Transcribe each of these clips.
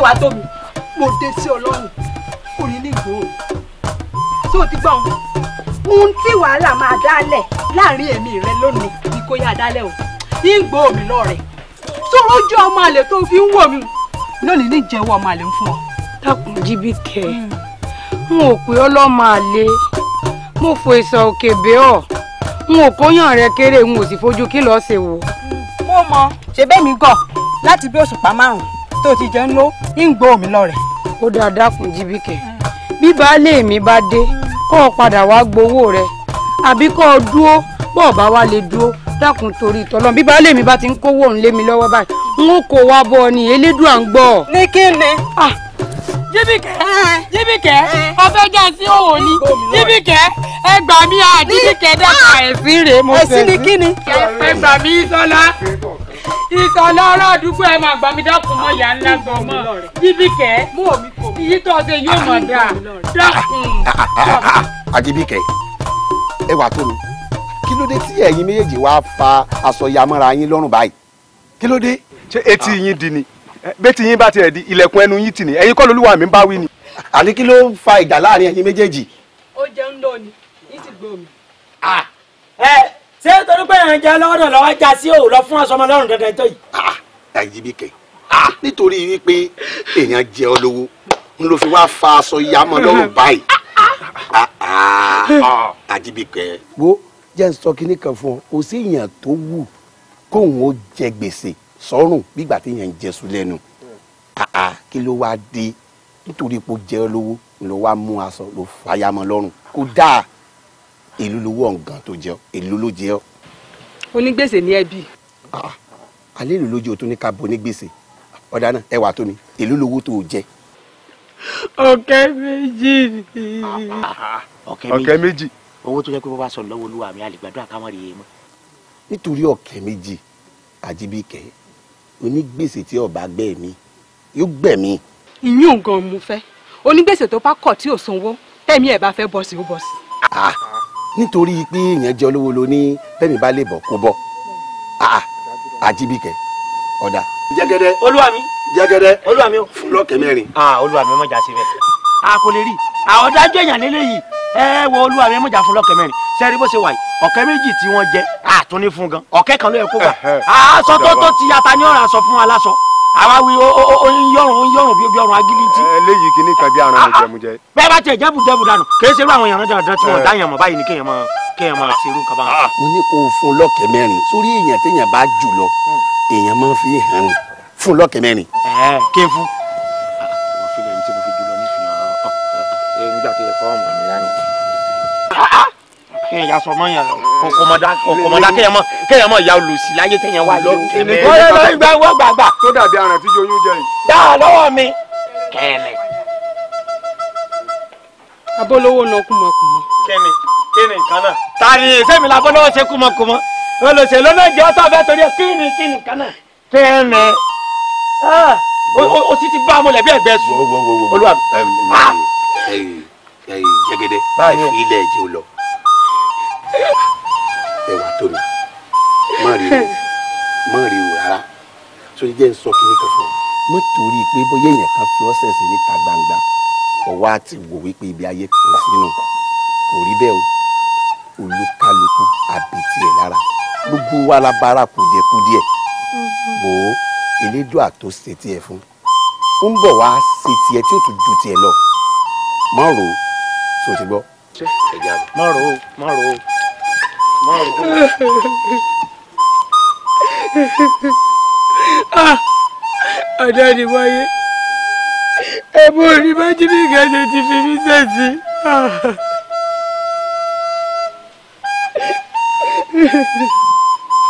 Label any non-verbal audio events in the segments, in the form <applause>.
wá tó mi mo dé sí ọlọ́run orí ní ìgbòho tó ti gbọ́n ohun tí wàhálà máa dálẹ̀ láàrin èmi rẹ o ìgbòho mi lọ rẹ̀ sórójú ọmọ àlè tó fi ń wò mí lónìí ní ìjẹ́wọ́ ọmọ àlè ń fún ọ. dákun Jíbíkẹ́ hmm. n ò pé ọlọ́mọ àlè mo fò ìsàn òkè bẹ́ ọ̀ n ò kóyàn rẹ kéré n ò sì fojú kí lọ́ọ́ ṣe wò. mo mọ ṣebẹ́ mi gọ̀ láti bí òṣùpá márùn-ún tó ti jẹ́ ń lọ ń gbọ́ mi lọ rẹ̀. ó dáa dákun Jíbíkẹ́ hmm. bí baálé mi bá dé kó o padà wá gbowó rẹ àbí kó o dúó bó o bá wá lè dúó dákun torí tọlọ́n bí baálé mi bá ti ń kówó òun lé mi lọ́wọ́ báyìí n ó kó wa bọ ni elédùn à ń gbọ́. ní kí ni. jíbìkẹ́ jíbìkẹ́ ọbẹ̀ já sí òwò ni jíbìkẹ́ ẹ gbà mí à jíbìkẹ́ dẹ́ka ẹ̀sìn rèé mo fẹ́ sí. ẹ̀sìn ni kí ni. ẹ gbà mí sọlá ìsọ̀lá ọ̀rọ̀ àdúgbò ẹ̀ máa gbà mí dákun mọ́ ìyá ńlá gan mọ́ bíbíkẹ́ iyì tó ṣe yóò mọ̀ dá dákun. àjẹbíkẹ́ ẹ wà tó mi kí ló dé tí ẹ̀yin méjèèjì wá fa aṣọ ìyá yín lọ́rùn báyìí kí ló dé ṣé etí ah. yín di ni bẹ́tì yín bá tiẹ̀ di ilẹ̀kùn ẹnu yín tì ní ẹ̀yin kọ́ lolúwa mi bá wí ni. àní kí ló ń fa ìjà láàrin ẹ̀yin méjèèjì. ó jẹun lọ ni yín sì gbọ́ mi. Ah. ẹ ṣé torí pé ẹ̀ ń jẹ lọ́dọ̀ lọ́wọ́ já sí òun lọ fún ọ̀sán lọ́rùn dandan tó yìí. àyè ah, bí kẹ nítorí wípé èèyàn jẹ ọ lówó n ló fi wá fa aṣọ ìyàmọ lọ́rùn <laughs> báyìí àjíbìkẹ. wo jẹ́ ń sọ kinní kan fún ọ kò sí èèyàn tó wù kóun ó jẹ gbèsè sọ́rùn gbígbà tí yẹn ń jẹ sùn lẹ́nu àà kí ló wá dé nítorí pé ó jẹ́ lówó ló wá mú aṣọ ló fàyà mọ́ lọ́rùn kó dáa èlò lówó ọ̀ǹgàn tó jẹ́ èlò ló jẹ́ onígbèsè ni ẹbí. alẹ́ ìlú lójú o tún ní ká bo onígbèsè ọ̀dà náà ẹwà tó ni èlò lówó tó jẹ́. ọ̀kẹ́ méjì ni. ọ̀kẹ́ méjì. owó tó jẹ́ pé bá sọ lọ́wọ́ olúwa mi àlè gbàdúrà ká rèé mọ́. nítorí ọ̀kẹ́ méjì àjíbíkẹ́ onígbèsè tí ọba gbẹ̀mí yóò gbẹ̀mí. ìyún nǹkan mo fẹ́ onígbèsè tó bá kọ̀ tí ò sanwó tẹ̀mí ẹ̀ bá fẹ́ bọ̀ sí ó bọ̀ sí. nítorí pé èèyàn jẹ́ olówó lo ní tẹ́mi bá lè bọ̀ kó bọ̀ àjíbìkẹ́ ọ̀dà. jẹgẹdẹ olúwa mi jẹgẹdẹ olúwa mi fún lọ́kẹ́ mẹ́rin. olúwa mi mọ̀jà sí bẹ́ẹ̀ a kò lè rí àwọn dájú èèyàn lélẹ́yìí ẹ wo olúwa mi mọ̀jà fún lọ́kẹ́ mẹ́rin sẹ́rí bó ṣe wà yìí ọ̀kẹ́ méjì tí wọ́n jẹ àtúní fún gan ọ̀kẹ́ kan ló yẹ kó gbà aṣọ tó tó ti ata ní ọ̀rọ̀ aṣọ fún aláṣọ àwa wí o ń yọrùn ń yọrùn bí ọrùn agiliti. eléyìí kìíní kan bí aràn ah, ah. jẹmujẹ. bẹ́ẹ̀ bá tiẹ̀ jẹ́bù jẹ́bù dànù kì í ṣerú àwọn èèyàn dandan tí wọ́n dá yàn mọ̀ báyìí ni kéèyàn máa kéèyàn máa ṣerú kaba. Ah. mo ní kó o fún lọ́kẹ̀ mẹ́rin sórí èèyàn téèyàn bá jù lọ hmm. èèyàn máa fi hàn ní fún lọ́kẹ̀ mẹ́rin. ẹ kí n fún. mo fi lẹ́yìn tí mo fi jù lọ nífìyàn ọ̀ ẹ̀ nígbà tó yẹ fọ́ọ̀mù mi lánàá kí ẹ̀yà sọ mọ́yàn kọ̀kọ̀mọ̀dá kọ̀kọ̀mọ̀dá kí ẹ̀yàmọ̀ kí ẹ̀yàmọ̀ ìyá olùsí láyé tẹ̀yàn wá yìí. wọ́n yẹ lọ́yìn gbà wọ́n gbà gbà. tó dàbí aràn tíjọ oyún jẹ yìí. dá a lọ́wọ́ mi. kẹ́ẹ̀nì. abọ́lówó náà kùmọ̀kùmọ̀. kẹ́ẹ̀nì kẹ́ẹ̀nì nǹkan náà. tani sẹ́mi la bọ́lọ́wọ́ ṣe kùmọ̀kùmọ̀ olùsèlú náà jẹ́ ọ́tọ́ fẹ́ torí kẹ́ẹ̀nì kẹ́ẹ̀nì kan náà. kẹ́ẹ̀nì ah, o ti ti bá ọmọ lẹbi ẹgbẹ sùn. olúwa. ẹyìn ẹyìn jẹgẹdẹ báyìí ilé ẹjẹ o lọ ẹwà tó mi má rí o má rí o rárá tó jẹ́ ń sọ kí ní kankan mọ́ torí pé bóyá èèyàn kan fi ọ́sẹ̀ sí níta gbangba ọwọ́ àti wò wípé ibi ayé kò sínú kò rí bẹ́ẹ̀ o olúkálukú àbètì ẹ̀ lára gbogbo wa la bára kùdìẹ̀kudìẹ̀ wò ó elédùà tó ṣe tiẹ̀ fún ó ń bọ̀ wá ṣe tiẹ̀ tí ó tún ju tiẹ̀ lọ mọ́ rò sọ ti gbọ́. má rò ó má rò ó. Ah, rò ó. àdáni wáyé ẹ̀bùn òní bá jí bí gàdé ti fi mí sẹ́sì.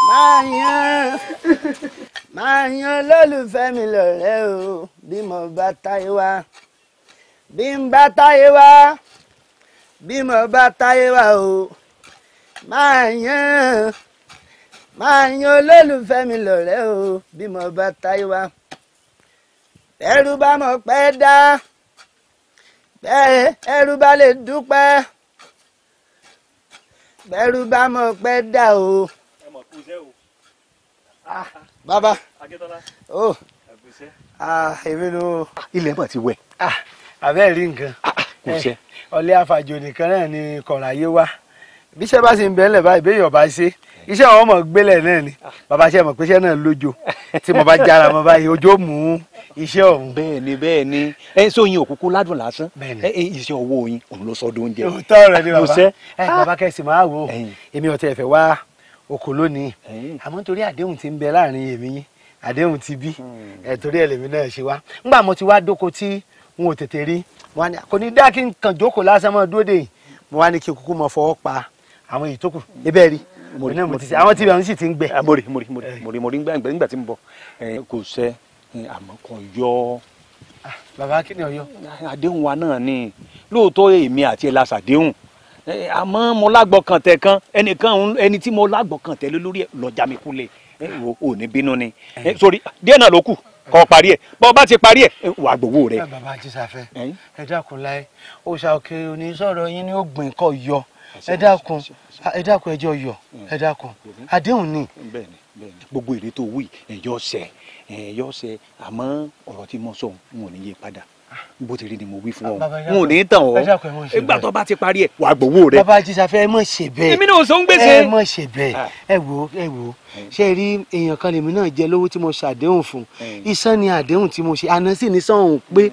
máa yan máa yan lólùfẹ́ mi lọ́rẹ́ o bí mo bá táyé wá bí máa yan máa yan olólùfẹ́ mi lọ́rẹ́ o bí mo bá táyíwá ẹrú bá mọ̀ pẹ́ dá bẹ́ẹ̀ ẹrú bá lè dúpẹ́ bẹ́rù bá mọ̀ pẹ́ dà o. ẹ mọ̀ kú iṣẹ́ o. Ah, bàbá o ah, èmi ló. ilẹ̀ mọ̀ ti wẹ̀. Ah, abẹ́ẹ̀ rí nǹkan eh, ọ̀lẹ́ àfàjò nìkan náà ni kọ̀ọ̀ráyé wá bíṣẹ́ bá sì ń bẹ́ẹ̀ lẹ̀ báyìí béèyàn bá ṣe iṣẹ́ àwọn ọmọ gbélẹ̀ náà ni ah. bàbá ṣe mọ̀ pé iṣẹ́ náà lójó tí mo bá jára mo báyìí ọjọ́ mú iṣẹ́ ọ̀hún. bẹ́ẹ̀ ni bẹ́ẹ̀ ni ẹ ń sóyin òkúkú ládùn lásán ẹ iṣẹ́ ọwọ́ oyin òun ló sọ dóúnjẹ. òótọ́ rẹ ni bàbá ẹ bàbá kẹsì máa wò ó èmi ọ̀tẹ̀ ẹ̀fẹ̀ wá oko lónìí àmọ́ nítorí àdéhùn ti ń bẹ láàrin èmi yín àdéhùn ti bí hmm. ẹ̀ torí ẹlẹ́mi náà ṣe wá ńgbà mo ti wá dóko tí n ò tètè rí kò ní dá kí n kàn jókòó lásán mọ́ dóde mo wá ní kí kúkú mọ fọwọ́ pa àwọn èyí tó kù. ibẹ̀ rí àwọn tí wọn sì ti ń gbẹ. mori ah, mori mori mori eh. ngbà ngbà tí ń bọ eh, kò sẹ eh, àmọ́ kò yọ. Ah, bàbá kí ni ọyọ. Ah, àdéhùn wa náà ni lóòótọ́ èmi àti ẹ̀ la ṣàdéhùn àmọ́ mo lágbọ́ kan tẹ̀ kan ẹnìkan ẹni tí mo lágbọ́ kan tẹ̀ lórí ẹ̀ lọ́jà mi kulẹ̀ wo ò ní bínú ni sori díẹ̀ náà ló kù kọ́ parí ẹ̀ bọ́ bá ti parí ẹ̀ wà gbowó rẹ̀. bàbá àjíṣàfẹ́ ẹ dákun láyé òòṣà òkè òní yín ni ó gbìn kọ́ yọ ẹ dákun mm. ẹ dákun ẹjọ yọ ẹ dákun àdéhùn ni. gbogbo èrè tó wù ẹjọ ṣẹ ẹjọ ṣẹ àmọ́ ọ̀rọ̀ tí mo sọ n ò ní yé padà bó ti rí ni mo wí fún ọ n ò ní tàn ọ ìgbà tó bá ti parí ẹ wàá gbowó rẹ. bàbá jísàfẹ́ ẹ mọ̀ ṣe bẹ́ẹ̀ èmi náà sọ ń gbèsè. ẹ mọ̀ ṣe bẹ́ẹ̀ ah. ẹ wò ẹ wò mm. ṣe rí èèyàn kan lèmi náà jẹ lówó tí mo ṣàdéhùn fún mm. iṣan ni àdéhùn tí mo ṣe àná sì ní sàn òun pé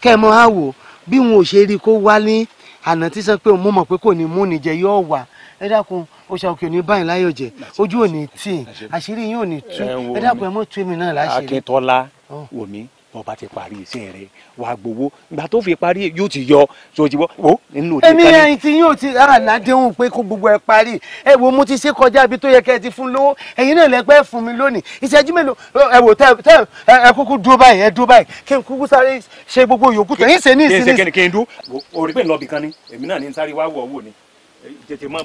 kẹ́ ẹ mọ àwò bí wọn ò ṣe rí kó wá ní àná tí sọ pé òun mọ̀ pé kò ní mú ni jẹ yóò wà ẹ dákun oṣù àkókò ní báyìí láyọ̀ jẹ ojú ò ní tì àṣírí yín ò tú ẹ dákun ẹ mọ̀ tú èmi náà láṣìírí. Akíntọ́lá oh. wò mí bó bá ti parí iṣẹ́ rẹ wà gbowó ìgbà tó fi parí yóò ti yọ tó ti nínú òtítọ́ ni. èmi ẹyin tí yóò ti àládéhùn pé kó gbogbo ẹ parí ẹ wo mo ti ṣe kọjá ibi tó yẹ kẹ́ ẹ ti fún lówó ẹ̀yin náà lẹ́pẹ́ fún mi lónìí ìṣẹ́jú mélòó ẹ wò tẹ tẹ ẹ kúkú dúró báyìí ẹ dúró báyìí kí n kúkú sáré ṣe gbogbo yòókù tó yín ṣe ní ìsinmi. kí n ṣe kí n dún orí pé ńlọbì kan ni èmi náà ní ń sáré wá wọ̀ ni tètè mọ́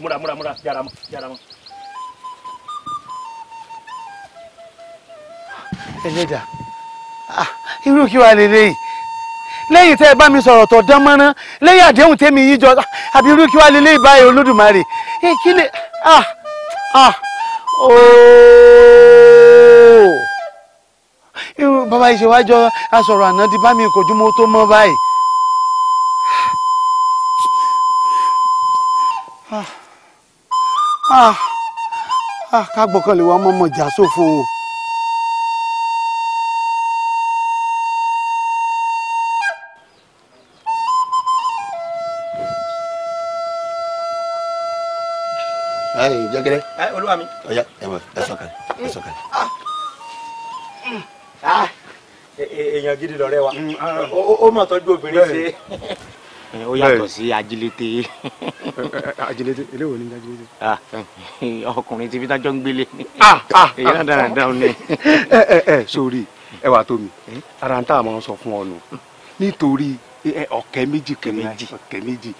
Ah, irú kí wàá lélẹ́yìí lẹ́yìn tẹ́ ẹ bá mi sọ̀rọ̀ tọ̀ dán mọ́rán lẹ́yìn àdéhùn tẹ́mi yìí jọ ah, àbí irú kí wàá lè léyìí báyìí olódùmarè ẹ eh, kí lè ah ah ooo irú bàbá yìí ṣe wá jọ asọ̀rọ̀ àná di bá mi kojú mo tó mọ́ báyìí. ah ah ah ká gbọ́kànlé wa mọ́ mọ́ jà sófo o. jẹgẹrẹ. ẹ olúwa mi. ọ̀ya ẹ bọ ẹ sọ̀kalẹ̀ ẹ eh, sọ̀kalẹ̀. Ah. Hmm. Ah. E, e, èèyàn gidi lọ̀rẹ́ wa ó hmm, ah. mọ̀ tọ́jú obìnrin ṣe. Eh, ó yàtọ̀ sí ajílété. ajílété eléwo ni ajílété. Eh, ọkùnrin tí bítájọ́ ń gbélé. èyí náà dára dáhùn ní. ẹ ẹ ẹ sórí ẹ wàá tó mi ara ń tà máa ń sọ fún ọ nù nítorí ọ̀kẹ́ méjì kẹ́ méjì ọ̀kẹ́ méjì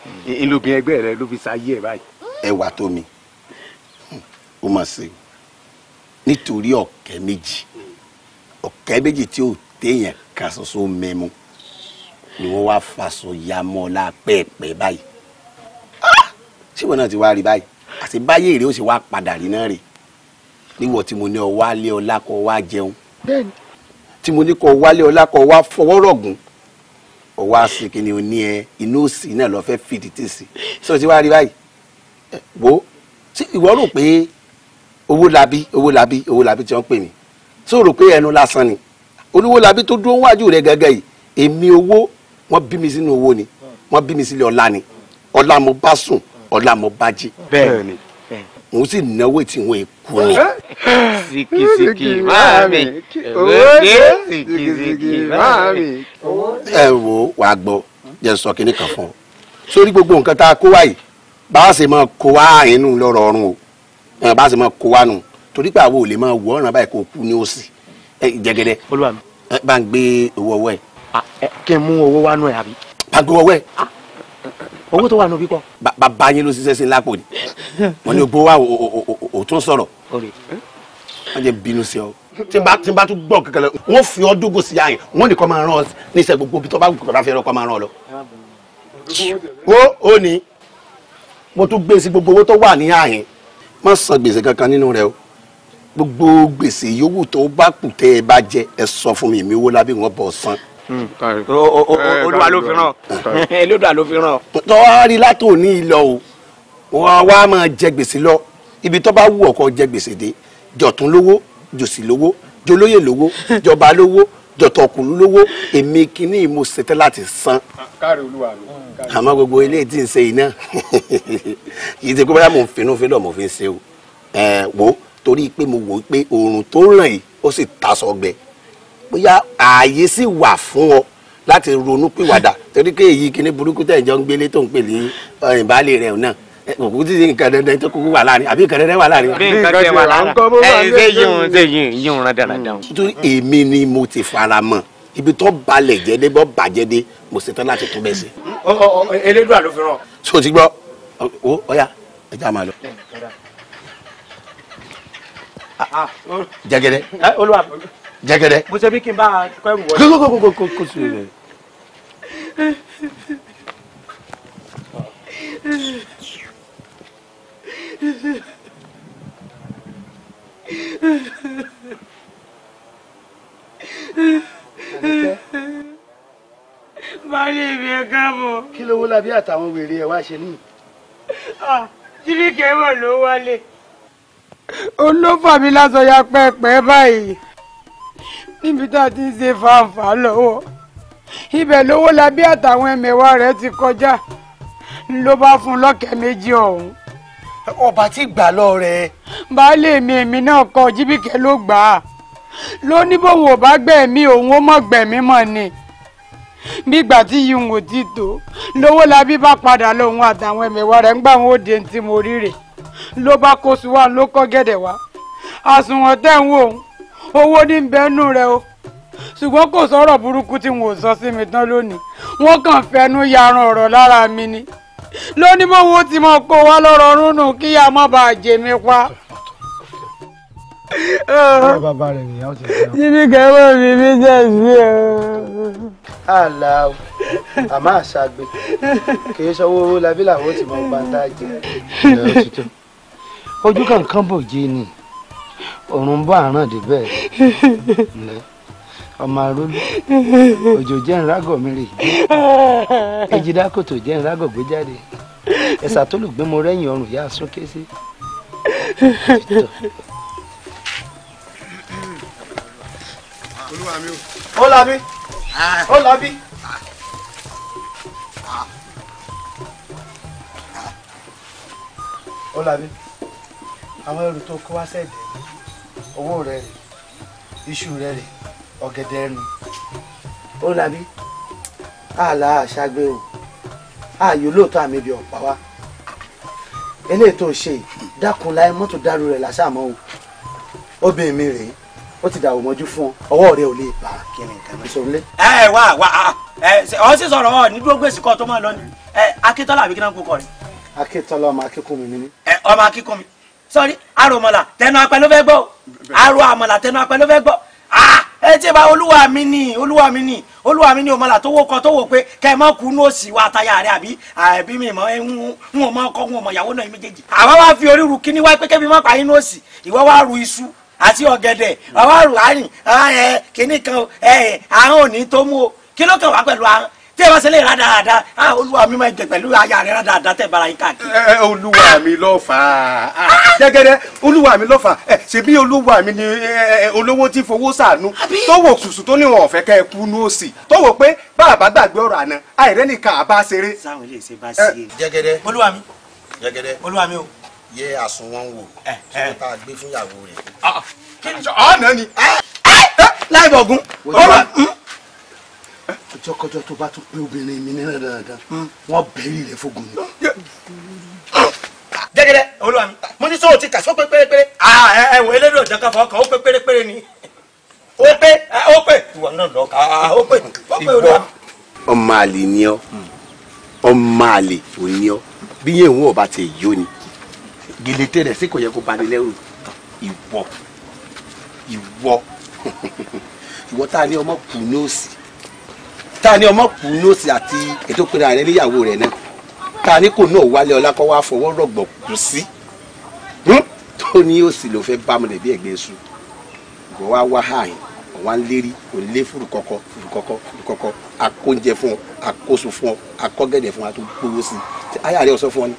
ńlọbìn ẹgbẹ́ rẹ ló fi sáyé ẹ báyìí. ẹ wàá tó mi ó mà ṣe nítorí ọ̀kẹ́ méjì ọ̀kẹ́ méjì tí ò téèyàn kan ṣoṣo mẹ́mu ni wọ́n wáá faṣọ ya mọ́ ọ lápẹ́ẹ̀pẹ́ báyìí ah! ṣé ìwọ náà ti wá rí báyìí àti báyé èrè ó sì wá padà rí náà rè níwọ̀ tí mo ní ọ wá lé ọlá kọ wá jẹun tí mo ní kọ wá ọlá kọ wá fọwọ́ rọ̀gùn ọ wá sí kí ni o ní ẹ inú òsì náà lọ fẹ́ fìdí tèsí ṣé o ti wá rí báyìí wo ìwọ rò pé Owólabí Owólabí labi, tí wọ́n pè mí tó rò pé ẹnu lásán ni Olúwólábí tó dúró wájú rẹ gẹ́gẹ́ yìí èmi owó wọ́n bí mi sínú owó ni wọ́n bí mi sílé ọlá ni ọlá mo bá sùn ọlá mo bá jí. bẹ́ẹ̀ mo sì náwó tí wọn èkó ni. sìkìsìkì máa mi owó dé sìkìsìkì máa mi. ẹ wo wàá gbọ́ jẹ́ sọ kínní kan fún ọ sórí gbogbo nǹkan tá a kó wáyìí bá a ṣe máa kó wá àyínú lọ́rọ̀ o ẹ bá sì máa kó wa nù torí pé àwọn ò lè máa wọ ọ̀ràn báyìí kó kú ní òsì jẹgẹdẹ bá ń gbé owó ọwọ́ ẹ. kí n mú owó wá nù ẹ àbí. bá ń gbé owó ọwọ́ ẹ. owó tó wà nù bí kọ. bàbá yín ló ṣiṣẹ́ sí i lápò ni wọ́n ní gbowó ò tún sọ̀rọ̀ wọ́n jẹ́ bínú sí ọ. tí n bá tí n bá tún gbọ́ kankan lọ wọ́n fi ọ́ dógò sí àyìn wọ́n nìkan máa ràn ọ́ níṣẹ́ gbogbo bí tó bá gbọ́dọ̀ fẹ́ràn ọkọ máa ràn ọ́ lọ. ó ó ní mo tún gbé sí gbogbo owó tó wà ní àyìn má san gbèsè kankan nínú rẹ o gbogbo gbèsè yòówù tó bá kù tẹ ẹ bá jẹ ẹ sọ fún mi èmi wo lábẹ́ wọn bọ̀ san. Hmm, eh, olúwa ló fi ràn olúwa hmm, <laughs> ló fi ràn. tọ́wá rí látò ní ilọ̀ o wọn wá máa jẹ gbèsè lọ ibi tó bá wù ọkọ jẹ gbèsè dé jọ̀tún lówó jòsì lówó jolóyè lówó jọba lówó jọ̀tọ̀kùn lówó èmi kìíní mo ṣetẹ́ láti san. káre olúwa mi. àmọ́ gbogbo ilé tí ń ṣe yìí náà <laughs> kì í ṣe pé báyà mo ń finú fílọ̀ mo fi ń ṣe o wo torí pé mo wò pé oòrùn tó ràn yìí ó sì taṣọ gbẹ bóyá ààyè sì wà fún ọ láti ronú pìwàdà torí pé èyí kìíní burúkú tẹ̀ ń jọ ń gbélé tó ń pè ní ìbálẹ̀ rẹ̀ náà òkú eh, ti nǹkan dandan tó kúkú wà láàrin àbí nǹkan dandan wà láàrin. bí nǹkan tẹ wà láàrin ẹ ṣe yíyún ṣe yíyún yíyún rán dáradára. nítorí èmi ni mo ti fara mọ́ ibi tó balẹ̀ jẹ́ dé bọ́ bàjẹ́ dé mo ṣetán láti tún bẹ́ẹ̀ sí. elédùn àlọ́ fi rán. so ti gbọ́ o ọ̀ya ẹ já máa lọ. Ah, ah, jẹgẹdẹ. Eh, olúwa jẹgẹdẹ. mo ṣe bí kí n bá kọ́ ẹ̀rù wọlé. kókókókókó sí i. Báyé mi ẹ káàbọ̀. Kí lówó lábí àtàwọn wèrè ẹ̀ wá ṣe ní? Jíríkẹ́ mọ̀ ló wálé. Olófà mi lásọ ya pẹ́ẹ́pẹ́ báyìí. Níbi tá a ti ń ṣe fàǹfà lọ́wọ́. Ibẹ̀ lówó lábí àtàwọn ẹ̀mẹ̀wá rẹ̀ ti kọjá. Ló bá fún lọ́kẹ́ méjì ọ̀hún ọba tí gbà lọ rẹ. baálé mi èmi náà kọ jíbìkẹ́ ló gbà á ló ní bóun ò bá gbẹ̀mí òun ó mọ̀ gbẹ̀mí mọ̀ ni nígbà tí yìí ò ti tó lówó la bí bá padà lóun àtàwọn ẹ̀mẹ̀wá rẹ̀ ń gbà wọn òde tí mo rí ló bá kó sùn wá ló kọ́ gẹ̀dẹ̀ wá àsùnwọ̀n tẹ̀ ń wò ó owó ní bẹ́ẹ̀nù rẹ o ṣùgbọ́n kò sọ̀rọ̀ burúkú tí wọn ò sọ sí mi tán lónìí wọ́n kàn fẹnu yaran ọ̀rọ̀ lára mi ni lónìí mọ́wọ́ tí mo kó wa lọ́rọ̀ rúnnù kí a má bàa jẹ mi pa. jíjí kẹ́wọ́ mi mi jẹ́ sí o. àlà o àmọ́ àṣàgbé kì í sanwó owó labí làwọn ti mọ bàtà jẹ. ojú kankan bò jí ni òrùn bá àràn dé bẹ́ẹ̀ ọmọ arólú òjò jẹ́ ńlágọ̀ mi rè ejidá kòtò jẹ́ ńlágọ̀ gbé jáde ẹ̀sà tó lù gbé mo rẹ́yìn ọrùn yá súnké sí. ó labi ó labi. ó labi àwọn ẹrù tó kó wá sẹ́ẹ̀dẹ̀ owó rẹ̀ rè iṣu rẹ̀ rè ọ̀gẹ̀dẹ̀ ẹnu ó nàbí àlà àṣàgbé o ààyò lóòótọ́ àmì ibi ọ̀pá wa eléyìí tó ṣe dákun láì mọ́tò dárú rẹ̀ làṣàmọ́ o obìnrin mi rèé ó ti dàwọ̀ mọ́jú fún ọ ọwọ́ rẹ ò lè bá kí ni nǹkan mi sọ̀rọ̀ lé. ẹ wá wá ẹ ọ sì sọ̀rọ̀ ọ ní dúró gbèsè kọ tó máa lọ ni ẹ akíntọ́lá àbí kí náà ń kókọ rẹ. akíntọ́lá ọmọ akíkùnmi mi ni. ẹ ọmọ akíkùnmi sọrí aromọlà tẹnu apẹ ló fẹ́ gbọ́ aro àmọlà tẹnu apẹ ló fẹ́ gbọ́ ah ẹ tí ẹ bá olúwa mi ni olúwa mi ni olúwa mi ni òmàlà tó wó kan tó wò pé kẹ ẹ má kú ní òsì wa àtàyà rẹ àbí àbí mi mọ ẹ ń wọn mọ ọkọ wọn mọ ìyàwó náà méjèèjì. àwa wá fi orí ru kíní wá pé kẹ́mi má pa yín ní òsì ìwọ wá ru iṣu àti ọ̀gẹ̀dẹ̀ àwa ru àyìn ẹ kíní kan ẹ àhán òní tó mú o kí ló kàn wá pẹ̀lú àhán tí ẹ bá ṣe lè ra dáadáa ah olúwa mi máa jẹ pẹ̀lú aya rẹ ra dáadáa tẹ bára yín káàkiri. ẹ olúwa mi ló fà á jẹgẹdẹ olúwa mi ló fà á ẹ ṣebí olúwa mi ni olówó tí fowó ṣàánú tó wò kùsù tó níwọ̀n ọ̀fẹ́ kẹ́ ẹ kú ní òsì tó wò pé bàbá gbàgbé ọ̀rọ̀ àná àìrẹ́ nìkan àbá ṣeré. sáwọn ilé ìṣe bá ṣe é. jẹgẹdẹ olúwa mi jẹgẹdẹ olúwa mi o. yẹ àsunwọ̀n wò tí wọ́n ta gbé fún ìyàwó rẹ̀. Ah, ọ̀nà ni. Ah! láì bọ̀gún. Hmm? ọjọ́kọjọ́ tó bá tún pé obìnrin mi nínú dandan wọ́n bẹ̀rẹ̀ rẹ̀ fógun ni. jẹgẹdẹ olúwa mi mo ní sọ́wọ́ ti kà só pé pérépéré ẹ wò elédò ìjọba fọwọ́ kan ó pé pérépéré ni ó pé eh, ó pé ìwọ náà lọ kà ah, ó pé ó pé olúwa mi. ọmọ àlè ni ọ ọmọ àlè ò ní ọ bí yẹn òun ọba ti yó ni gèlètè rẹ sí kò yẹ kó bani lẹ́rù ìwọ ìwọ <laughs> ìwọ tá a ní ọmọ kù ní òsì ta ni ọmọ kù nóòsì àti ètò ìpínlẹ̀ rẹ níyàwó rẹ náà ta ni kò náà wálé ọlá kọ́ wá fọwọ́ rọ̀gbọ̀ kù sí tó ní òsì ló fẹ́ bá mi lè bí ẹ̀gbẹ́ iṣu ìgbọ́ wá wá hàn wá ń lérí kò lé furukọkọ furukọkọ furukọkọ akóúnjẹ fún ọ akóso fún ọ akọgẹdẹ fún ọ àti gbowó sí i ayé àrẹ ọsọ fún ọ ni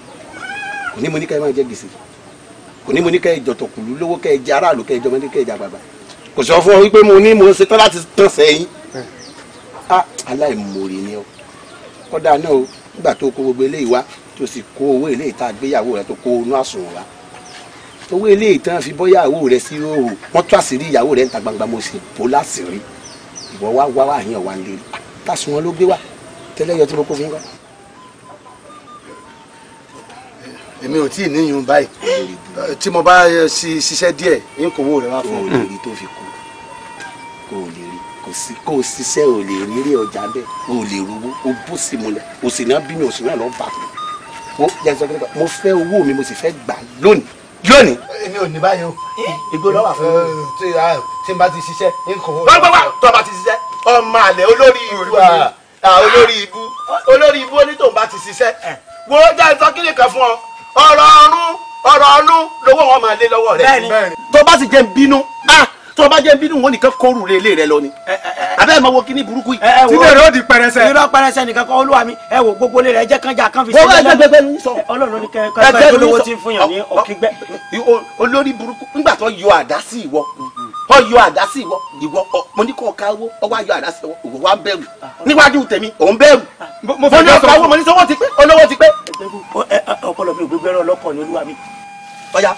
kò ní mo ní ká ẹ máa jẹ gbèsè kò ní mo ní ká ẹ jọtọ kùlú lówó ká ẹ jẹ aráàlú ká ẹ jọmọdé ká ẹ jẹ àgbàgbà kò sọ fún ọ wípé mo ní mo ṣetán láti tán sẹ́yìn aláìmoore ni ọ kódà náà o nígbà tó kó gbogbo eléyìí wá tó sì kó owó eléyìí tá a gbéyàwó rẹ tó kó inú àsùnwọ̀n wá owó eléyìí tán fi bọ́yàwó rẹ sí òòrùn wọ́n tó àṣírí ìyàwó rẹ níta gbangba mo sì bó láṣìírí ìwọ wá wá wá àyàn wá ń lè tásùn wọn ló gbé wá tẹ́lẹ̀ yọ tí mo kó fún wa. èmi ò tí ì níyùn báyìí tí mo bá eh, ṣiṣẹ́ díẹ̀ n kò rẹ wá fún ọ kò sí kó o ò lè nílé ọjà bẹ́ẹ̀ o lè rówó o bó sì múlẹ̀ o sì náà bí o sì náà lọ́ọ́ bà mí o jẹ́ sọ pé mo fẹ́ owó mi mo sì fẹ́ gbà lónìí lónìí. èmi ò ní báyìí o igbó lọ́wọ́ fún mi eh, tí n bá ti ṣiṣẹ́ n kò. wọ́n gbọ́ wá tó o bá ti ṣiṣẹ́ ọmọ àlẹ́ ah, ah, olórí ìbú olórí ìbú olórí ìbú onítòun bá ti ṣiṣẹ́ eh. wo jẹ́ ìtọ́kílì kan fún ọ ọ̀rọ̀ ọ̀run ọ̀rọ̀ ọ̀run lọ́wọ́ wọn máa lé lọ́wọ́ rẹ̀. tó bá sì jẹ́ bínú ah, tó bá jẹ́ bínú wọn nìkan kóòrù lé ilé rẹ lọ ni abẹ́ ẹ̀ máa wo kíní burúkú yìí. tí lè ròdì pẹrẹsẹ. irọ́ pẹrẹsẹ nìkan kọ́ olúwa mi ẹ wò gbogbo lè rẹ jẹ́ kánjà kan fi sílẹ̀ lọ́nà. gbogbo ẹgbẹ́ sí ìwọ tó ìwọ ìwọ mo ní kó o káwó ọ wá yọ àdá ìwọ wa ń bẹ̀rù níwájú tèmi ò ń bẹ̀rù. mo ní ọkọ̀ mo ní sọ́wọ́ ti pé olówó ti pé. ọpọlọ mi ò gbẹgbẹrẹ ọlọ́kọ̀ ni olúwa mi. ọ̀ya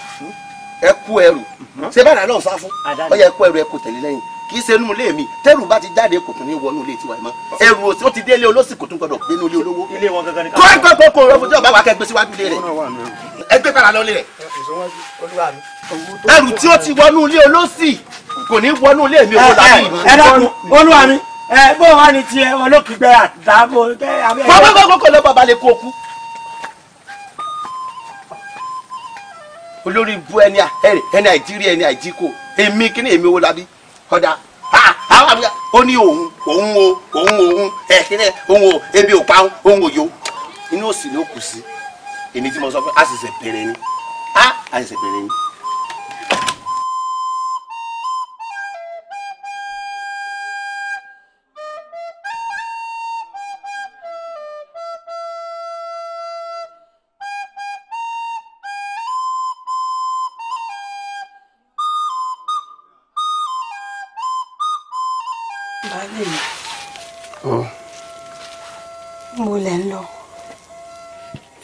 ẹ kú ẹrù mhm. ṣé bàdà náà sá fún ó yẹ kú ẹrù ẹ kò tẹ̀lé lẹ́yìn kì í ṣe inú ilé mi tẹ́rù bá ti jáde kò tún ní wọnú ilé tiwa ẹ̀ mọ́ ẹrù ó ti délé olóṣì kò tún gbọdọ̀ gbé inú ilé olówó ilé wọn gangan ni ká kọ́ kọ́ kọ́ ọ̀rọ̀ síwájú ilé rẹ̀ ẹ gbé lọ ilé rẹ̀ ẹrù tí ó ti wọnú ilé olóṣì kò ní wọnú ilé mi owó lábẹ́ ìmọ̀ ẹ dákun olúwa mi ẹ bó wà ní tiẹ̀ olókìgbẹ́ àtàbọ̀ abẹ́ olórí bu ẹni ẹni àìjírí ẹni àìjíkò èmi kí ni èmi wo labi ọ̀dà àwọn àbúrò ó ní òun òun o òun òun ẹ kíni òun o ebi ò pa òun òyò inú òsì ló kù sí èmi tí mo sọ pé a sì ṣe bẹ̀rẹ̀ ni a a ni.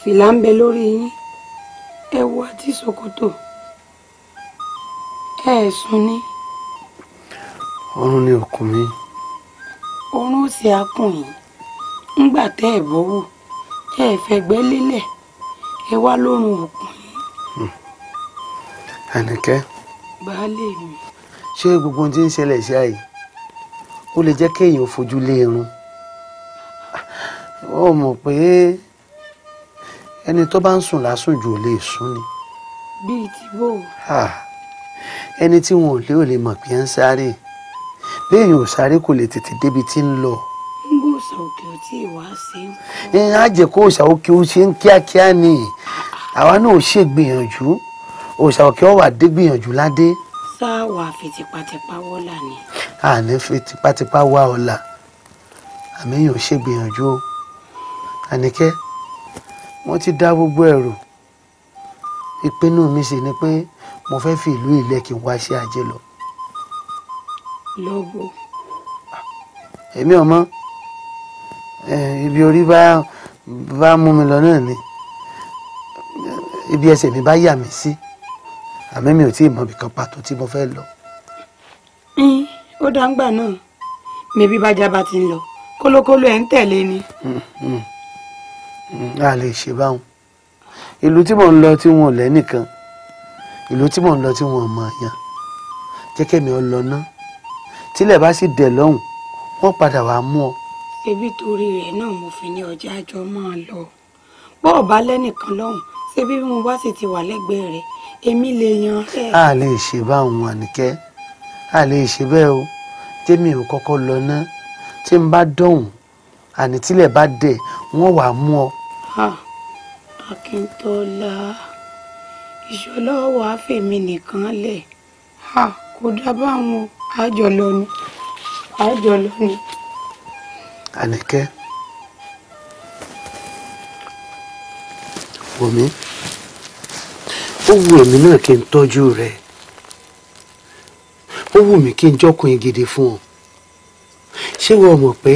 fìlà ń bẹ lórí yín ẹ̀wù àti ṣòkòtò ẹ ẹ sùn ni. ọrùn ni òkú mi. oorun ó ṣe akùn yìí ńgbà tẹ́ ẹ bọ́wọ́ ẹ ẹ fẹ̀gbẹ́ lélẹ̀ ẹ wá lórun òkun yìí. Hmm. ànìkẹ́. baálé mi. ṣé gbogbo ohun tí ń ṣẹlẹ̀ sí àyè ó lè jẹ́ kéèyàn fojú lé irun ó mọ̀ pé ẹni tó bá ń sùn lásùn jù ò lè sùn ni. bíi ti bò. ẹni tí wọn ò lé ò lè mọ̀ pé ń sáré béèyàn ò sáré kò lè tètè débi tí ń lọ. ń bò òòṣà ó tí ìwà ṣe ń á jẹ́ kó òòṣà ó ṣe ń kíákíá ni àwa náà ò ṣègbìyànjú òòṣà òkè ó wà dé gbìyànjú ládé sá wà wọ́là ni. a ní fi tipátipá wá ọ̀la àmì yóò ṣègbìyànjú o àníkẹ́ wọ́n ti dá gbogbo ẹ̀rù ìpinnu mi sì ni pé mo fẹ́ fi ìlú ilẹ̀ kí n wá iṣẹ́ ajé lọ. lọ́gbọ̀. èmi ọmọ ibi orí bá bá mú mi lọ náà ni ibi ẹsẹ̀ mi bá yà mí sí àmì mi ò tí ì mọ ibìkan pàtó tí mo fẹ́ lọ. ó dáńgbà náà mẹbí bá jábá ti ń lọ kólókóló ẹ̀ ń tẹ̀lé ni. Mm, mm a lè ṣe báwọn ìlú tí mò ń lọ tí wọn ò lẹ́nìkan ìlú tí mò ń lọ tí wọn ò mọ̀ yàn jẹ́kẹ̀mí ọ lọ ná tílẹ̀ bá sì dẹ̀ lọ́hùn wọ́n padà wàá mú ọ. ṣebí torí rẹ̀ náà mo fi ní ọjà àjọ máa lọ bó ọba lẹ́nìkan lọ́hùn ṣebí bí mo bá sì ti wà lẹ́gbẹ̀ẹ́ rẹ̀ èmi lè yan rẹ̀. a lè ṣe báwọn àníkẹ́ a lè ṣe bẹ́ẹ̀ o jẹ́mi ò kọ́kọ́ lọ ná tí n bá dọ̀hùn àní bá dẹ̀ wọ́n wàá mú ọ akíntola ìṣọlá wàá fèmí nìkan lẹ̀ kò dá báwọn àjọlọ ni àjọlọ ni. àníkẹ́ wò mí ó wù èmi náà kí n tọ́jú rẹ̀ ó wù mí kí n jọ́kùnrin gidi fún ọ ṣé wọ́n mọ̀ pé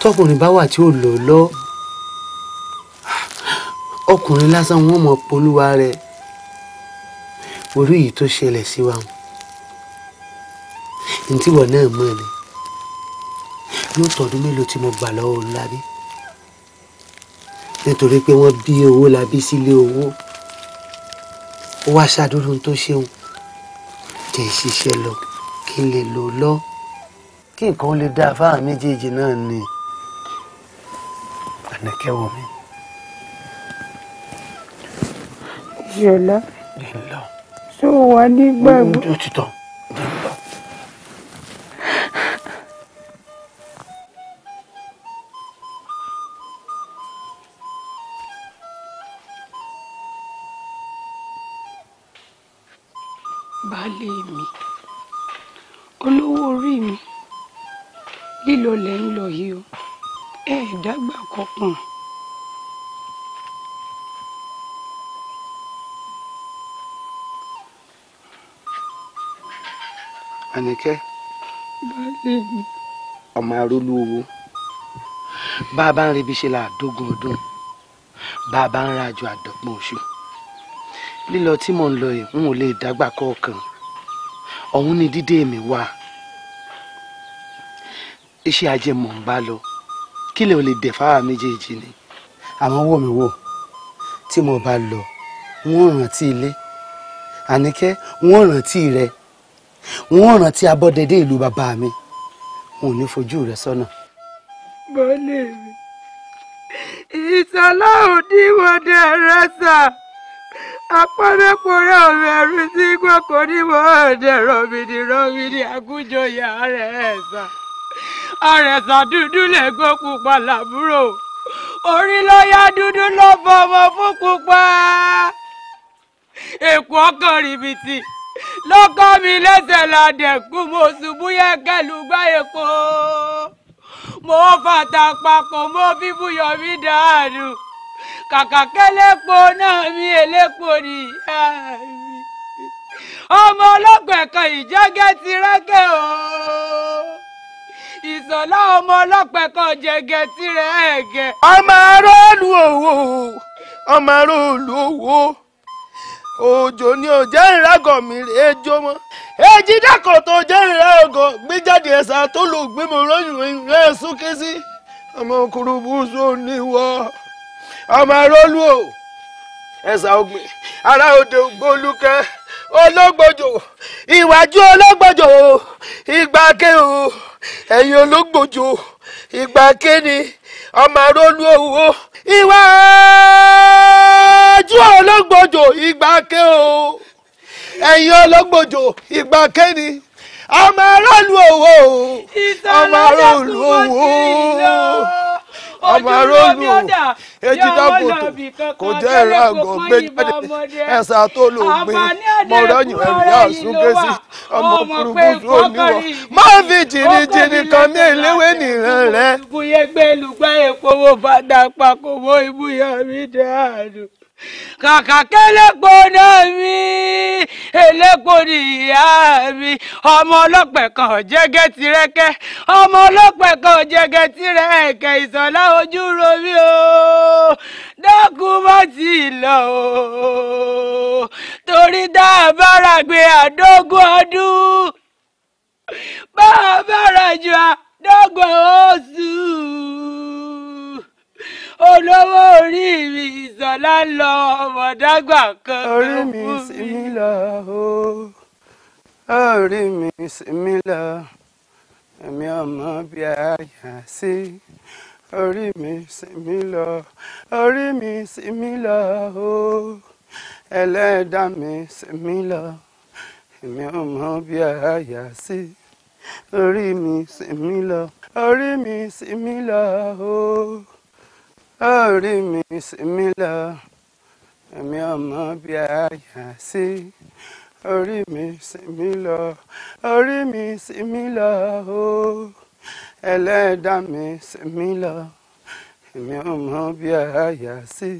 tọkùnrin bá wà tí ó lò lọ́ọ́ ọkùnrin lásán wọn mọ̀ polúwa rẹ̀ orí yìí tó ṣẹlẹ̀ sí wa ntíwọ̀ náà mọ̀ ni yóò tọdún mélòó tí mo gbà lọ́wọ́ Owólabí nítorí pé wọ́n bí Owólabí sílé owó ó wá ṣàdúró tó ṣeun kì í ṣiṣẹ́ lọ kí n lè lò lọ kí nǹkan ó lè dáa fáwọn méjèèjì náà ni ànàkẹ́wọ̀ mi. Jọlá. Jọlá. Ṣé o wà nígbàgbọ́? Ó ti tán. mi olówó orí mi lílọ ànìkẹ́ ọmọ arólú owó bá a bá ń rebi ṣe là àdógún ọdún bá a bá ń àdọ́gbọ̀n oṣù lílọ tí mò ń lọ yìí n ò lè dágbà kọ̀ọ̀kan ọ̀hún ni dídé mi wà iṣẹ́ ajẹmọ̀ ń bá lọ kí lè o lè dẹ̀ fáwa méjèèjì ni. àmọ́ wò mí wò tí mo bá lọ wọ́n rántí ilé àníkẹ́ wọ́n rántí rẹ̀ wọ́n rántí abọ́dẹdé ìlú bàbá mi wọn ò ní fojú rẹ sọ́nà. bọ́lá mi ìsọlá òdì ìwọ̀de rẹ sà apọ́nẹ́kùnrin ọ̀rẹ́ ẹ̀rú sí gbọ́kọ̀ onímọ̀ ọ̀dẹ̀ rọ̀bìnì rọ̀bìnì àgúnjọyà ọ̀rẹ́ ẹ̀ sà ọ̀rẹ́ sà dúdú lè gbọ́ pupa làbúrò orí lọ́yà dúdú ló fọwọ́ fún pupa èkó ọkàn rìbìtì lọ́kọ́ mi lẹ́sẹ̀ la dẹ̀kú mo ṣubú yẹ kẹlù gbá epo mo fàtà papọ̀ mo fífú yọ dànù kàkà kẹlẹ́po náà mi elépo nìyá mi ọmọ ọlọ́pẹ̀ kan ìjẹ́gẹ́ ti rẹ́kẹ̀ o ìsọ̀lá ọmọ ọlọ́pẹ̀ kan jẹ́gẹ́ ti rẹ̀ ọmọ aróòlù òwò ọmọ aróòlù òwò. òjò ni ò jẹ́ ìrágọ̀ mi ejò mọ́ èjì dákọ̀ tó jẹ́ ìrágọ̀ gbé jáde ẹ̀sà tó lò gbé mọ́ lóyún rẹ̀ súnkí sí ọmọ kùrùbùsù níwọ̀ ọmọ arólú o ẹ̀sà ògbìn ará òde gbólúkẹ́ ológbòjò ìwájú ológbòjò ke o ẹ̀yìn ológbòjò ke ni ọmọ arólú ojú ọlọ́gbọ̀jọ ìgbà ké o ẹ̀yin ọlọ́gbọ̀jọ ìgbà ké ni ọmọ aráàlú owó ọmọ aráàlú owó ọmọ aráàlú ejidá kòtò kò jẹ́ ẹ̀rọ gbé jáde ẹ̀sà tó lò gbé ẹ̀rù yà sún ọmọ kàkà kélépo náà mi elépo ni ìyá mi ọmọ ọlọ́pẹ̀ kan jẹ́gẹ́ tirẹ́kẹ́ ọmọ ọlọ́pẹ̀ kan jẹ́gẹ́ tirẹ́kẹ́ ìsọ̀lá ojú romi o dákun lọ o torí dáàbára gbé àdógún ọdún bá a bára àdógún oṣù olówó orí mi ìsọ̀lá lọ ọmọdágbà kan. orí mi sinmi lọ o orí mi sinmi lọ èmi ọmọ bíi àyà sí orí mi sinmi lọ orí mi sinmi lọ o ẹlẹ́dàá mi sinmi lọ èmi ọmọ bíi àyà sí orí mi sinmi lọ orí mi sinmi lọ o orí mi sinmi lọ èmi ọmọ bí àyà sí orí mi sinmi lọ orí mi sinmi lọ o ẹlẹ́dàá mi sinmi lọ èmi ọmọ bí àyà sí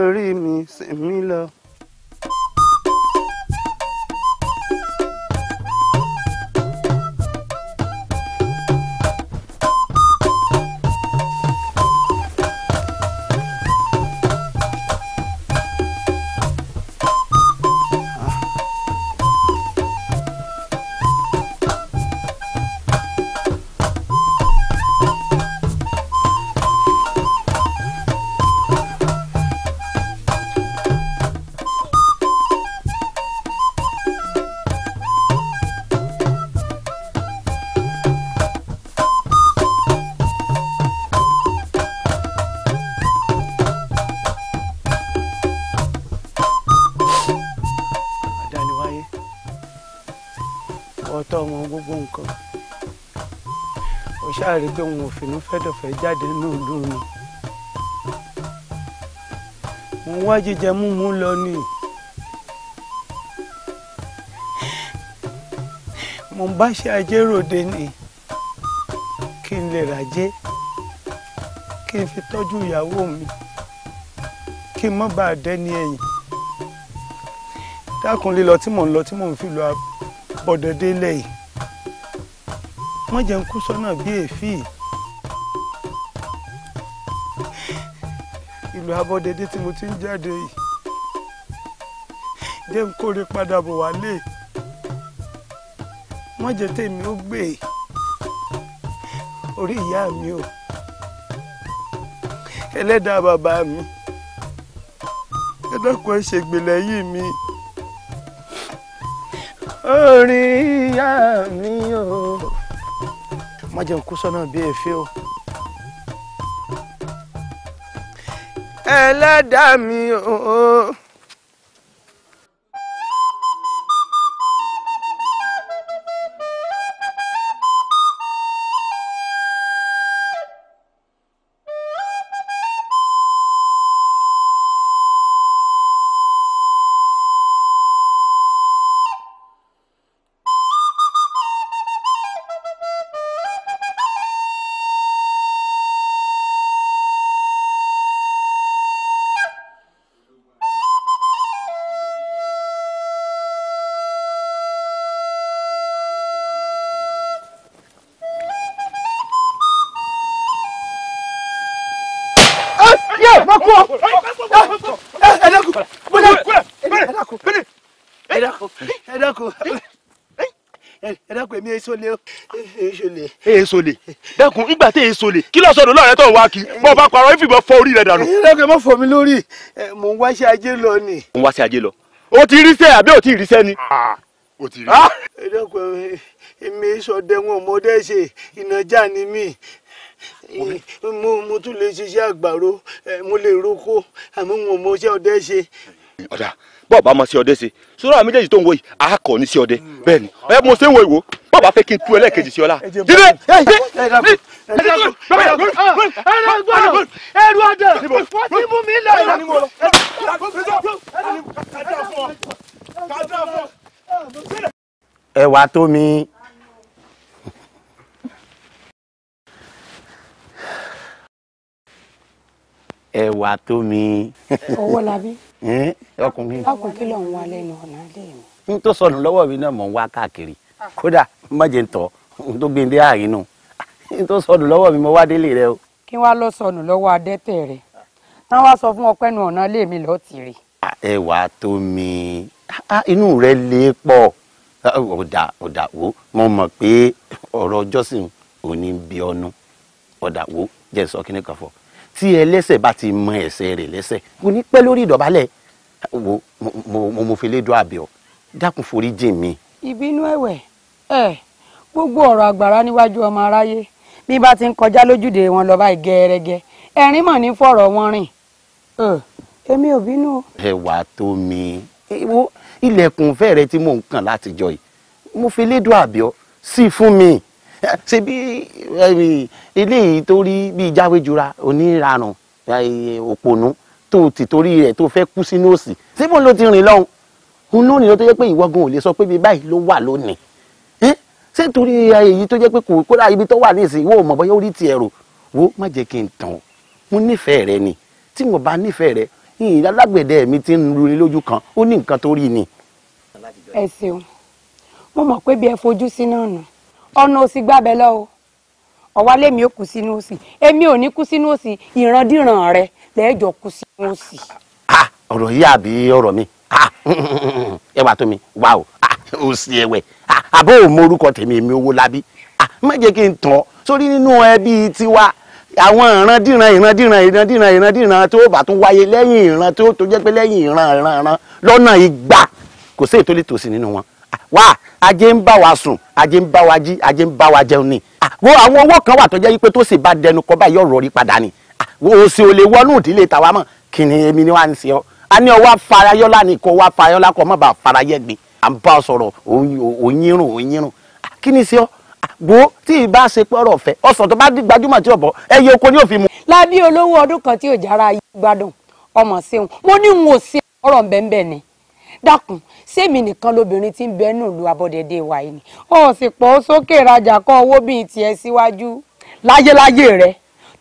orí mi sinmi lọ. lọ́dọ̀ wọn gbogbo nǹkan ó ṣàrí pé wọn ò fìnnú fẹ́dọ̀fẹ́ jáde nínú ìlú wọn mo ń wá jíjẹ múmú lọ ni mo ń bá ṣe ajé ròde ni kí n lè ràjé kí n fi tọ́jú ìyàwó mi kí n má bàa dẹ́ni ẹ̀yìn dákun lílọ tí mò ń lọ tí mò ń fi lọ abọ́ ọ̀dẹ̀dẹ̀ ilẹ̀ yìí wọ́n jẹ́ ń kú sọ́nà bí èéfì. ìlú abọ́dẹdẹ tí mo ti ń jáde yìí jẹ́ ń kórè padà bọ̀ wálé wọ́n jẹ́ tèmi ó gbé orí ìyá mi o ẹlẹ́dàá bàbá mi ẹ dákun ẹ ṣègbè lẹ́yìn mi orí ìyá mi o. má jẹun kó sọ́nà bí èéfé o. ẹlẹ́dàá mi o. sọlẹ o èyí sọlẹ. èyí sọlẹ dẹ́kun ìgbà tí èyí sọlẹ kí lọ sọdọ lọrẹ tó ń wá kí bọ bá parọ́ ìfìbọn fọ́ orí rẹ dànù. ìrẹ́kẹ̀ mọ́ fọ́ mi lórí mò ń wá sí ajé lọ ni. mò ń wá sí ajé lọ o ti rí sẹ́ àbí o ti rí sẹ́ ni. Ah, o ti rí. Ah! ẹ̀dọ́kùn èmi sọdẹ wọn mo dẹ́ ṣe ìnàjà ni mí mo mo tún lè ṣiṣẹ́ àgbàro mo lè roko àmọ́ wọn mo ṣe ọdẹ ṣe. ọ̀dà bọ́ọ̀ bá mọ sí ọdẹ ṣe sórí àwọn méjèèjì tó ń wo yìí a kọ̀ ní sí ọdẹ bẹ́ẹ̀ ni ọ̀yà mo ṣe ń wo ìwò bọ́ọ̀ bá fẹ́ kí n tú ẹlẹ́ẹ̀kejì sí ọlá. ẹrù ọdẹ wọ́n ti mú mi lọ. ẹwà tó mi. ẹwà tó mi. ọwọ́ la bí. ọkùnrin. ọkùnrin kí ló ọ̀nà mi. tó lọ́wọ́ mi náà mò káàkiri kódà májè n tó gbé dé àárín nù tó lọ́wọ́ mi mo wá délé rẹ o. kí wàá lọ sọnù lọ́wọ́ adẹ́tẹ̀ rẹ̀ táwọn wá sọ fún pẹ́nu ọ̀nà mi ẹ wà á tó mi inú rẹ lè tí ẹlẹ́sẹ̀ bá ti mọ ẹ̀ṣẹ̀ rẹ̀ lẹ́sẹ̀ kò ní pẹ́ lórí ìdọ̀bálẹ̀ wo mo mo fi lédo àbẹ̀ ọ́ dákun forí jì mí. ìbínú ẹ̀wẹ̀ ẹ̀ gbogbo ọ̀rọ̀ àgbàrá níwájú ọmọ aráyé bí bá ti ń kọjá lójúde wọn lọ́ba ìgẹ̀ẹ́rẹ́gẹ́ ẹ̀rín mọ̀ ní fọ̀rọ̀ wọn rìn èmi ò bínú. ẹ wà á tó mi ilẹ̀kùn fẹ́rẹ̀ tí mò ń kàn látijọ́ yìí mo fi lédo àbẹ̀ ọ́ sí fún mi. <laughs> ṣe bí eléyìí tó rí bíi jáwéjura oníranù òpònú tó ti torí rẹ̀ tó fẹ́ kú sínú òsì síbò ló ti rìn lọ́hùn òun ló nìyó tó jẹ́ pé ìwọ́gun ò lè sọ pé bíi báyìí ló wà lónìí ṣé torí èyí tó jẹ́ pé kò kódà ibi tó wà nísìnyí wò mọ̀ bóyá ó rí tiẹ̀ rò wò má jẹ́ kí n tàn ọ́ mo nífẹ̀ẹ́ rẹ ni tí mo bá nífẹ̀ẹ́ rẹ ìyìn alágbẹ̀dẹ mi ti ń runi lójú kan ó ní nǹkan tó rí ni. ẹ ṣeun mo mọ̀ pé bí ẹ fojú sí náà ọ̀nà òsì gbábẹ lọ o ọ̀wá lèmi ò kú sínú òsì èmi ò ní kú sínú òsì ìrandíran rẹ lẹ́ẹ̀jọ kú sínú òsì. Ah, ọ̀rọ̀ yìí àbí ọ̀rọ̀ mi ah, ẹ wà tó mi wà o ah, òsì ẹ̀wẹ̀ àbọ̀ ò mọ orúkọ tèmi èmi owó labí má jẹ́ kí n tàn sórí nínú ẹbí tiwa àwọn ìrandíran ìrandíran ìrandíran ìrandíran tó bá tún wáyé lẹ́yìn ìran tó tó jẹ́ pé lẹ́yìn ìran ìran ìran lọ́nà igba kò sí ètò lè tòsí nínú wọn wá ajé ń bá wa sùn ajé ń bá wa jí ajé ń bá wa jẹun ni. wo àwọn owó kan wà tó jẹ́ wípé tó sì bá dẹnu kọ báyìí ọ̀rọ̀ rí padà ni. wo o sì ò lè wọnú ìdílé tàwa mọ̀ kí ni èmi ni wà ń ṣe ọ́. a ní ọwọ́ farayọ́lá ni kò wá farayọ́lá kọ́ mọ̀ bá farayẹ́ gbé à ń bá ọ sọ̀rọ̀ òyìnrún òyìnrún. kí ni ṣe ọ́ wo tí ìbá ṣe pọ́rọ̀ ọ̀fẹ́ ọ̀sán tó bá gbajúmọ̀ tí ọ̀bọ̀ ẹyẹ oko ni òfin mu. lábí olówó ọdún kan tí ò jára gbádùn ọmọ ṣeun mo ní n ò ṣe ọ̀rọ̀ bẹ́ẹ̀ bẹ́ẹ̀ ni dákun sẹ́mi nìkan lobìnrin tí ń bẹ nù lu abọ́dẹ̀dẹ̀ wa yìí ni ó sì pọ̀ sókè rajà kọ́ owó bíi tiẹ̀ síwájú láyéláyé rẹ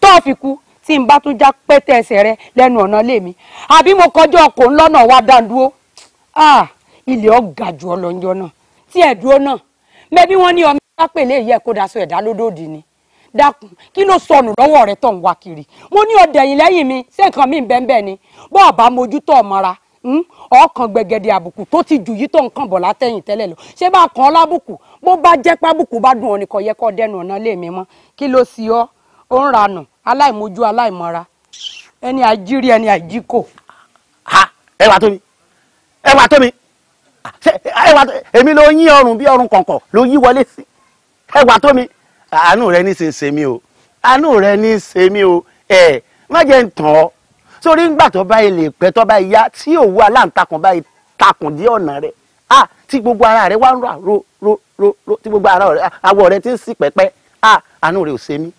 tó fi kú tí n bá tún já pẹ́tẹ́ ẹsẹ̀ rẹ lẹ́nu ọ̀nà lèmi àbí mo kọjá ọkọ̀ ńlọ́nà wa dáńdúró ah, ilé ọ̀gá ju ọlọ́njọ́ náà tí ẹ̀ dúró náà mẹ́bí wọ́n ní ọmọ lápèlé yẹ kó daṣọ ẹ̀dá lódòdì ni dákun kí ló sọnù lọ́wọ́ rẹ tó ń wá kiri mo ní ọdẹ lẹ́yìn mi ṣé mi bẹ́ẹ̀ bẹ́ẹ̀ ni bọ́ọ̀ bá mojútó ọmọra Hmm? ọkàn gbẹ̀gẹ̀dẹ̀ àbùkù tó ti jù yìí tó nǹkan bọ̀ látẹ̀yìn tẹ́lẹ̀ lọ ṣé bá kan ọlábùkù bó bá jẹ́ pábùkù bá dùn ọ́ nìkan yẹ kó dẹnu ọ̀nà lè mí mọ́ kí ló sì ọ́ ó ń ranù aláìmojú aláìmọ́ra ẹni àjírí ẹni àjíkò. ẹ wà tó mi ẹ wà tó ẹ wà tó èmi ló yín ọrùn bí ọrùn kọ̀ǹkọ̀ ló yí wọlé sí ẹ wà tó àánú rẹ ní í ṣe mí o àánú rẹ ní í ṣe o ẹ má jẹ́ ń tàn ọ́ sórí ńgbà tó bá ilé pẹ́ tó bá yá tí òwú aláǹtakùn bá takùn dé ọ̀nà rẹ̀ ah tí gbogbo ara rẹ̀ wá ń rà ro ro ro ro tí gbogbo ara rẹ̀ awọ rẹ̀ ti ń sí pẹ́pẹ́ ah àánú rẹ̀ ò ṣe mí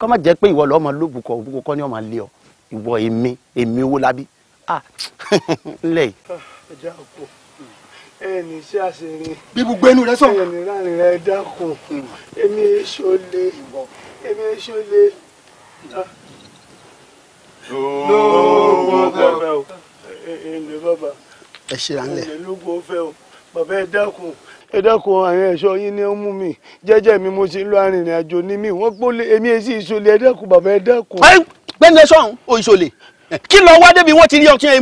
kọ́ má jẹ́ pé ìwọ lọ́mọ lóbùkọ́ òbúkọ́ kọ́ ni ọmọ lé ọ ìwọ èmi èmi owó lábí ah <laughs> ńlẹ̀ yìí. ẹni ṣé a bí gbogbo ẹnu rẹ sọ. ẹni láàrin rẹ dákun èmi èso lé èmi èso lé lóògùn ọfẹ o èlé bàbá ẹ ṣe ránlẹ èlé lóògùn ọfẹ o bàbá ẹ dákun ẹ dákun àwọn ẹ̀ṣọ́ yín ni ó mi jẹ́jẹ́ mi mo ṣe lọ arìnrìn àjò ní mi wọ́n gbólé èmi èsì ìṣòlè ẹ dákun bàbá ẹ dákun. gbẹ́ndé sọ́hún o ìṣòlè kí lọ wá débi wọ́n ti rí ọtí ẹ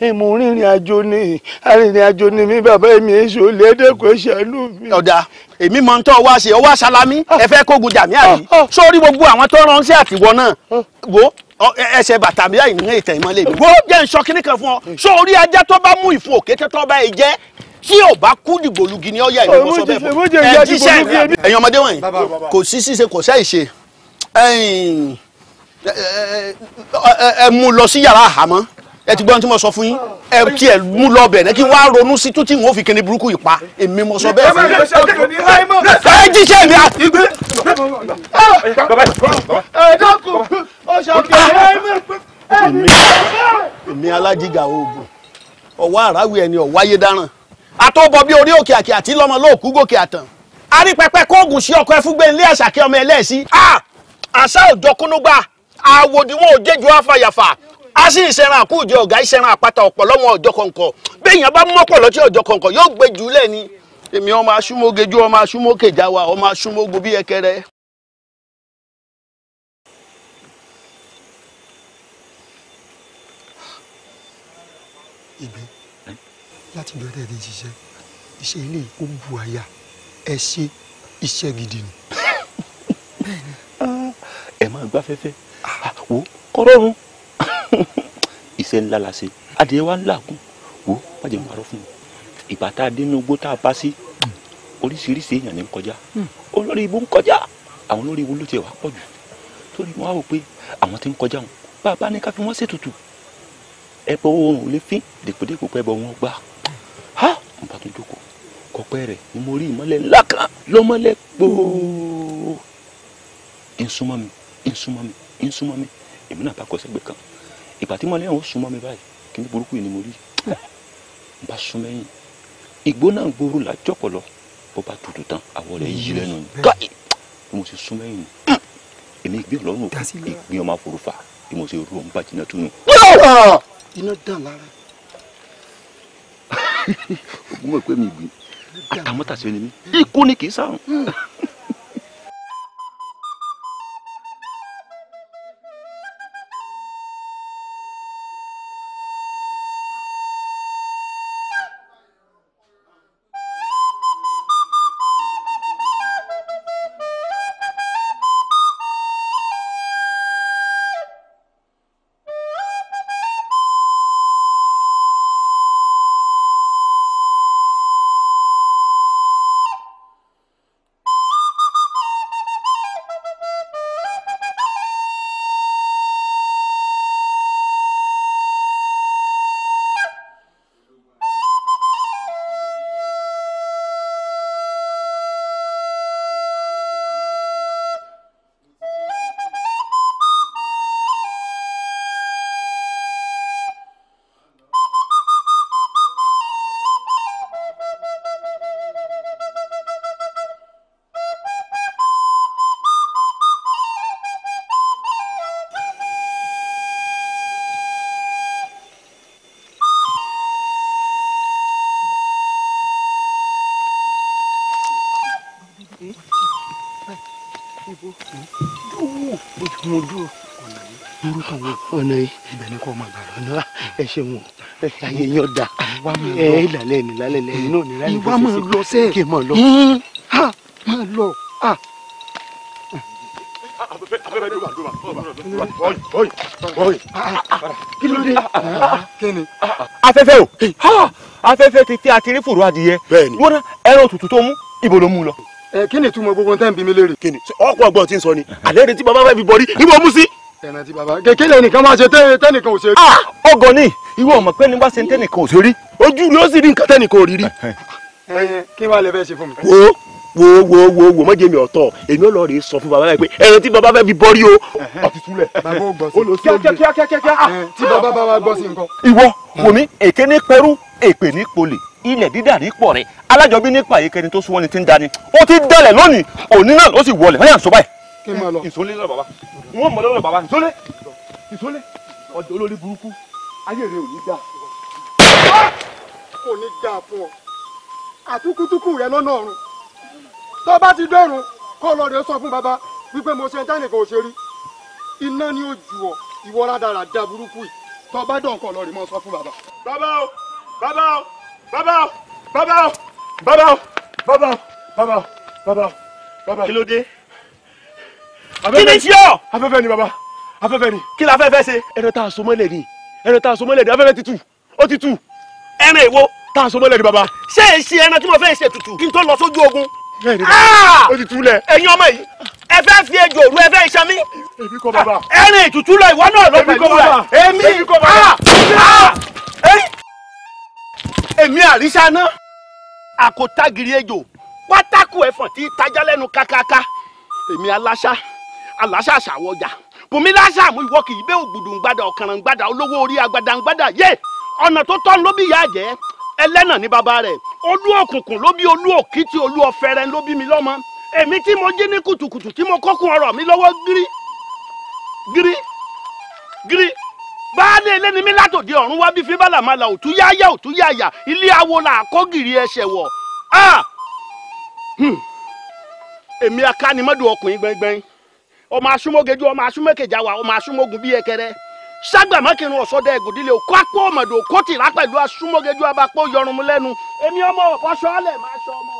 ẹ. mo rìnrìn àjò ni arìnrìn àjò ni mi bàbá èmi èṣòlè ẹ dákun mi. ọ̀dà èmi mọ̀ ń tọ́ wá ṣe ọwọ́ àṣàlámí ah. ẹ fẹ́ kógun jàmí àbí ah. Ah. sórí gbogbo àwọn tó ránṣẹ́ àtiwọ́ náà wo ẹsẹ̀ bàtà mi láì ní ìtẹ̀ ìmọ̀lẹ̀ mi. wo jẹ́ n sọ kinní kan fún ọ sọ orí ajá tó bá mú ìfún òkété tó bá ẹ jẹ́ tí ò bá kú dìgbò lugi ni ọ̀yà ìlú mọ́sọ́ bẹ́ẹ̀ fún ẹ jíṣẹ́ ẹ̀yin ọmọdé wọ̀nyí kò sí ṣíṣe kò sẹ́ ìṣe ẹ mú lọ sí yàrá àhámọ́ ẹ ti gbọ́n tí mo sọ fún yín ẹ tí ẹ mú lọ́bẹ̀ ní kí n wá ronú sí tún tí ò fi kíni burúkú yìí pa èmi mo sọ bẹ́ẹ̀ fún yín. ẹ jíṣẹ́ mi à. èmi èmi oògùn ọwọ́ àràwì ẹni ọ̀wáyé dáràn àtọ́bọ̀ bí orí òkè àkè àti lọ́mọ lóòkú gòkè àtàn arípẹpẹ kóògùn sí ọkọ ẹfúgbé ilé àṣàkẹ́ ọmọ ẹlẹ́ẹ̀sí àṣà òjò kúnúgbà àwòdìwọ̀n òjèjò àfàyàfà a sì ń ṣẹran àkújọ ọ̀gá ìṣẹran àpáta ọ̀pọ̀ lọ́wọ́ ọjọ́ kọ̀ọ̀kan béèyàn bá mọ́pọ̀ lọ́tí ọjọ́ kọ̀ọ̀kan yóò gbé jùlẹ̀ ni èmi ọmọ asúmọ́gẹjú ọmọ asúmọ́kẹjà ọmọ asúmọ́gun bí ẹkẹrẹ. ìgbé láti bẹ̀rẹ̀ ní ṣiṣẹ́ iṣẹ́ ilé ó bu àyà ẹ ṣe iṣẹ́ gidi ni. ẹ máa gbafẹ́fẹ́ ah, wo kọ́rọ́rùn iṣẹ́ <laughs> ńlá la ṣe adìyẹ wa ńlá kún wò bàjẹ́ ń parọ́ fún mi ìgbà tá a dé inú igbó tá a bá sí oríṣiríṣi èèyàn ní ń kọjá hmm. olórí ibú ń kọjá àwọn olórí ibú ló tiẹ̀ wá pọ̀ jù torí wọn á rò pé àwọn ti ń kọjá wọn bàbá ní ká fi wọn ṣètùtù ẹbọ oorun ò lè fín dèpòdèpò pẹ́ bọ wọn gbà á mo bá tún jókòó kọpẹ́ rẹ̀ ni mo rí ìmọ́lẹ̀ ńlá kan lọ́mọ́lẹ̀ gbòó ń súnmọ́ mi ń súnmọ́ mi ń súnmọ́ mi èmi náà bá kọ sẹ́gbẹ̀ẹ́ kan ìgbà tí mọ̀lẹ́yìn ó sún mọ́ mi báyìí kí ní burúkú yìí ni mo rí n ah, bá sún mẹ́yìn ìgbó náà gbóòrò lájọpọ̀lọ bó bá tutù tán àwọ̀ rẹ̀ yí lẹ́nu ni káyì bí mo ti sún mẹ́yìn ni èmi ìgbín ọlọ́run ìgbín ọmọ àforúfà bí mo ti rú òun bá jìnnà túnú. iná dàn lára. <laughs> ogun mọ̀ pé mi gbìn àtàmọ́tàsí ni mi ikú ni kì í sàrùn. Hmm. <laughs> ẹ ṣeun ayé yan da ẹ ẹ lálẹ́ ní lálẹ́ lẹ́yìn náà ní lálẹ́ ìwà máa lọ sẹ́ẹ̀ kí n máa lọ máa lọ. kí ló dé kí ni. afẹ́fẹ́ o afẹ́fẹ́ ti tẹ́ akéré fòrò adìyẹ wọ́n ná ẹran òtútù tó mú ibo ló mú lọ. kí ni ìtumọ̀ gbogbo tẹ́ ń bí mi léèrè. kí ni ọkọ̀ ọgbọ́n ti ń sọ ni àlẹ́ retí bàbá fẹ́ fi bọ̀ rí níbo mú sí tẹ̀rántí bàbá kékeré nìkan máa ṣe tẹ́nìkan ò ṣe rí. Ah! ọgọ ni ìwọ ọmọ pé ni wá ṣe tẹ́nìkan ò ṣe rí ojú ló sì rí nǹkan tẹ́nìkan ò rí rí. kí wàá lè fẹ́ ṣe fún mi. wo wo wo wo wo mọ̀jẹ̀ mi ọ̀tọ̀ èmi ò lọ rè sọ fún bàbá rẹ pé ẹran tí bàbá fẹ́ fi bọ́rí o ọtí túlẹ̀. bàbá ò gbọ́ sí ilẹ̀ dídà ní pọ̀ rẹ̀ alájọbí nípa àyíkẹ́ni tó súnwọ́ni ti ń dani ó ti dalẹ̀ lónìí òní náà ó sì wọlé báyà ń sọ báyìí kí n máa lọ. ìsọlé lọ bàbá wọn mọ lọ́wọ́ bàbá ìsọlé ìsọlé ọjọ olórí burúkú ayé rẹ ò ní dáa. kò ní dáa fún ọ àtúkútúkù rẹ lọ́nà ọ̀run tó bá ti dọ́run kó lọ rẹ sọ fún bàbá wípé mo ṣe ẹ̀ńtánìkan ò ṣe rí iná ni ó jù ọ ìwọ ládàra dá burúkú yìí tó bá dọ̀ nǹkan lọ rí mọ́ sọ fún bàbá. bàbá o bàbá o bàbá o bàbá o bàbá o bàbá o bàbá o bàbá o bàbá o kí ló dé kí ni tí ọ. afẹ́fẹ́ ni baba afẹ́fẹ́ ni. kí la fẹ́fẹ́ ṣe. ẹran tá a so mọ́lẹ̀ ni ẹran tá a so mọ́lẹ̀ ni afẹ́fẹ́ ti tu ó ti tu. ẹran èwo. tá a mọ́lẹ̀ ni baba. ṣé ẹ ṣe ẹran tí mo fẹ́ ṣe tutù kí n tó lọ sójú ogun. Ah! ó ti tu lẹ̀. ẹ̀yin ọmọ yìí ẹ fẹ́ fi ejò òru ẹ fẹ́ iṣan mi. èmi kọ́ bàbá. Ah! ẹran ìtùtù lọ ìwọ náà ló pẹ̀lú rẹ̀. èmi kọ́ bàbá. Ah! èmi àríṣà náà àkótágìrì ejò pátákó ẹ̀fọ̀n tí tajà lẹ́nu kákáká èmi aláṣàṣà wọjà bùnmi láṣàmú ìwọ kì í bẹ́ ògbùdùn gbada ọ̀kàràn gbada olówó orí agbada gbada yé ọ̀nà tó tọ́ ló bí ìyá jẹ́ ẹlẹ́nà ní bàbá rẹ̀ olú òkùnkùn ló bí olú òkìtì olú ọ̀fẹ́rẹ́ ló bí mi lọ́mọ èmi tí mo jí ní kùtùkùtù tí mo kọ́kùn ọ̀rọ̀ mi lọ́wọ́ gírí gírí gírí baálé ilé ni mí látòdì ọ̀run wá bí fíbálà máa la òtún yáyá òtún yáyà ilé awo là kọ́gìrì ẹsẹ̀ wọ̀ ah! hmm. èmi akánimọ́dún ọkùnrin gbẹ́ngbẹ́ng ọmọ asúmọ́gẹjú ọmọ asúmọ́kẹjáwa ọmọ asúmọ́gun bíi ẹkẹrẹ ságbàmọ́kìnrin ọ̀sọ́dẹ ẹ̀gùdílé òkú àpò ọmọdé òkú tìrá pẹ̀lú asúmọ́gẹjú abapò yọrùn mu lẹ́nu èmi ọmọ ọ̀pọ̀ sọ́ọ́lẹ̀ máa sọ ọmọ.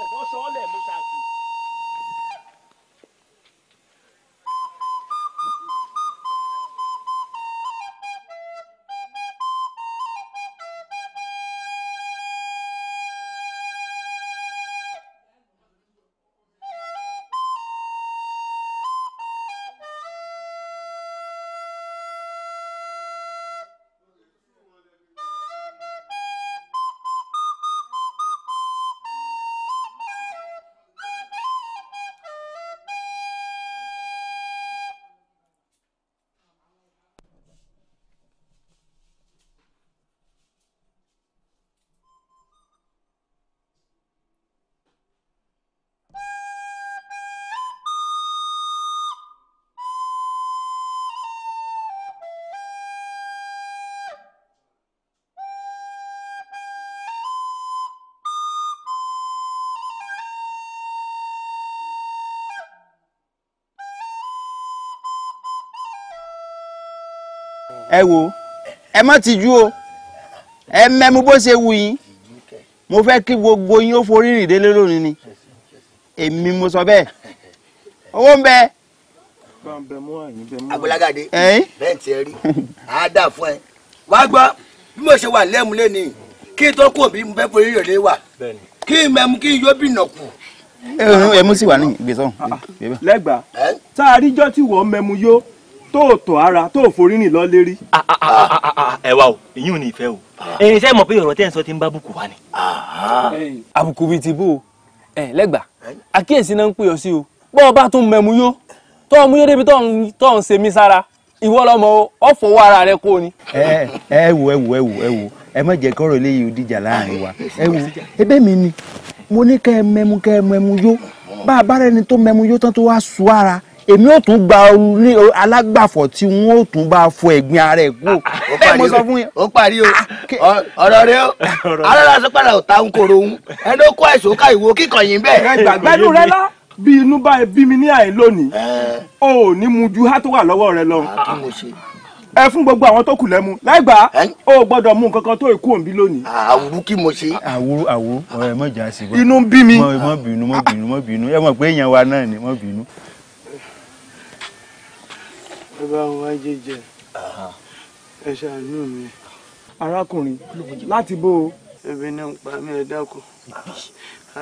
ẹ wo ẹ má tijú o ẹ mẹ́mu bó ṣe wù yín mo fẹ́ kí gbogbo yín ó forí rìn délé lónìí ni èmi mo sọ bẹ́ẹ̀ owó ń bẹ. Agbọ́lágadé bẹ́ẹ̀ tiẹ̀ rí àádá fún ẹ wá gbọ́ bí mo ṣe wà lẹ́mu lẹ́ni kí n tó kó bí mo fẹ́ forí rìn délé wà kí n mẹ́mu kí n yóò bì nàkú ẹmu sì wà ní ìgbésọ. Ah, ah. lẹ́gbàá tá a ríjọ́ tí wọ́n mẹ́mu yó tó o tọ̀ ara tó o forí nì lọ lérí. ẹ wá o èyí ò ní ìfẹ́ o ẹ̀yin sẹ́yìn mọ̀ pé ọ̀rọ̀ tẹ́ ń sọ ti ń bá àbùkù wa ni. àbùkù bíi ti bó o ẹ lẹ́gbà àkíyèsí náà ń pè ọ́ sí o bọ́ ọ bá tún mẹ́mu yó tọ́ ọ mú yó débi tọ́ ọ ń ṣe mí sára ìwọ lọmọ ọ fọwọ́ ara rẹ kó ni. ẹ ẹ wo ẹ wo ẹ wo ẹ wo ẹ má jẹ́ kọ́rọ̀ eléyìí òdìjà láàrin wa ẹ wo ẹ̀bẹ̀ mi ni mo ní kẹ́ ẹ mẹ́mu kẹ́ yó bá a bá rẹ ni tó mẹ́mu yó tán tó wá sùn ara èmi ò tún gba alágbàfọ̀ tí wọ́n ò tún bá fọ ẹ̀gbin ara ẹ̀ kú. Ah, ah, bẹ́ẹ̀ mo sọ fún yín. ó parí ah, o ọ̀rọ̀ rẹ o alára <laughs> sọ padà ò ta ń koro ń ẹni ó kó àìsàn ká ìwo kíkàn yín bẹ́ẹ̀. pẹ̀lú rẹ lá bí inú bá bí mi ní àyè lónìí o ò ní mu ju há tó wà lọ́wọ́ rẹ lọ ẹ fún gbogbo àwọn tó kù lẹ́mu láìgbà ó gbọ́dọ̀ mú nǹkan tó ìkú òǹbí lónìí. àwùrú kí mo ṣe. àwùrú àwùrú ọ̀rẹ́ mọ̀ sí. inú ń bí mi. mọ̀ bínú mọ̀ bínú mọ̀ bínú ẹ mọ̀ pé èèyàn wa náà ni mọ̀ bínú ẹ bá wa jíjẹ ẹ ṣàánú mi. arákùnrin láti bó ebi náà ń pa mí ẹ dákun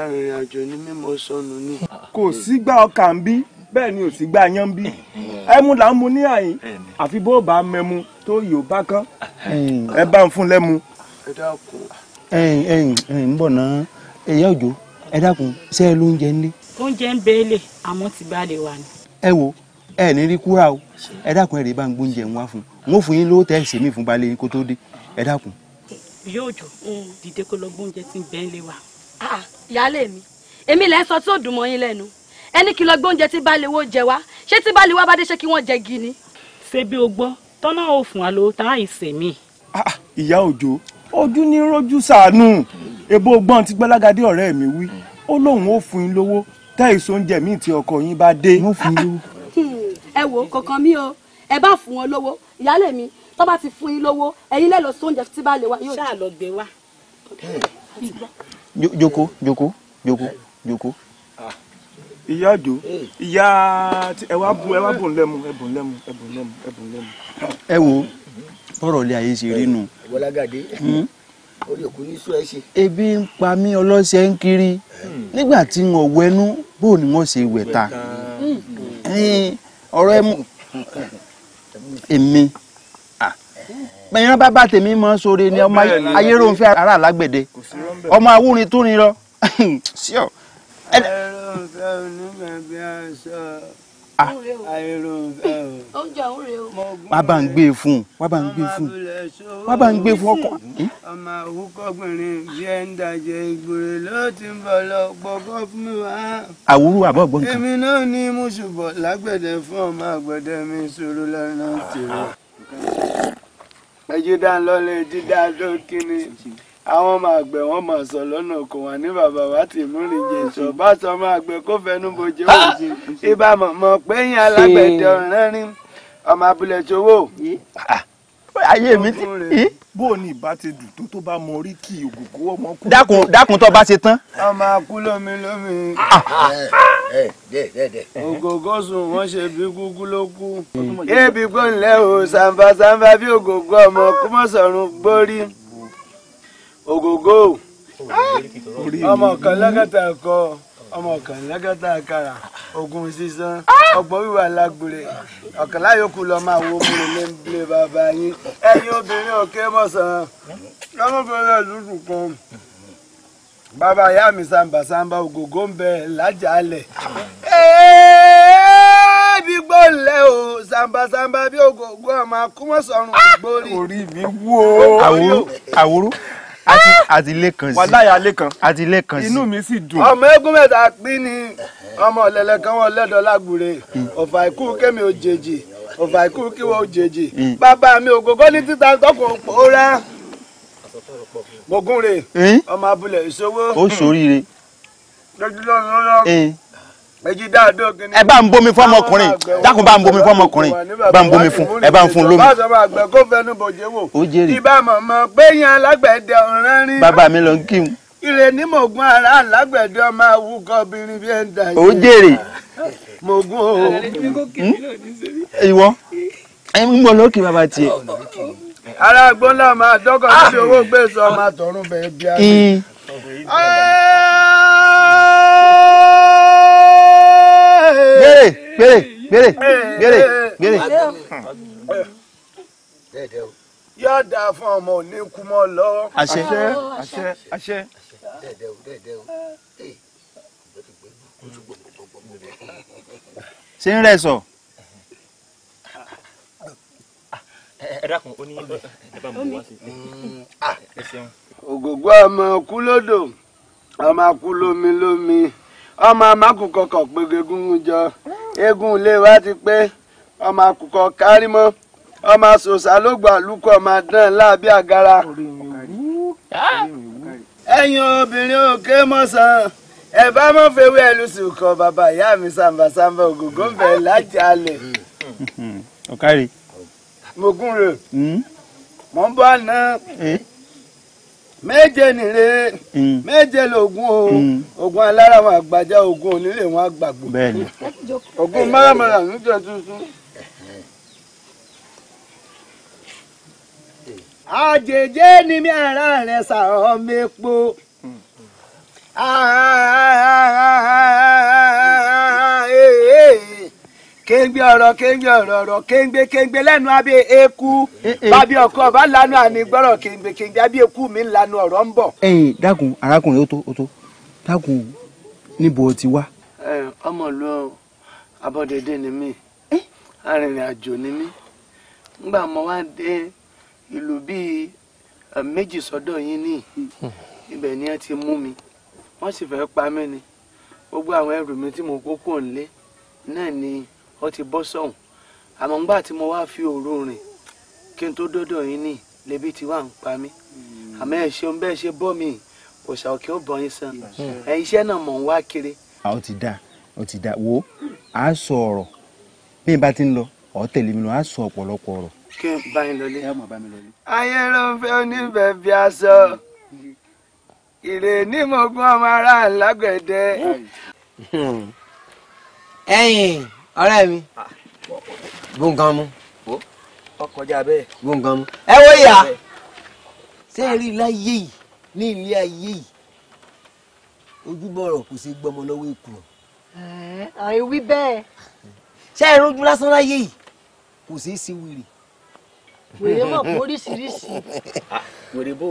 arìnrìnàjò ni mímọ sọnù ni. kò sígbà ọkà ń bí bẹ́ẹ̀ ni ò sígbà yan ń bí ẹmu là ń mu ní àyín àfi bó bá mẹmu tó yóò bá kán ẹ bá ń fún lẹ́mu. ẹ dákun. ẹyìn ẹyìn ẹyìn ń bọ̀ náà ẹ̀yà òjò ẹ dákun ṣé ẹ lóúnjẹ ń oúnjẹ ń bẹ́ẹ̀lẹ̀ àmọ́ ti bá lè wà ní. ẹ wo ẹ ní rí kúrà o ẹ dákun ẹ rè bá ń gbóúnjẹ ń wá fún un wọn fún yín lówó tẹ ẹ sèmí fún balẹ̀ yín kó tó dé ẹ dákun. yóò jọ dìde kó lọ gbóúnjẹ tí ń bẹ́ẹ̀ lé wa. Ah, ìyáálé mi èmi lẹ́ sọ tí ò dùn mọ́ yín lẹ́nu ẹni kí lọ gbóúnjẹ tí bá léwó jẹ wá ṣé tí bá léwó bá dé ṣé kí wọ́n jẹ gi ni. ṣé bí o gbọ́ tọ́nà ò fún wa lówó tá ìsèmí. Ah, ah, ìyá òjò ojú ní rojú sàánú ebo gbọ́n ti gbẹ́lágadé ọ̀rẹ́ mi wí ó lóun ó fún yín lówó tẹ́ ìsóúnjẹ míì tí ọkọ yín bá dé. wọ́n fún yín lówó ẹ wo kankan mi o ẹ bá fún wọn lówó ìyálé mi tó bá ti fún yín lówó ẹ̀yin lẹ lọ sí oúnjẹ tí bá lè wá yóò. ṣáà lọ gbé wá. jókòó jókòó jókòó jókòó. ìyá àjò ìyá ẹ wá bùn ẹ wá bùn lẹ́mu ẹ bùn lẹ́mu ẹ bùn lẹ́mu ẹ bùn lẹ́mu. ẹ wo bọ́rọ̀ ilé ayé ṣe rí nu. wọlágàdé hmm? orí òkú ní sùn ẹ ṣe. ebi ń pa mí ọlọ́sẹ̀ ń kiri hmm. nígbà tí n ò bó ni wọ́n ṣe wẹ̀ ta ọ̀rọ̀ ẹ mú èmi mẹ̀yàn bàbá tèmi mọ́ sóore ni ọmọ ayéròǹfẹ́ ara alágbẹ̀dẹ ọmọ awúrin tó rin rọ oúnjẹ òun rèé o. wá bá ń gbé e fún un wá bá ń gbé e fún un bá ń gbé e fún ọkàn. Hm? ọmọ àwùkọ́gbìnrin bí ẹ ń dàjẹ́ ìgbòrè ló ti ń bọ̀ lọ gbọ́kọ́ fún mi wá. àwúrò àbọ̀ gbọ́n kan. èmi náà ní mú ṣùbọ̀ fún ọmọ àgbẹ̀dẹ mi sọ̀rọ̀ lọ́nà tèrè. ẹjú dá lọ́lẹ̀ dídá lókè ni àwọn ọmọ àgbẹ̀ wọn máa sọ lọ́nà kò wà ní bàbá wa ti mú rìn jẹ sọ bá sọ ọmọ àgbẹ̀ kó fẹnu bojì ó ibà mọ̀ pé yín alágbẹ̀dẹ ọ̀rẹ́ rí ọmọ abúlé ṣòwò. ayé mi ti bó o ní ìbá ti dùn tó tó bá mọ orí kí ògùn ọmọ kú. dákun dákun tó bá ṣe tán. ọmọ akú lómi lómi. ògògó sùn wọn ṣe bí kúkú ló kú. ebi kò ń sàǹfà sàǹfà bí ògògó ọmọ kúmọ̀sọ̀rùn gbórí ògògó ah! ọmọ kan lákàtà ẹ̀kọ́ ọmọ kan lákàtà àkàrà ogun sísan ah! ọgbọ́n wíwà lágbèrè ọ̀kànlá yòókù lọ máa wo múlò lẹ́ńbílé bàbá yín ẹ̀yin obìnrin òkè mọ̀sán lọ́mọbìnrin ẹ̀lúdùn kan bàbá ìyá mi sàǹbà sàǹbà ògògó ń bẹ lájàálẹ̀ bí gbọ́lẹ̀ o sàǹbàsàǹbà bí ògògó ọmọ akúmọ̀sọ̀rùn ah! gbórí. orí mi wú o àwòrán àwòrán àti ah! lẹ́kan sí wàláyà lẹ́kan àti lẹ́kan sí inú mi sì dùn. ọmọ eégún mẹ́ta pín ni ọmọ ọ̀lẹ́lẹ̀ kan wọ́n lẹ́dọ̀ lágbùrẹ́ hmm. ọ̀fà ikú kémi òjèjì ọ̀fà ikú kíwọ́ òjèjì hmm. bàbá mi ògógó ní títa tọkùn pòórá gbogúnre hmm. ọmọ abúlé ìṣòwò. ó ṣoríire. lójúlọ́run lọ́rọ́ ẹ bá ń bomi fún ọmọkùnrin dákun bá ń bomi fún ọmọkùnrin bá ń bomi fún ẹ bá ń fún lómi. báṣọ bá gbẹ kó fẹnu bòjé wò ibà mọ̀mọ́ gbẹ̀yìn alágbẹ̀dẹ ọ̀rẹ́ rí. bàbá mi lọ ń kí n. ire ní mògùn ara alágbẹ̀dẹ ọmọ awúkọ obìnrin bí ẹ ń da yìí. ó jèrè. mògùn o. ìwọ ẹ ń bọ lókè bàbá tiẹ. ara gbọ́n máa dọ́kọ̀ sí owó gbèsè ọmọ àtọ̀run bẹ̀ẹ́ bí i. gbére gbére gbére gbére. yóò dáa fún ọmọ òní kú mọ́ lọ. àṣẹ àṣẹ àṣẹ. dẹ́ẹ̀dẹ́ o dẹ́ẹ̀dẹ́ o ṣe ń rẹ sọ. Mm, ah. ògògbó ọmọ kú lódò ọmọ kú lómi lómi ọmọ amákùkọ kan gbẹgẹgún jọ eégún ilé wa ti pé ọmọ àkùkọ kárí mọ ọmọ sòsà ló gbà lúkọ ọmọ dán láàbí àgara. ẹ̀yin obìnrin òkè mọ̀sán ẹ bá mọ̀ fẹ́wé ẹlú sí ọkọ bàbá ìyá mi sàǹbàsàǹbà ògògó ń bẹ̀ mm. láti alẹ̀. mo gún rè. Mm. mo ń bọ̀ àná. Eh? méje nìre mm. méje lògùn o mm. ògùn alára wọn àgbàjá ògùn onílé wọn ògùn máramàrà níjọ tuntun. àjèjé ni mi ara rẹ sàrọ mẹpo kéńgbé ọ̀rọ̀ kéńgbé ọ̀rọ̀ ọ̀rọ̀ kéńgbé kéńgbé lẹ́nu abẹ́ eku bábí ọkọ bá lanu àní gbọ́rọ̀ kéńgbé kéńgbé abẹ́ eku mi lanu ọ̀rọ̀ ń bọ̀. ẹ̀yin dákun arákùnrin ó tó ó tó dákun níbo ti wá. ẹ ọmọ ìlú abọ́dẹ̀dẹ̀ ni mí arìnrìn àjò ni mí ngbà mo wá dé ìlú bíi méjì sọ́dọ̀ yín ní hmm. ibẹ̀ ni wọ́n ti mú mi wọ́n sì fẹ́ pa mí ni gbogbo àwọn ẹrù mi tí mo kó kò ń lé náà ni. ó ti bọ́ sọ̀hún àmọ́ ńgbà tí mo wá fi òru rìn kí n tó dọ́dọ̀ yín ní lebi tí wà ń pa mí hmm. àmọ́ ẹ ṣeun bẹ́ẹ̀ ṣe bọ́ mi òṣà òkè ó bọ̀ yín san ẹ iṣẹ́ náà mọ̀ ń wá kiri. ó ti dáa ó ti dáa wo à sọ ọ̀rọ̀ bí n bá ti ń lọ ọ̀ tẹ̀lé mi lọ à sọ ọ̀pọ̀lọpọ̀ ọ̀rọ̀. kí n bá yín lọlé. ayé ló ń fẹ́ oníbẹ̀bí aṣọ ìrè ní mo gbọ́n ọmọ ara lágbẹ̀dẹ. ẹyin ọ̀rẹ́ mi ah. bó nǹkan mu. ọkọjá bẹ́ẹ̀. bó nǹkan mu. ẹ wo ìyá ṣé eré láyé yìí ní ilé ayé yìí ojúbọ̀rọ̀ kò ṣe gbọ́mọ lọ́wọ́ èkó. ọ̀rẹ́ wí bẹ́ẹ̀. ṣé ẹ rojú lásán láyé yìí kò ṣeé ṣe wèrè. wèrè mọ̀ kó oríṣiríṣi. Ah, wèrè bò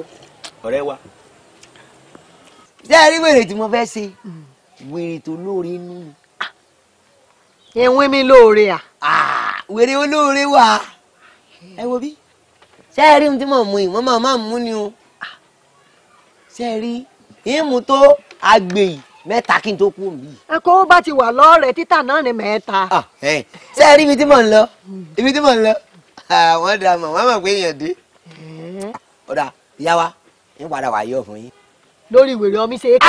ọ̀rẹ́ wa. ṣé ẹ rí wèrè tí mo fẹ́ ṣe mm. wèrè tó lóore nínú ìwín mi lóore à. Ah, wèrè olóore wà ẹ wo bí. ṣé ẹ rí ohun tí mò ń mu yìí wọ́n máa máa mú ni o. Ah. ṣé ẹ rí ìmú tó agbèyí mẹ́ta kí n tó kú mi. ẹ kó bá ti wà lọ́ọ̀rẹ́ títà náà ni mẹ́ta. Ah, ṣé ẹ rí ibi tí mò ń lọ ibi tí mò ń lọ wọ́n dà mọ̀ wọ́n mọ̀ pé èèyàn dé. ọ̀dà ìyá wa ń padà wà yọ̀ fún yín. lórí ìwèrè ọmí ṣe é.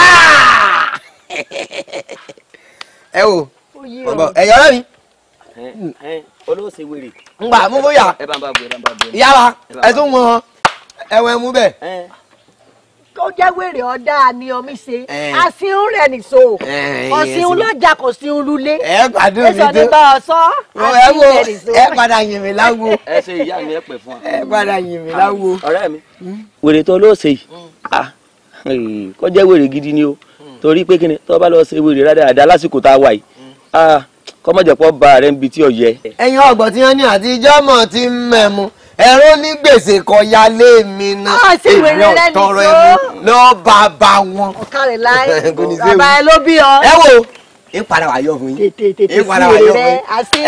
<laughs> ẹ wò ẹ̀yọ́ rẹ̀ mi olóòsè wèrè. ngbà mú bóyá yàrá ẹ tún wọn ẹwọn ẹmu bẹ. kó jẹ́ wèrè ọ̀dà ni omi ṣe àsìnrún rẹ̀ nìṣó ọ̀sìnrún lọ́jà kò sí irúlé ẹ gbàdúrà mi tó ẹsọ ní bá ọ sọ àsìnrún rẹ̀ nìṣó. ẹ padà yìn mí láwo. ẹ ṣe ìyá mi ẹ pè fún wa. ẹ padà yìn mí láwo. ọ̀rẹ́ mi hmm? wèrè tó olóòsè yìí hmm. kó jẹ́ wèrè gidi ni o hmm. torí pé kí ni tó bá lọ ṣe wèrè rárá àdá lásìkò tá a wà yìí Ah, kọ́mọ̀jọ̀pọ̀ ba rẹ̀ ń bi tí ò yẹ. ẹ̀yin ọ̀gbọ̀n tí wọ́n ní àti ìjọ́mọ̀ ti ń mẹ̀mú ẹ̀rọ ní gbèsè kọ̀ ya lé mi ná ah, èmi ọ̀tọ̀rọ̀ ẹ̀mú lọ́ọ́ bá bá wọn. ọ̀kàrẹ̀ láì <laughs> bàbá ẹ ló bí ọ. ẹ wo ń padà wà yọ fún yín ń padà wà yọ fún yín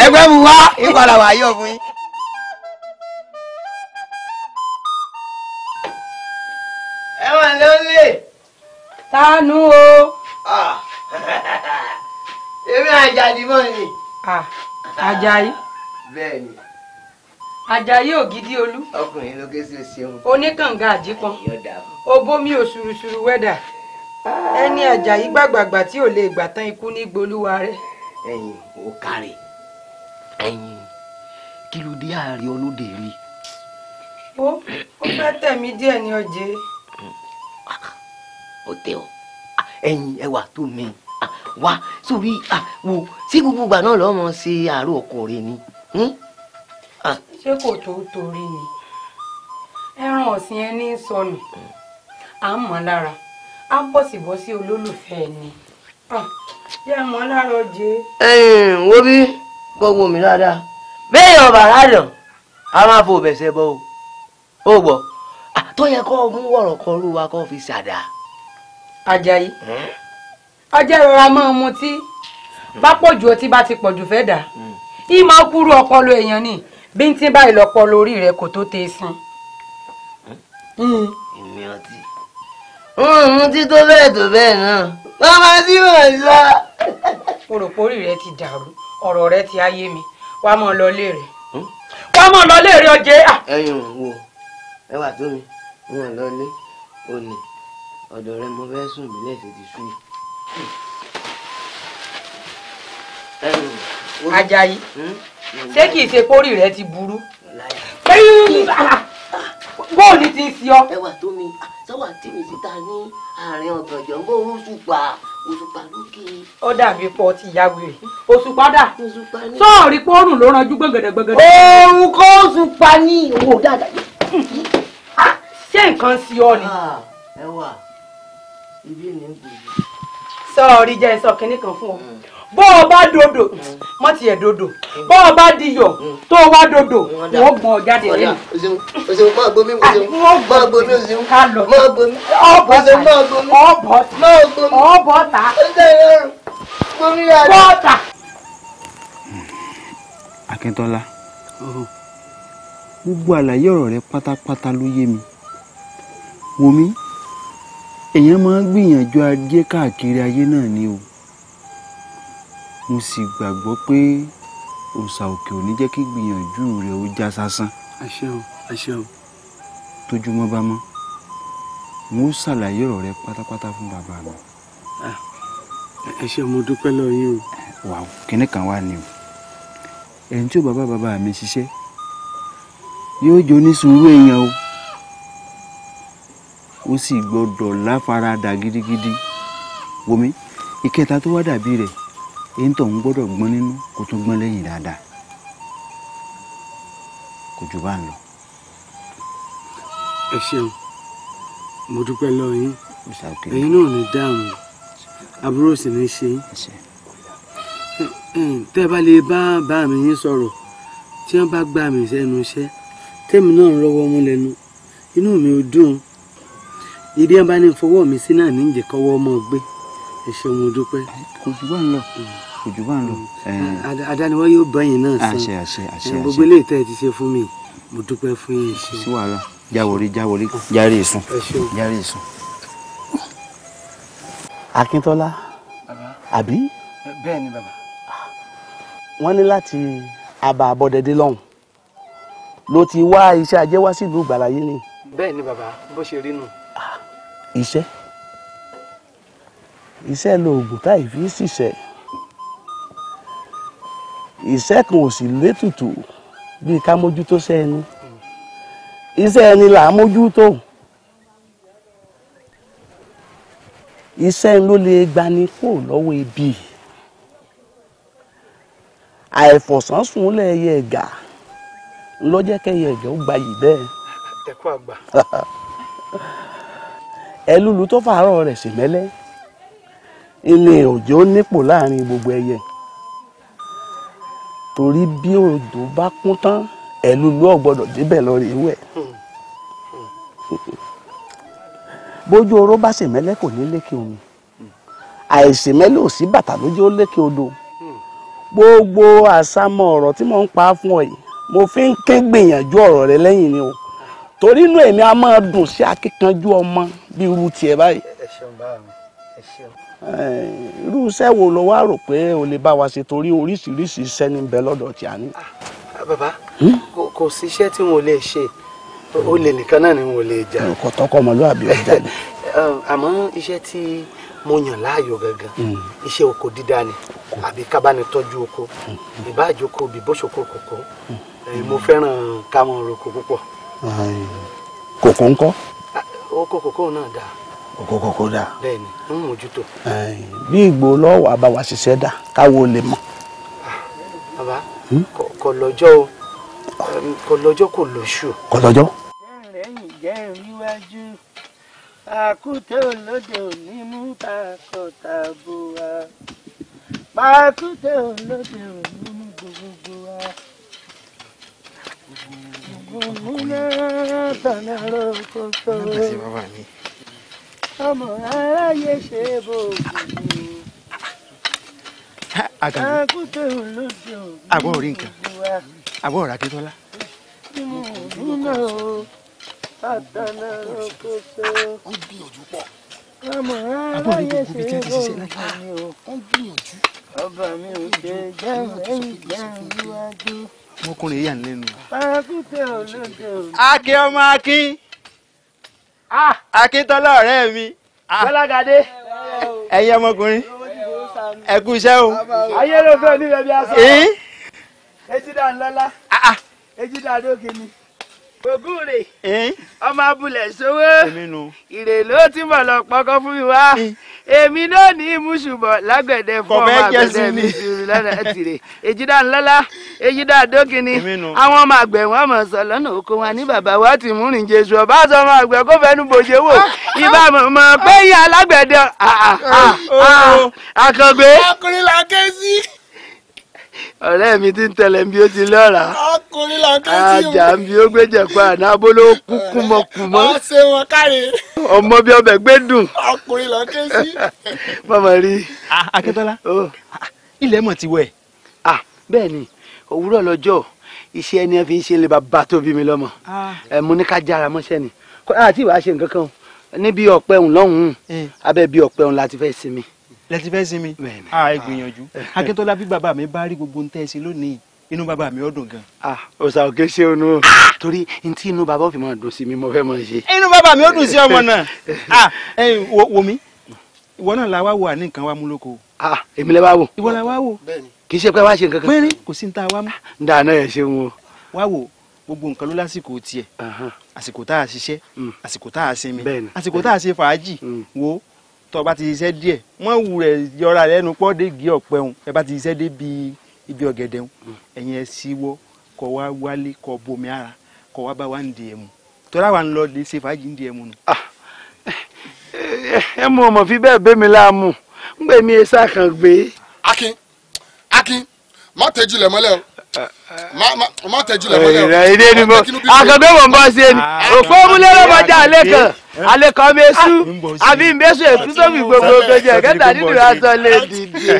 ẹgbẹ́ mu wá ń padà wà yọ fún yín. ẹ̀wọ̀n ló lè. tánú o. Ah. <laughs> èmi àjàdì mọ́ ni. àjàyí. bẹ́ẹ̀ni. àjàyí ògidì olú. ọkùnrin ló ké sí ṣeun. oníkànga àdìpọn. obomi òṣùrùṣùrù wẹ́dà. ẹni àjàyí gbàgbàgbà tí ò lè gbà tán ikú ní gbolúwa rẹ. ẹ̀yin ò kárẹ ẹ̀yin kí ló dé ààrẹ olóde rí. ó ó fẹ́ tẹ̀mí díẹ̀ ní ọjẹ́. ó tẹ ọ ẹ̀yin ẹwà tó mi wá sórí àwo sí gbogbo ìgbà náà lọ́mọ ṣe àárò ọkọ ni. Hm? ṣé kò tó torí ni ẹran ọ̀sìn ẹni sọnù à ń mọ̀ lára á bọ̀ sí bọ́ sí olólùfẹ́ ẹni jẹ́ mọ́ lára ọjẹ́. wo bí gbogbo mi dáadáa bẹ́ẹ̀ ọ̀bà ládàn a máa fò bẹ̀sẹ̀ bọ́ o ó gbọ́ tó yẹ kó mú wọ̀rọ̀ kan rú wa kó fi ṣàdá. Ajayi. Hmm? ọjọ́ ìrora máa ń mutí bá pọ̀jù ọtí bá ti pọ̀jù fẹ́ dà í máa kúrú ọpọlọ èèyàn ni bí n ti báyìí lọpọlọ orí rẹ kò tó te sin. èmi ọtí ń mutí tó bẹ́ẹ̀ tó bẹ́ẹ̀ náà bàbá tí mò ń sọ. mo rò pé orí rẹ ti dàrú ọ̀rọ̀ rẹ ti ayé mi wá mọ̀ lọ lé rẹ̀ hm? wá mọ̀ lọ lé rẹ̀ ọjẹ́ à. ẹyin wo ẹwà tó mi wọn lọ lé òní ọ̀dọ̀ rẹ mo fẹ́ sùn mí lẹ́sẹ̀ ti sùn yìí. Ajayi hmm? ṣé kìí ṣe rẹ ti buru ah, bóò ah, ní ti si ọ. ẹwà mi ní pọ ti ìyá wèrè òṣùpá dà sọ́ọ̀rì pọ́ọ̀rùn ló ranjú gbọ̀ngàdàgbọ̀ngàdà. òun kò òṣùpá ní si ah, ọ ni. sọ́ọ̀rí jẹ́ sọ kínní kan fún ọ mm. bọ́ ọ bá dodo mọ́ mm. tiẹ̀ dodo mm. bọ́ ọ bá diyọ̀ tó o wá dodo wọ́n gbọ́n ọ jáde lẹ́nu. òṣèlú máa gbomi òṣèlú ah, máa gbomi òṣèlú máa gbomi òṣèlú máa gbomi máa gbomi ọ̀bọ̀ta gbomi ọ̀bọ̀ta. Hmm. Akíntọ́lá gbogbo àlàyé ọ̀rọ̀ rẹ pátápátá ló yé mi wò mí èèyàn máa ń gbìyànjú ajé káàkiri ayé náà ni o mo sì gbàgbọ́ pé òòṣà òkè ò ní jẹ́ kí gbìyànjú rẹ̀ ó já sásán. àṣẹ o àṣẹ o. tójúmọ́ bá mọ́ n ó ṣàlàyé ọ̀rọ̀ rẹ pátápátá fún bàbá mi. ẹ ṣé mo dúpẹ́ lọ yín o. wà á kíní kan wá ni o ẹni tí ó bàbá bàbá mi ṣiṣẹ́ yóò jó ní sùúrù èèyàn o ó sì gbọ́dọ̀ láfaradà gidigidi wòmí ìkẹta tó wá dàbí rẹ̀ èyí tó ń gbọ́dọ̀ gbọ́n nínú kó tún gbọ́n lẹ́yìn dáadáa kò jù bá ń lọ. ẹ ṣeun mo dúpẹ́ lọ́wọ́ yín ẹ̀yin náà ní dáhùn àbúrò sì ní ṣe yín tẹ́ bá lè bá bá mi yín sọ̀rọ̀ tí wọ́n bá gbà mí sẹ́nu iṣẹ́ tẹ́mi náà ń rọwọ́ mú lẹ́nu inú mi ò dùn ibi ẹ̀ bá ní fọwọ́ mi sí náà ní ìjẹ́ kọ́wọ́ ọmọ gbé ẹ ṣe mo dúpẹ́. kò jù bá ń lọ mm. kò jù bá ń lọ. Mm. adániwọ́ yóò bẹ̀yìn náà sàn àṣẹ àṣẹ àṣẹ gbogbo ilé ìtẹ́ ti ṣe fún mi mo dúpẹ́ fún yín ṣe. sí wàhálà jáwórí jáwórí járe ìsùn járe ìsùn. akíntọ́lá àbí. bẹ́ẹ̀ ni bàbá. wọ́n ní láti abà abọ́dẹ̀dé lọ́hùn ló ti wá iṣẹ́ ajé wá sílùú ìgbàlàyé ni. bẹ́ẹ̀ ni bàbá bó ṣe rí nù iṣẹ́ iṣẹ́ lóògùn táì fi ṣiṣẹ́ iṣẹ́ kan ò sì létùtù bíi ká mójútó ṣẹ́ ẹni iṣẹ́ ẹni là á mójútó iṣẹ́ ló lè gbani kó lọ́wọ́ ibi àìfọ̀sánsúnlẹ̀ ẹyẹ ẹ̀gà ńlọ́jẹ́kẹ́yẹ ẹ̀gà ó gbayì bẹ́ẹ̀. ẹ àgbà. <laughs> ẹlúlu tó fàárọ̀ rẹ̀ sì mẹ́lẹ́ ilé òjò nípò láàrin gbogbo ẹyẹ torí bí òjò bá kún tán ẹlúlu ọ̀gbọ́dọ̀ débẹ̀ lọ rèé wẹ̀ bójú oró bá sì mẹ́lẹ́ kò ní lékè omi àìsè mẹ́lẹ́ ò sí bàtà lójú ó lékè odò gbogbo àsámọ̀ ọ̀rọ̀ tí mo ń pa fún ọ yìí mo fi ń ké gbìyànjú ọ̀rọ̀ rẹ lẹ́yìn ni o torí inú èmi a máa dùn sí akíkanjú ọmọ. Si bí irú tiẹ̀ báyìí. ẹ ṣeun bá mi ẹ ṣeun. irú iṣẹ́ wo lo wá rò pé o lè bá wa ṣe torí oríṣiríṣi iṣẹ́ ní bẹ lọ́dọ̀ tí a ní. Ah, ah, bàbá hm? kò sí iṣẹ́ tí wọn ò lè ṣe o lè nìkan náà ni wọn ò lè jà. kò tọkọ ọmọlúwàbí ọjà ni. <laughs> Um, àmọ́ iṣẹ́ tí mo yàn láàyò gangan hmm. iṣẹ́ oko dídá ni àbí ká bá ní tọ́jú oko hmm. ìbáàjókò bìbóṣoko kòkó hmm. eh, mo fẹ́ràn ká roko púpọ̀. kòkó ńkọ́ ọkọ̀ kòkó náà dáa. ọkọ̀ kòkó dáa. bẹ́ẹ̀ni ń mójútó. bí ìgbò lọ́wọ́ àbáwá ṣiṣẹ́ dá káwo lè mọ̀. Ah, bàbá hmm? kò lọ́jọ́ o kò lọ́jọ́ kò lóṣù. kò lọ́jọ́. lẹ́yìn jẹ́ ríwájú àkútẹ́ olóde òní mú takọ̀tà bò wá pàkútẹ́ olóde òní mú gbogbo wa ọmọ aráyé ṣe bò àkúté olóṣù àgbọ̀ orí nǹkan àgbọ̀ ọ̀rá kíkọ́lá. wọ́n gbìyànjú pọ̀ ọmọ aráyé ṣe bò ọba mi ò ṣe jẹun ẹ̀yìn jẹun níwájú ọmọkùnrin yà lẹ́nu. akin ọmọ akin ah. akíntọ́lá ọ̀rẹ́ mi. Ah. gbọ́lágadé. ẹ̀yin ọmọkùnrin ẹ kú iṣẹ́ o. ayé ló fẹ́ nílẹ̀ bí a sọ. èjìdá ńlọ́lá èjìdá dókè ni ògúnre ọmọ abúlé sówó ìrè ló ti mọ̀ lọ pọkàn fún mi wá èmi náà ní ìmúṣùbọ̀ lágbẹ̀dẹ fún ọmọ àgbẹ̀dẹ mi sùúrù lọ́nà tìrè èjìdá ńlọ́lá èjìdá dókínì àwọn ọmọ àgbẹ̀ wọn mọ̀ sọ lọ́nà oko wọn ní bàbá wa ti mú rìn jésù ọba àti ọmọ àgbẹ̀ kó fẹnu bòjé wò ibà mọ̀ pé yín alágbẹ̀dẹ àkàngbé. ọkùnrin là ọ̀rẹ́ mi ti ń tẹ̀lé bí ó ti lọ́ra ajá bí ó gbẹ́jẹ̀ pa àná abóló kúkú mọ kù mọ́ ọmọ bí ọbẹ̀ gbé dùn. ọkùnrin lọ ké sí. mama rí. akíntọ́lá ilẹ̀ mọ̀ ti wẹ̀. bẹ́ẹ̀ ni òwúrọ̀ lọ́jọ́ iṣẹ́ ẹni ẹ fi ń ṣe lè bàbá tó bí mi lọ́mọ ẹ mo ní ká jára mọ́ṣẹ́ ni àti ìwà ṣe nǹkan kan níbi ọ̀pẹ̀ òun lọ́hùn-ún eh. abẹ́ bí ọ̀pẹ̀ òun láti fẹ́ sinmi lẹ́tí fẹ́ sinmi a gbìyànjú ah. <laughs> akíntola bí bàbá mi bá rí gbogbo ń tẹ́ ẹ sí lónìí inú bàbá mi ó dùn gan. ọ̀sà ah, òkè ṣe o nù. Ah! torí ntí inú bàbá òfin máa dùn sí mi mo fẹ́ máa ṣe. inú bàbá mi ó dùn sí ọmọ náà <laughs> wò mí ìwọ náà la wá wo àní nǹkan wa mú lóko. èmi lẹ wá wò. ìwọ la wá wò. kì í ṣe pé wá ṣe nǹkan kan. pẹ́ẹ́rẹ́ kò sí ní ta wá mú. dáa náà ẹ ṣeun o. wá wò gbogbo nǹkan ló lásìkò tiẹ̀ àsìkò tá a ṣiṣẹ́ mm. àsìkò tá a sinmi àsìkò tá a ṣe fàájì mm. wo tọ́ bá ti ṣiṣẹ́ díẹ̀ wọ́n wù rẹ̀ yọra rẹ̀ ẹnu pọ́ dé gé ọ̀pẹ òun ẹ bá ti ṣiṣẹ́ dé bi ibi ọ̀gẹ̀dẹ̀ òun mm. ẹ̀yin ẹ síwọ́ kọ́ wá wálé kọ́ bomi ara kọ́ wá bá wá ń di ẹ̀mú tọ́lá wa ń lọ lè ṣe fàájì ń di ẹ̀mú nù. Ah, ẹ mú ọmọ fi bẹ́ẹ̀ bẹ́ láàmú ń gbẹ̀mí ẹ sáà Akin Akin má tẹ́jú lẹ̀ o. Eh, eh èdè eh, eh, ni mo àkàndé mò ń bọ́ sí ẹni òpó múlẹ́rọ̀ mọ́jà alẹ́ kan alẹ́ kan mẹ́sù àbí mẹ́sù ètúsọ́bì gbogbo gbẹjẹ kẹta nínú aṣọ lè dìde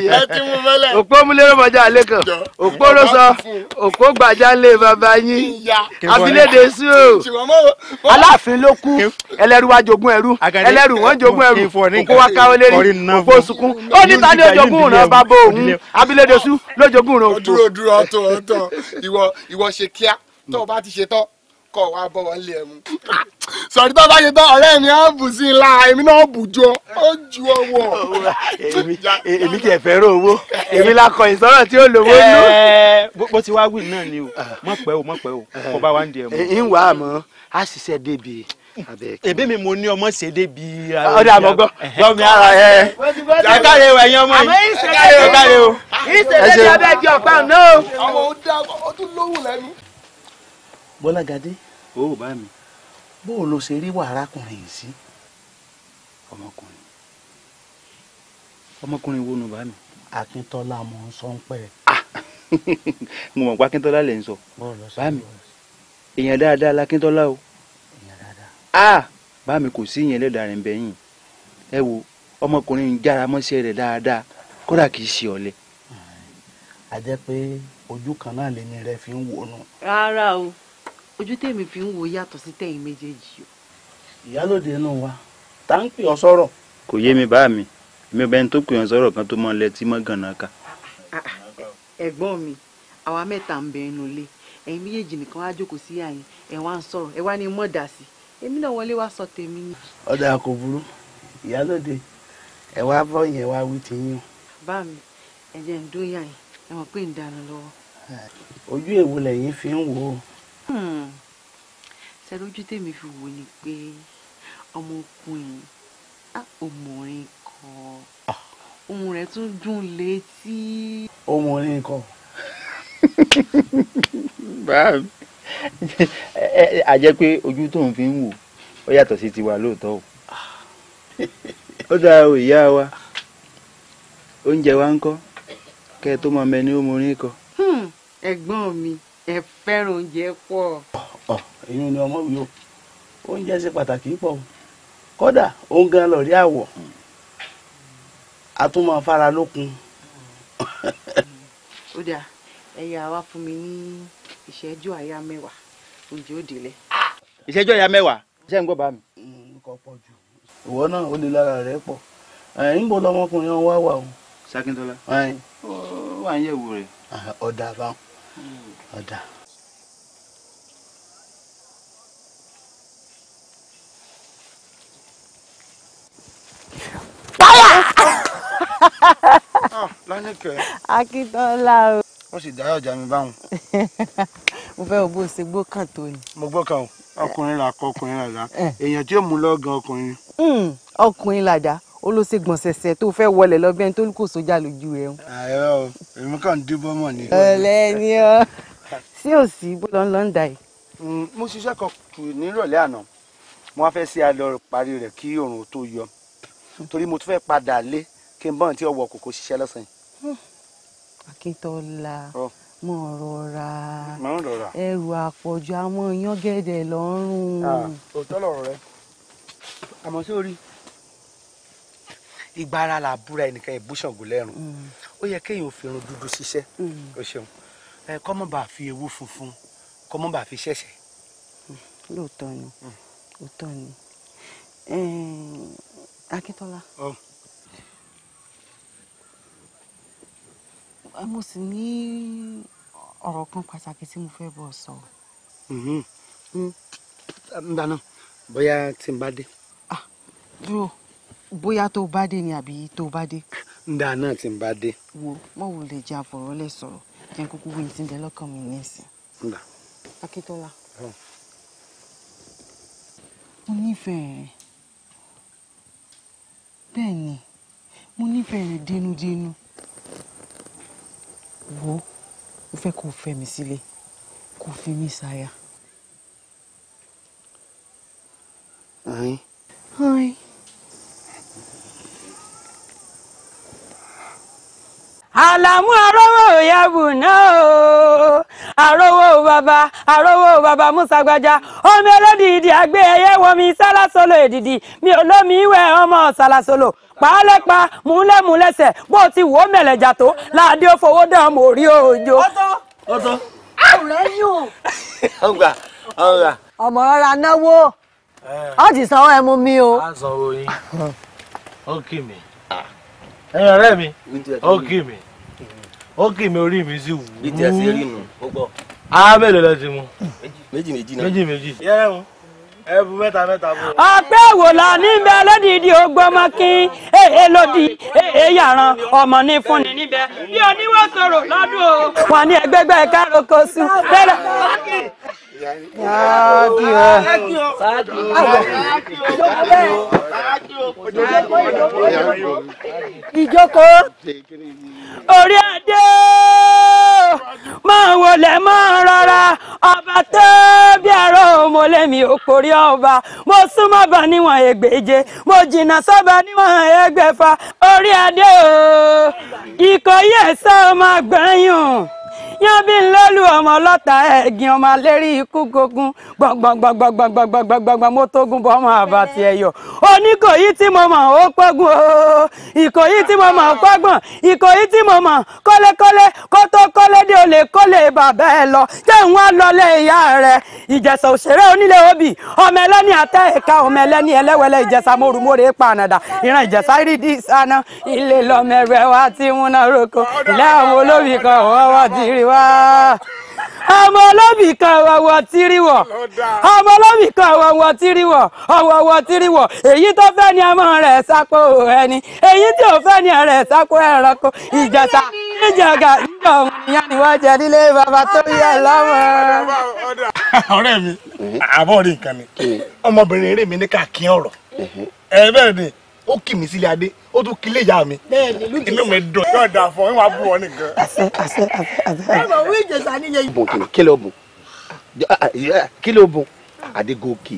òpó múlẹ́rọ̀ mọ́jà alẹ́ kan òpó ló sọ òpó gbàjà lè bàbá yín abilédè sí o aláàfin ló kú ẹlẹ́rú wa jogún ẹrú ẹlẹ́rù wọn jogún ẹrù òpó wa káwọ́ lérí òpó sunkún ó ní ta ni ó bàbá òun abilédè sí ló jogún ìran òpó ìwọ ìwọ ṣe kíá tó o bá ti ṣe tán kọ wa bọ wọn lé ẹ mu. sọ̀rí tó bá ṣe tán ọ̀rẹ́ mi á bù sí i la èmi náà bù jọ ó ju ọwọ́. èmi kì í fẹ́ràn owó èmi la kọ ìsọ̀rọ̀ tí ó lówó nù. Eh. bó ti wá wí náà ni o mọ̀ pẹ́ o mọ̀ pẹ́ o eh. kò bá wa ń di ẹ̀ mọ́. Eh, ń wà a ṣiṣẹ́ débi èbí mi mo ní ọmọ ṣe débi. ọdẹ àmọgbọ gbọmi ara ẹ ẹ káre o ẹyin ọmọ yìí ẹ káre o káre o. ìṣèlérí abẹ́gi ọ̀pá náà. àwọn ọdẹ ọdún lówù lẹ́nu. Bọ́lágadé. o bá mi. bó o lo ṣe rí wàhálà kùnrin yìí sí. ọmọkùnrin ọmọkùnrin wo nù bá mi. Akíntọ́lá mo ń sọ ń pẹ́. Ah! <laughs> mo mọ̀ pé Akíntọ́lá lè ń sọ bá mi èèyàn dáadáa l'Akíntọ́lá o. a ah, bá mi kò sí yẹn lẹ́dàrin bẹ́yìn ẹ wo ọmọkùnrin jára mọ́ṣẹ́ rẹ̀ dáadáa kódà kì í ṣe ọ̀lẹ. a jẹ́ pé ojú kan náà lèmi rẹ fi ń wònú. rárá o ojú tèmi fi ń wò yàtọ̀ sí tẹ̀yin méjèèjì o. ìyálòde inú wa tá ń pè ọ sọ̀rọ̀. kò yé mi bá mi èmi ò bẹ́ni tó pè ọ sọ̀rọ̀ kan tó mọ ilẹ̀ tí mọ́ gànà ká. ẹ̀gbọ́n mi àwa mẹ́ta ń bẹ inú ilé ẹ̀yin méjèèjì nìkan wá jókòó sí àyìn ẹ̀ wá ń sọ̀rọ̀ ẹ̀ wá ní mọ̀dà èmi náà wọlé wá sọ tèmi ni. ọ̀dà kò burú ìyálòde ẹ wá bọ́ yẹn wá wí ti yín. bá mi ẹ̀jẹ̀ ń dóyà yìí ẹ mọ̀ pé ń dànù lọ́wọ́. ojú èwo lẹ́yìn fi ń wò ó. sẹ́lójú hmm. tèmi fi wò ni pé ọmọkùnrin ọmọrin kọ ah. ohun rẹ̀ tún dùn létí. ọmọrin kọ. <laughs> báàmì. <laughs> Eh, eh, a jẹ́ pé ojú tó ń fi ń wò ó yàtọ̀ sí tiwa lóòótọ́ o <laughs> ó dáa o ìyá wa oúnjẹ wa ń kọ́ kẹ́ tó máa mẹ ní omorin kọ. Hmm, ẹ̀gbọ́n mi ẹ fẹ́ràn oúnjẹ pọ̀. ọ̀ èyí ni ọmọ yìí o oúnjẹ ṣe pàtàkì pọ̀ o kódà òun gan lọ rí àwọ̀ a tún máa fara lókun. ó dáa ẹ̀yà wa fún mi ní ìṣẹ́jú àyà mẹ́wàá oúnjẹ ó délẹ̀. ìṣẹ́jú àyà mẹ́wàá iṣẹ́ ń gbọ́ bá mi. nǹkan pọ̀ jù ìwọ náà ó lè lára rẹ pọ̀ níbo lọmọkùnrin wọn wá wà o. Sakíntọ́lá wà ń yẹ̀wò rẹ̀. ọ̀dà báwọn hmm. ọ̀dà. Páyà! Ah, Lánìkẹ́. Akíntọ́lá o ó sì dáyà ọjà mi báwọn. <laughs> mo fẹ́ wo bó ṣe gbó kàn tó ni. mo gbọ́ kàn o ọkùnrin là kọ ọkùnrin làdá <laughs> eh. èèyàn tí ó mú lọ́gàn ọkùnrin. Hmm, ọkùnrin làdá ó ló ṣe gbọ̀nsẹ̀sẹ̀ tó fẹ́ wọlé lọ bẹ́ẹ̀ tó kò sójà lójú rẹ̀. àyọ̀ èmi kàn ń dúbọ́ mọ̀ ni. ọ̀lẹ́ ni ọ́ sí òsì bó lọ́n lọ́n dà yìí. Hmm, mo ṣiṣẹ́ kan kù nírọ̀lẹ́ àná mo wá fẹ́ ṣe alọ́ parí rẹ̀ kí òòrùn tó yọ hmm. torí mo tún fẹ́ padà lé kí n bọ́n tí ọwọ́ kòkó ṣiṣẹ́ lọ́sàn-án akíntọ́lá mọ̀ rọra ẹrù àpọ̀jù àmọ́ iyán gẹ̀dẹ̀ lọ́rùn. òótọ́ lọ̀rọ̀ rẹ àmọ́ sórí ìgbà ara là búra ẹnìkan ìbúṣàngó lẹ́rùn mm. ó yẹ kéèyàn fi irun dúdú ṣiṣẹ́ o mm. ṣeun kọ́mọ́ fi ewu funfun kọ́mọ́ bá fi ṣẹ̀ṣẹ̀. Mm, lóòótọ́ ni lóòótọ́ ni akíntọ́lá. Oh. mo sì ní ọ̀rọ̀ kan pàtàkì tí mo fẹ́ bọ̀ sọ. Mm-hmm. Mm. ndáná bóyá tí n bá dé. Ah, dúró bóyá tó bá dé ni àbí tó bá dé. ndáná tí n bá dé. wo mọ̀ wò lè jẹ́ àfọ̀rọ̀lẹ̀ sọ̀rọ̀ kí n kúkú wíyìn tí ń bẹ lọ́kàn mi ní ìsìn. akíntola oh. mo nífẹ̀ẹ́ rẹ̀ bẹ́ẹ̀ ni mo nífẹ̀ẹ́ rẹ̀ dénúdénú wo mo fẹ́ kó fẹ́ mi sílé kó fi mí sáyà. àlàmú ọlọ́wọ́ òyàbù náà àrówó Baba, àrówó Baba, musa gbajà omi olódìdí àgbé ẹyẹ wọmi sálásolo èdìdí mi olómi ìwẹ̀ ọmọ sálásolo pàálẹ́pà múlẹ́múlẹ́sẹ̀ bó ti wò ó mẹ̀lẹ̀jà tó láàdé òfowó dán mò rí òjò. ọtọ ọtọ. ọ̀rẹ́ yóò. ọgbà ọgbà. ọmọ rárá náwó ọ eh. ti sanwó ẹmu mi o. a sanwó yín ó kì mí ẹ̀yin ọ̀rẹ́ mi ó kì mí ó kì mí orí mi sí wú. bí tiẹ̀ sí rí nù ó gbọ́. a mélòó lọ ti mu. méjì méjì náà méjì méjì. yẹ́rẹ́ mu ẹ̀bù mẹ́ta mẹ́ta bọ̀. ọ̀pẹ́ wò la níbẹ̀ lódìdí ògbómọkín èyí lòdì èyí àràn ọmọ ní fúnni níbẹ̀ bí oníwọ̀sọ̀rọ̀ lọ́dún o. wà ní ẹgbẹ́gbẹ́ károkòsù tẹ́lẹ̀. ìjókòó orí adé máa wọlé máa rọra ọba tọ́! bí àrò mọlẹ́mí òkòrí ọba mo súnmọ́ bá níwọ̀n ẹgbẹ̀je mo jìnnà sọ́ba níwọ̀n ẹgbẹ̀fà orí adé o ìkòyí ẹ̀sán máa gbẹ̀yìn. yanbi lẹ́lu ọmọ ọlọ́ta ẹ̀gìn ọmọ alérí ikú gogun gbọ̀ngbọ̀ngbọ̀ngbọ̀ngbọ̀ngbọ̀ngbọ̀ngbọ̀n mo tógun bọ́ ọmọ àbàtì ẹ̀yọ̀ oníkòyí tí mo mọ̀ ó pọ́gun o ìkòyí tí mo mọ̀ ó pọ́gbọ̀n ìkòyí tí mo mọ̀ kọ́lékọ́lé kó tó kọ́lé dé olè kọ́lé bàbá ẹ lọ jẹ́ ń wá lọlé ìyá rẹ̀ ìjẹ̀sà òṣèré onílé obì ọmọ ẹlẹ́ni àtẹ ẹ̀ka ọmọ ẹlẹ́ni ẹlẹ́wẹ̀lẹ́ ìjẹ̀sà morumore pànàdà ìran ìjẹ̀sà rídì sáná ilé lọ́mọ ẹ̀rẹ̀ roko ilé àwọn olóbì kan wá ọmọ olóbì kan ọ̀wọ̀wọ̀ tiriwọ ọmọ olóbì kan ọ̀wọ̀wọ̀ tìrìwọ̀ èyí tó ni ọmọ rẹ̀ sápò ẹni èyí tí ò fẹ ni rẹ̀ sápò ẹranko ìjẹta ìjọga nígbà ìyá ni jẹ nílé bàbá tó yẹ ọ̀rẹ́ mi àbọ̀ rí ni mm-hmm. ọmọbìnrin mi ní ọ̀rọ̀ mm-hmm. ẹ ni ó kì mí sílé adé ó tún kílé ìyá mi. bẹ́ẹ̀ni ló jẹ inú mi dùn yóò dà fún yín wàá bú wọn nìkan. àṣẹ àṣẹ àṣẹ àṣẹ. báwo wí ìjẹsà nílé yìí. bùn kìnnì kí ló bùn kí ló bùn adégòkè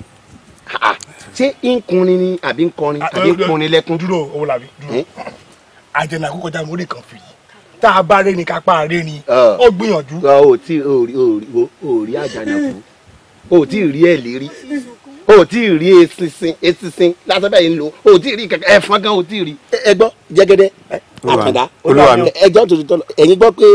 ṣé nkunrin ni àbí nkọrin àbí nkunrin lẹkùn. dúró owó làbí dúró àjẹnà àkókò jáde orí kan fìyí tá a bá rẹni kápá rẹni ó gbìyànjú. o ò tí ò rí àjànà kú o ò tí ì rí ẹ̀ lérí o tí ì rí esinsin esinsin lásán bẹ́ẹ̀ ń lo o tí ì rí kẹ̀kẹ́ ẹ̀fọn gan o tí ì rí. ẹ gbọ́ jẹ́gẹ́dẹ́ àkàndá ẹjọ́ tuntun tọ́lọ ẹ̀yin gbọ́ pé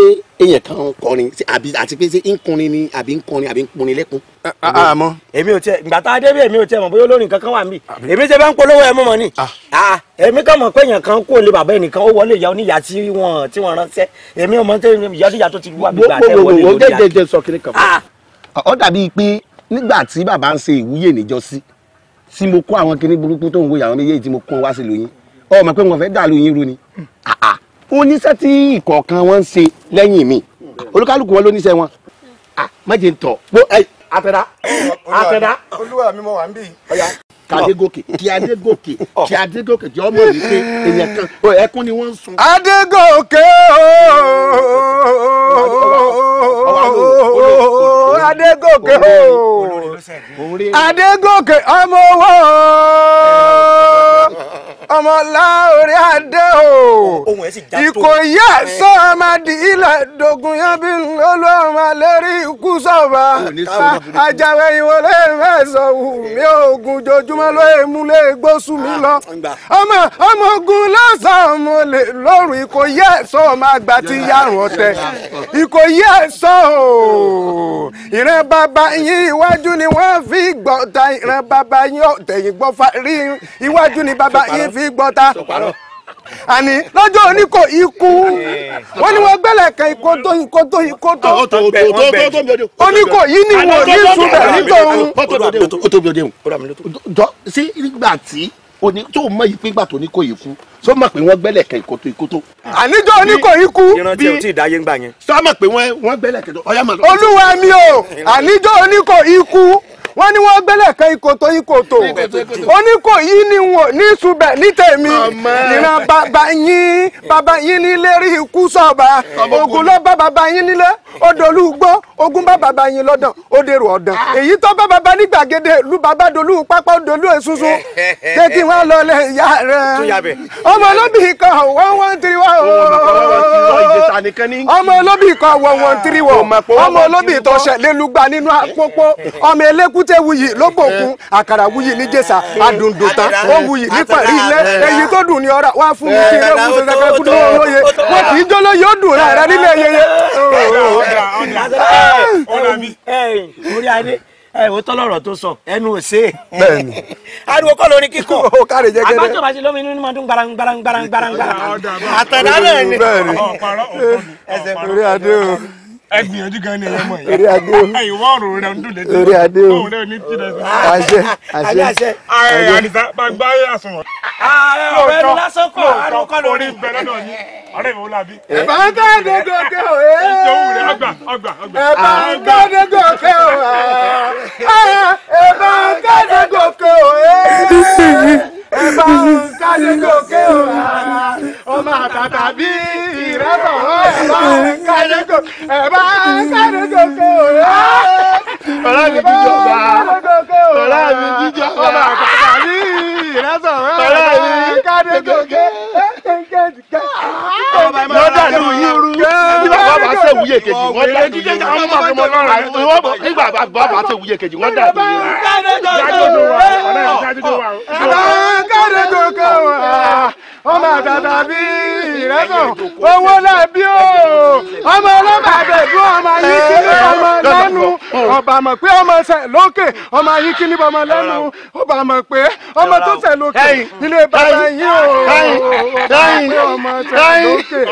èèyàn kan ń kọrin àti pé ń kọrin ni àbí ń kọrin àbí ń kọrin lẹ́kún. àmọ́ èmi ò tiẹ̀ ìgbà tá a dé bí èmi ò tiẹ̀ mọ̀ bóyá olórin kankan wà mí èmi ṣe bá ń polówó ẹ mọ́ mọ́ ni ah. èmi kàn mọ̀ pé èèyàn kan kó lè bàbá ẹnìkan ó wọlé ìyá oníyà tí wọ́n tí wọ́n ránṣẹ́ èmi ò mọ̀ tẹ́ ìyá tó ti wá bí gbà tẹ́ wọlé ìyá. ó dàbí pé nígbà tí bàbá ń ṣe ìwúyè níjọ́sí tí mo kó àwọn kinní burúkú tó ń wo ìyàwó méjèèjì tí mo kó wá sí lóyún ọ pé wọn fẹ́ dà lóyún ru ni ó níṣẹ́ tí ìkọ̀ọ̀kan wọn ń ṣe lẹ́yìn mi olúkálùkù wọn ló níṣẹ́ wọn mọ̀jẹ̀ ń tọ̀ pé àtẹ̀dá àtẹ̀dá. olúwa mi mọ wà ń bì. kí adégòkè kí adégòkè kí adégòkè jẹ́ ọmọ mi pé kan ẹkún ni wọ́n ń sun. adégòkè ooo adégòkè o adégòkè ọmọ owó ọmọ láorí adé o ìkòyí àṣọ ọmọdé ilẹ̀ dogun yẹn bí olóòmọ lérí ikú sọ̀ba ajáwé ìwọlé mẹ́sàn wù mí ogun jojúmọ́ ló èmú lé gbósù mi lọ ah, ọmọ ọmọ ogun lọ́sàn-án mo lè lóru ìkòyí àṣọ ọmọ àgbà ti yàrùn ọ̀tẹ̀ ìkòyí àṣọ o ìran bàbá yín iwájú ni wọ́n fi gbọ́ta ìran bàbá yín ọ̀tẹ̀yìn gbọ́fà rí iwájú ni bàbá yín fi fi gbọ́ta àní lọ́jọ́ òní kò ikú ó ní wọ́n gbẹ́lẹ̀ kan ikó tó ikó tó ikó tó ó ní kò yí ni wò ní ìtúbẹ̀ nítòun. sí nígbà tí oni tó mọ yìí pé gbà tó ní kò yìí kú sọ ma pé wọn gbẹlẹ kan ìkótó ìkótó. àníjọ ní kò yìí kú. ìran tí o ti dáyé ń gbà yẹn. sọ ma pé wọn gbẹlẹ kan ìkótó. olúwa mi o àníjọ ní kò yìí kú wọ́n ní wọ́n gbẹ́lẹ̀ kan ikoto ikoto oníkò yìí ni wọn ní subẹ̀ ní tèmi ìran bàbá yín bàbá yín nílé rí ikú sọ̀ba ogun lọ bá bàbá yín nílé odòlú gbọ́ ogun bá bàbá yín lọ́dàn ó dèrò ọ̀dàn ah. èyí tó bá bàbá ní gbàgede lu bàbá dolú pápá dolú èsúsú <laughs> jẹ́ kí lọ lẹ ìyá rẹ̀ ọmọ olóbì kan one one three one ọmọ olóbì kan one one three one ọmọ olóbì tó ṣẹlẹ́lúgba nínú àpòpọ̀ ọmọ eléku èkúté wuyì lóbòkun àkàrà wuyì níjẹ̀ṣà àdùndùn tán ó wuyì nípàrí ilẹ̀ èyí tó dùn ní ọ̀rá wá fún mi kí ilé ìwúso ṣẹ̀ṣẹ̀ kú tó lóye wọn kì í jó lóye dùn rárá nílẹ̀ yẹyẹ. ẹ wo tọ́lọ́rọ̀ tó sọ ẹnu ò bẹ́ẹ̀ni. ariwo kọ́ lórí kíkọ. o káre jẹgẹdẹ. àbájọ bá ṣe lómi inú ma dún gbaran gbaran gbaran gbaran. àtàdá náà ni. bẹ́ẹ̀ni ẹsẹ kúrò adé o ẹ gbìyànjú gan ni ẹyẹ mọ yìí. eré adé o ìwọ ọrùn rẹ ń dùn létí. eré adé o òun ní tí lọ àṣẹ àṣẹ àṣẹ. àdìsá bá gbá àsùnwọ̀n. ààrẹ ọ̀rẹ́ mi lásán kọ̀ lórí. orí bẹ̀rẹ̀ náà ni ọ̀rẹ́ mi ò lábí. ẹ̀bá ń gbá dégòkè o. ìjòwò rẹ̀ ọgbà ọgbà ọgbà. ẹ̀bá ń gbá dégòkè o. ẹ̀bá ń gbá dégòkè o ẹ̀bá kájẹ́gòkè òhàrà ọmọ àtàtà bí ìrẹ́bọ̀ ẹ̀bá kájẹ́gò ẹ̀bá kájẹ́gòkè òhàrà ọ̀la mi jíjọba ọ̀la mi jíjọba ọmọ àtàtà bí ìrẹ́bọ̀ ẹ̀bá kájẹ́gòkè òhàrà lọ́dà ní irú ní bàbá bá ṣe wúyè kejì wọ́n dà ní ìyẹn àwọn ọmọ ọmọ lọ́ra ní bàbá ṣe wúyè kejì wọ́n dà ní ìyẹn. káde dòkè wá ọmọ àtàtà bí ìrẹ́sàn owó náà bí ó ọmọ ọlọ́mọ àbẹ̀dún ọmọ yìí kí ní ọmọ lẹ́nu ọba mọ̀ pé ọmọ ṣe lókè ọmọ yìí kí ní ọmọ lẹ́nu ọba mọ̀ pé ọmọ tó ṣe lókè nílé bàbá yìí ó ọmọ ṣe lókè.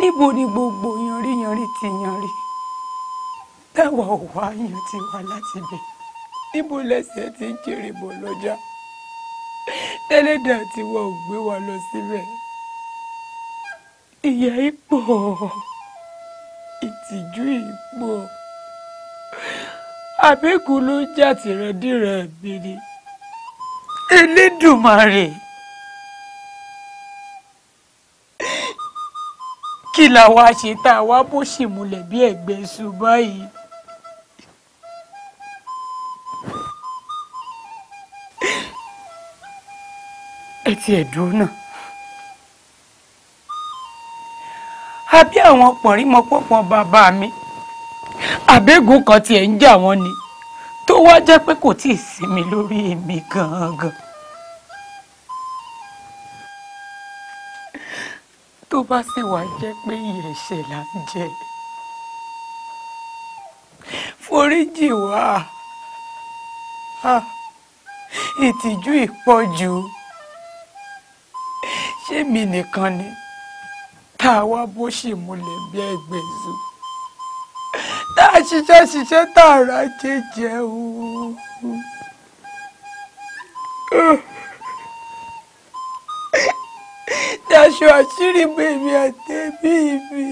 níbo ni gbogbo yanríyanrí ti yanrí táwa ò wá yan ti wá láti bẹ̀ níbo lẹ́sẹ̀ ti ń kiri bọ̀ lọ́jà tẹ́lẹ̀dà tiwa ò gbé wa lọ síbẹ̀ ìyà ìpọ̀ ìtìjú ìpọ̀ àbíkú ló jà tìrẹ̀dìrẹ̀ mi ni kí la wá ṣe tá a wá bó ṣì múlẹ̀ bí ẹ̀gbẹ́ iṣu báyìí. ẹ ti ẹ̀dùn náà àbí àwọn pọ̀nrímọpọ̀pọ̀ bàbá mi àbẹ́gùn kan tiẹ̀ ń jà wọ́n ni tó wá jẹ́ pé kò tíì sinmi lórí èmi gangan. tó bá sì wá jẹ́ pé ìyà ẹ̀ṣẹ̀ là ń jẹ foríjì wá ìtìjú ìpọ́jú ṣé mi nìkan ni tá a wá bó ṣe múlẹ̀ bí ẹgbẹ́ tá a ṣiṣẹ́ ṣiṣẹ́ tá a ra jẹjẹ o. Ugh. daṣọ àṣírí bèbí àtẹ̀bí mi.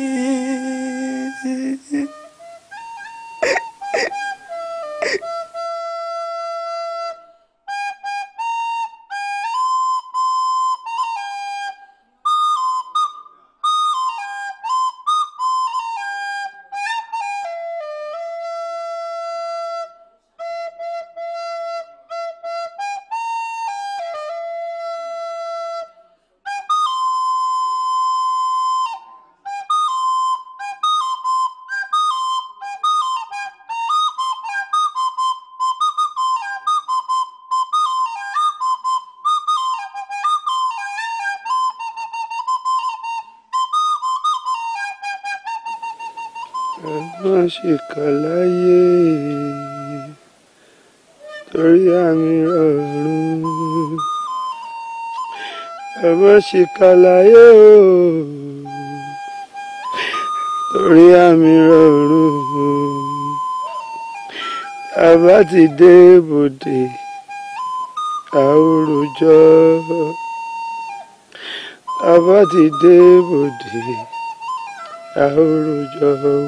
ṣèkà láyé torí àmì ọ̀run ẹ má ṣèkà láyé o torí àmì ọ̀run a ti dé bòde àwòrújọ́ a ti dé bòde àwòrújọ́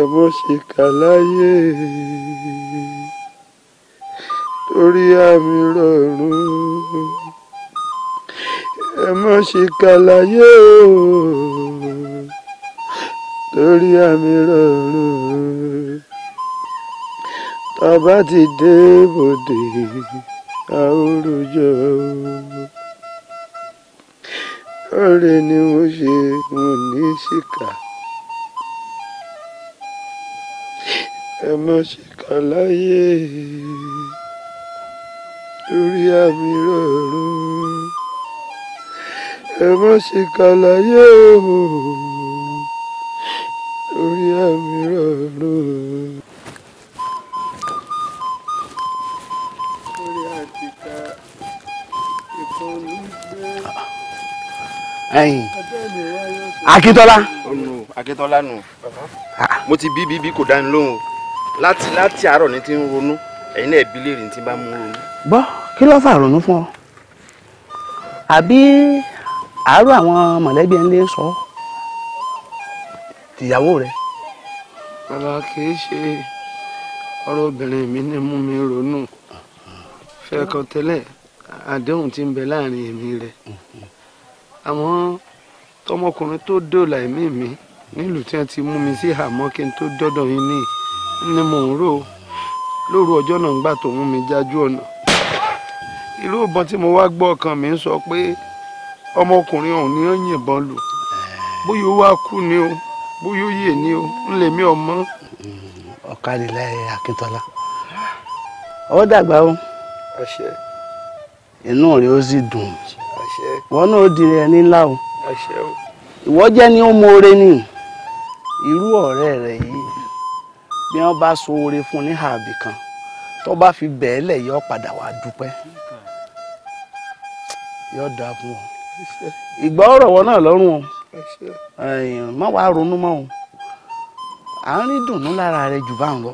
ẹ bó ṣe kà láyé torí àmì rọrùn ẹ mọ ṣe láyé torí àmì rọrùn tàbá ti dé bòde àwòrújọ ọ̀rẹ́ ni mo ṣe mo ní síkà. ẹ mọ̀ ṣe kàn láyé lórí àmì rọrùn ẹ mọ̀ ṣe kàn láyé lórí àmì rọrùn. ẹyin Akíntọ́lá. Akíntọ́lá nù ah. mo ti bi bi bi dání lóhùn o láti láti àárọ̀ ní ti ń ronú ẹ̀yin náà ẹ̀bí léèrè ní ti bá mú ronú. gbọ́ kí ló fà ronú fún ọ àbí àárọ̀ àwọn mọ̀lẹ́bí ẹni lè sọ tìyàwó rẹ. bàbá kì í ṣe ọ̀rọ̀ obìnrin mi ní mú mi ronú fẹ́ kọ tẹ́lẹ̀ àdéhùn tí ń bẹ láàrin èmi rẹ̀ àmọ́ tọmọkùnrin tó dòòlà ẹ̀mí mi nílùú tí wọ́n ti mú mi sí àmọ́ kí n tó dọ́dọ̀ yín níyì ni mò ń rò lóru ọjọ́ náà ń gbà tó mú mi jájú ọ̀nà irú ìbọn tí mo wá gbọ́ ọkàn mi ń sọ pé ọmọkùnrin ọ̀hún ni ó yìnbọn lù bóyá ó wá kú ni o bóyá ó yè ni o ń lè mí ọmọ. ọ̀kadìlẹ̀ akíntọ́lá ó dàgbà o inú rẹ ó sì dùn wọn náà ó di ẹni ńlá o àṣẹ ìwọ jẹ́ ni ó mọ̀ọ́rẹ́ ni irú ọ̀rẹ́ rẹ yìí bí wọ́n bá so oore fún ní ààbì kan tó bá fi bẹ́ẹ̀ lẹ̀ yọ padà wá dúpẹ́ yọ dáa fún ọ ìgbà ọ̀rọ̀ wọn náà lọ́rùn o má wàá ronú mọ́ o à ń rí dùnú lára rẹ jù bá ń lọ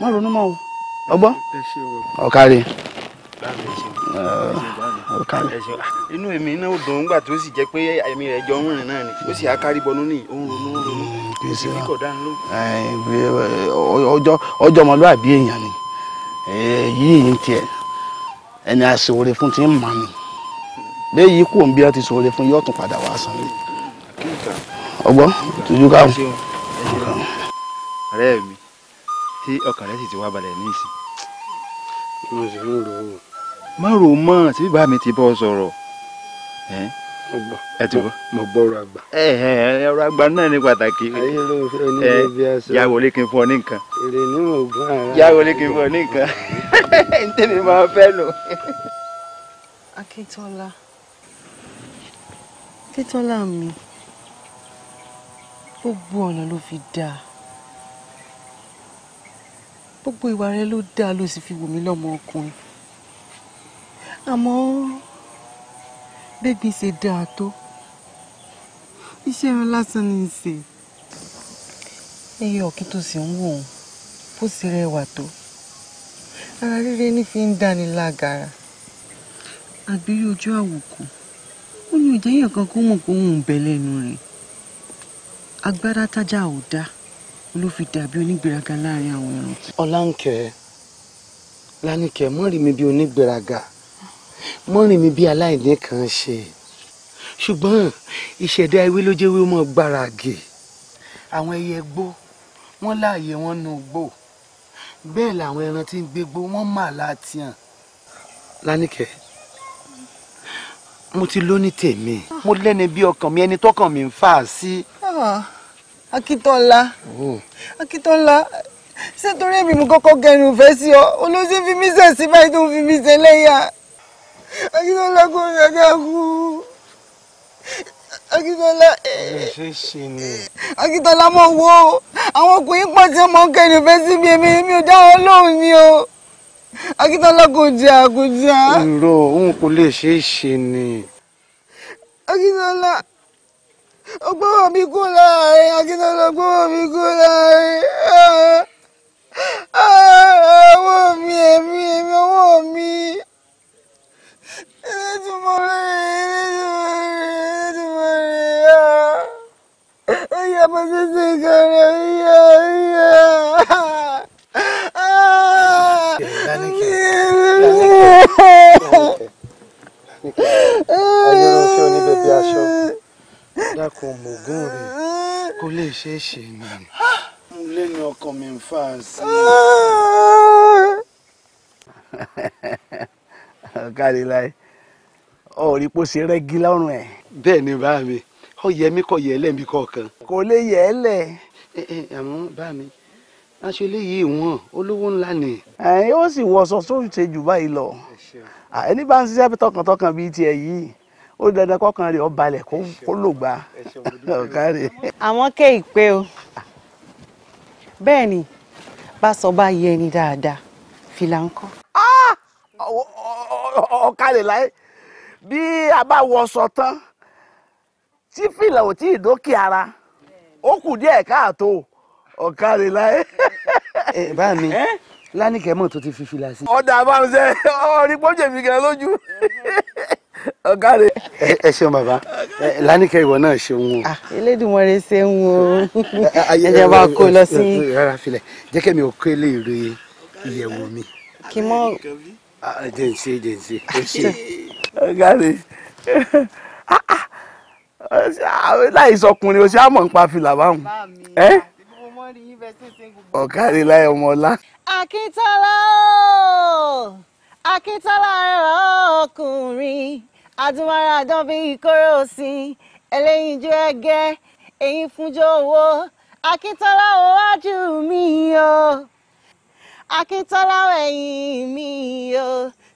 má ronú mọ́ o ọgbọ́ ọ̀kárí inú èmi náà dùn ún gbà tó sì jẹ́ pé ẹ̀mí rẹ̀ jọ ń rìn náà ni ó sì á kárí bọnú ní òun ronú ronú. kì í ṣe èèyàn ni yìí ń tiẹ̀ ẹni fún ti ń mà mí ọ ti ṣòwòre fún yóò tún padà wá sàn mí ọgbọ́n káwọn. ọ̀rẹ́ mi tí ọkàn rẹ sì ti wá balẹ̀ ní ìsìn. má rò ó mi ti ẹ ti gbọ́. mo gbọ́ ọ̀rọ̀ àgbà. ẹ ẹ ọ̀rọ̀ àgbà náà ní pàtàkì. ayé ló ń fẹ́ ní ibi aṣọ. ya wọlé kí n fún ọ ní nǹkan. èrè ní oògùn ara. ya wọlé kí n fún ọ ní nǹkan. <laughs> n tẹ́lẹ̀ máa fẹ́ lò. akíntọ́lá akíntọ́lá mi gbogbo ọ̀nà ló fi dáa gbogbo ìwà rẹ ló dáa ló sì fi wù mí lọ́mọ ọkùnrin àmọ́ bébí ṣe dáa tó iṣẹ́ ẹran lásán ni í ṣe. iye ọ̀kí tó sì ń wò ó bó sì rẹwà tó ara rere ní fi ń dáni lágara. àbírí ojú àwòkù ó ní ìjẹ́yìn kan kó mọ̀ kó ń bẹ lẹ́nu rẹ̀ agbára tájà ò dá ló fi dàbí onígbéraga láàrin àwọn ẹran. ọláǹkẹ́ lánìkẹ́ mọ́rìmí bíi onígbéraga mọ́rin mi bí aláìní kan ṣe ṣùgbọ́n ìṣẹ̀dá ewé ló jẹ́ wíwọ́n gbáragé àwọn ẹyẹ gbó wọ́n láàyè wọn nù gbó bẹ́ẹ̀ làwọn ẹran tí ń gbé gbó wọ́n mà láti hàn. lánìkẹ́ mo ti lóní tèmi mo lẹ́ni bí ọkàn mi ẹni tọkàn mi ń fà á sí. Ah, akíntọ́lá akitola, ṣé torí èmi mú kọ́kọ́ gẹnu ìfẹ́ sí ọ olóṣèlú fi mí sẹ̀ sí báyìí tó ń fi mí ṣe lẹ́yà. Akíntọ́lá kò rẹ̀ ká kú. Akíntọ́lá. Ṣé ṣe ni? Akíntọ́lá mọ̀ wo àwọn ọkùnrin pọ̀ tí ọmọ kẹ́ni fẹ́ sí mi èmi mi ò dá wọn lóhùn ni o. Akíntọ́lá kò jẹ àkójá. Irọ́ òun kò lè ṣe é ṣe ni. Akíntọ́lá ọgbọ́n mi kú láàrin Akíntọ́lá ọgbọ́n mi kú láàrin. Ọwọ́ mi ẹ̀mí ẹ̀mí ọwọ́ mi. Elédùmarè Elédùmarè ó yẹ bó ṣe ṣe kẹrẹ yíyá yíyá. ayọ̀rọ̀fẹ́ oníbẹ̀bẹ̀ aṣọ dákun mògùn rẹ̀ kó lè ṣeé ṣe ni. mo lé ní ọkàn mi ń fà á sí i. ọ̀kadì láì ọ rí pé ó ṣe rẹ́gí lọ́rùn ẹ̀. bẹ́ẹ̀ ni bá mi ọ yẹ mí kọ yẹ ẹ lẹ́ẹ̀mí kọ̀ọ̀kan. kò lè yẹ ẹ lẹ̀. ẹ ẹ àmọ́ bá mi aṣọ eléyìí wọn olówó ńlá ni. ẹ ó sì wọṣọ tó ṣe jù báyìí lọ ẹni bá ń ṣiṣẹ́ tọkàntọkàn bíi tiẹ̀ yìí ó dandan kọkàn rẹ̀ ó balẹ̀ kó lò gbà ọ̀gá rẹ̀. àwọn kẹ́ ìpè o bẹ́ẹ̀ ni bá sọ bá yẹ ẹni dáadáa fìlà ńkọ́. ọ̀kalẹ̀ láyé bí a bá wọṣọ tán tí fìlà ò tí ì dókè ara ó kù díẹ̀ káàtó ọ̀kadì láyé. ẹ <laughs> eh, bá mi lánìkẹ́ mọ̀ tó ti fi fìlà sí. ọ̀dà àbámsẹ́ ọ̀rí pọ́jẹ̀ mi gan lójú <laughs> ọ̀kadì. ẹ ṣeun bàbá lánìkẹ́ ìwọ náà ṣeun o. Ah, elédùnmọ̀rẹ́ ṣeun o <laughs> ah, ẹ̀jẹ̀ bá eh, kó lọ eh, sí. rárá filẹ̀ jẹ́ kẹ́mi ò kó eléyìí ro ìyẹ̀wò mi. kí mọ́. Ah, jẹ́ ń ṣe jẹ́ ń ṣe ọ̀gáre láì sọkùnrin o ṣe àmọ̀ ń pa fìlà báwọn. ọ̀gáre láì ọmọ ọlá. akíntọ́lá akíntọ́lá ẹ̀rọ ọkùnrin adúmọ̀ra àdán bí ìkórè òsì ẹlẹ́yinjú ẹgẹ́ èyí fúnjọ owó akíntọ́lá òwájú mi o akíntọ́lá ẹ̀yìn mi o.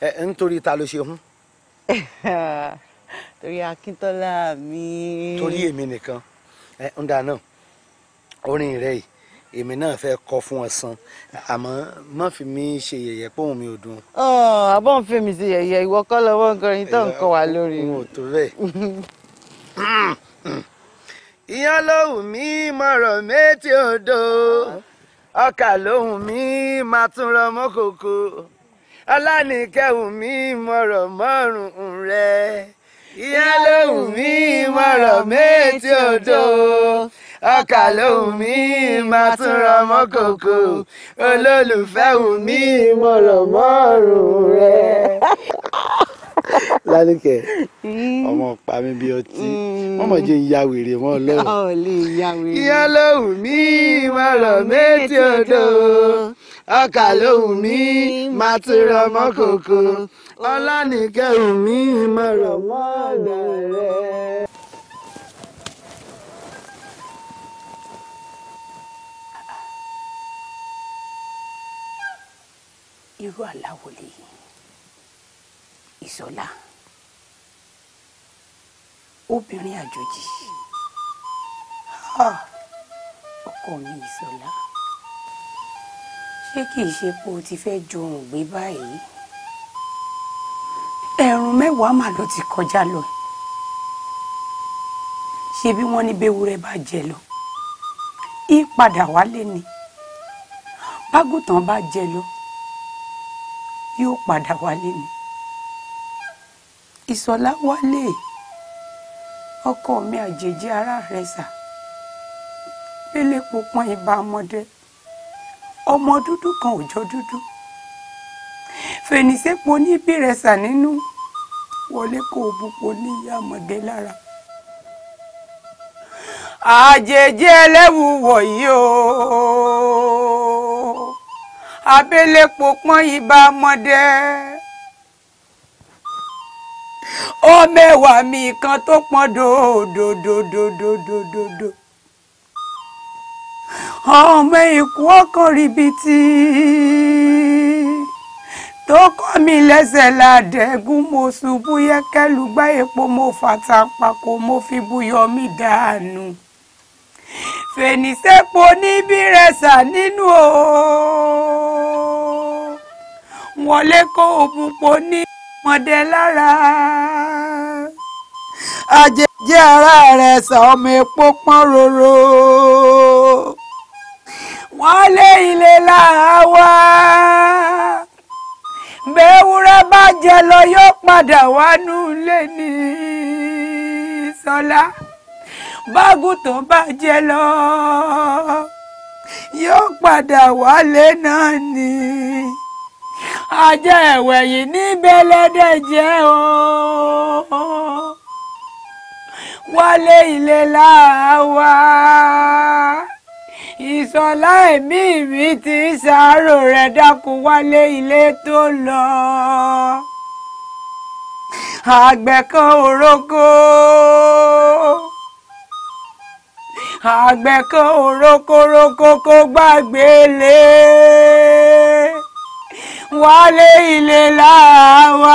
nítorí ta ló ṣe hún. <laughs> torí Akíntọ́lá mi. torí èmi nìkan ń dà náà orin rẹ yìí èmi náà fẹ́ kọ fún ọ san àmọ́ má fi mí ṣe yẹ̀yẹ́ pé òun mi ò dùn. àbọ̀ ń fẹ́ mi ṣe yẹ̀yẹ́ ìwọ kọ́ lọ́wọ́ nǹkan tó ń kọ wá lórí. n ò tó bẹ́ẹ̀. <laughs> ìyàn lóhùn mi mọ̀rọ̀ méjì odò ọkà lóhùn mi máa tún rọmọ kòkó ọlánìkẹ́hùn mi mọ̀rọ̀ mọ́rùn rẹ̀ ìyá lóhùn mi mọ̀rọ̀ méjì odò ọkà lóhùn mi máa tún rọmọ kòkó olólùfẹ́ hùn mi mọ̀rọ̀ mọ́rùn rẹ̀. <laughs> Lánìkẹ́ hmm. ọmọ pa mi bí ọtí hmm. mọmọ jẹ ìyá wèrè mọ Ọlọ́run ìyá lóhùn mi mọ̀rọ̀ méjì odò ọkà lóhùn mi máa ti rọmọ kòkó ọlánìkẹ́hùn mi máa rọmọ ọ̀dọ̀ rẹ̀. irú àláwọ̀ lèyí ìsọlá obìnrin àjòjì ọkọ mi ìsọlá ṣé kìí ṣe pé o ti fẹ́ jorùn gbé báyìí ẹ̀rùn mẹ́wàá mà ló ti kọjá lọ ṣe bí wọ́n ní béwúrẹ́ bá jẹ lọ í padà wálé ni bágùtàn bá jẹ lọ yóò padà wálé ni ìsọ̀lá wálé ọkọ mi àjèjì ara rẹ̀ sà pélépo pọ́n ibà ọmọ dúdú kan ò jọ dúdú fèníṣẹ́po ní bírẹ̀sà nínú wọlé kó o bupo ní yàmọ̀dé lára. àjèjì ẹlẹ́wù wọ̀nyí o abẹ́lẹ́po pọ́n ibà mọ́dẹ́ ọmọ ẹ̀wà mi kan tó pọ́n dòdòdòdòdòdòdò ọmọ ikú ọkàn ribiti tó kọ́ mi lẹ́sẹ̀ ládẹ́gún mo ṣubú yẹ́kẹ́lú gbá epo mo fàtà pàkó mo fi buyọ̀ mi dànù fèníṣẹ́po níbí rẹ̀sà nínú o wọlé kó òbúpo ní ọmọdé lára àjèjì ara rẹ̀ sọ ọmọ epo pọ́n roro wọ́n lé ilé lára wá bẹ́ẹ̀wúrẹ́ bá jẹ lọ yóò padà wánú ilé ní sọlá bágùtàn bá jẹ lọ yóò padà wálé náà ni ajá ẹ̀wẹ̀ yìí níbẹ̀ lẹ́dẹ̀ jẹ́ o wálé ilé láwa ìsọlá ẹ̀mí mi ti ń ṣàárò rẹ̀ dákun wálé ilé tó lọ àgbẹ̀ kan òrókó àgbẹ̀ kan òrókórókó kó gbàgbé lé wálé ilé láwa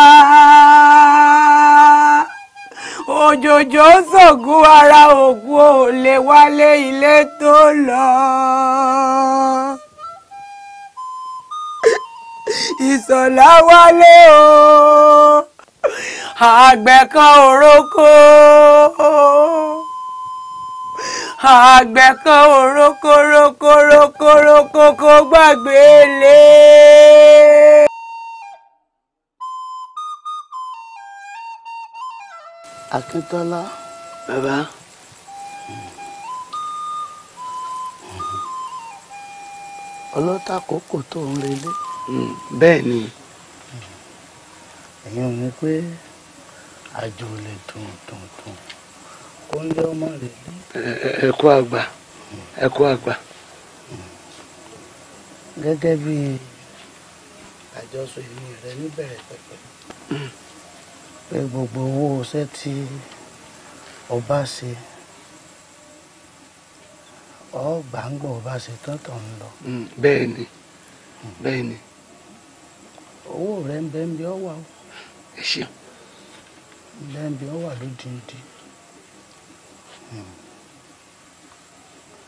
òjòjò sògùn ara ògùn ò lè wálé ilé tó lọ. ìsọ̀lá wálé o àgbẹ̀ kan òrókó àgbẹ̀ kan òrókó rókó rókó rókó kó gbàgbé lé. Akintola Bàbá. Ọlọ́tà kókò tó ń relé. Hmm, bẹ́ẹ̀ ni. Èyí ò ní pé àjò lè dùn dùn dùn. Kó ń lé ọmọ rẹ̀ lé. Ẹ kú àgbà. Ẹ kú àgbà. Gẹ́gẹ́ bí àjọsọ èmi rẹ̀ níbẹ̀rẹ̀ pẹ̀pẹ̀. Hmm. pé gbogbo owó iṣẹ́ tí ọba ṣe ọgbàǹgbọ̀ ọba ṣe tọ́tọ̀ ń lọ. Mm, bẹ́ẹ̀ ni bẹ́ẹ̀ ni. owó rẹ̀ ń bẹ́ẹ̀ bí ọ wà o. ẹ ṣeun. ń bẹ́ẹ̀ bí ọ wà lódìndí. Hmm.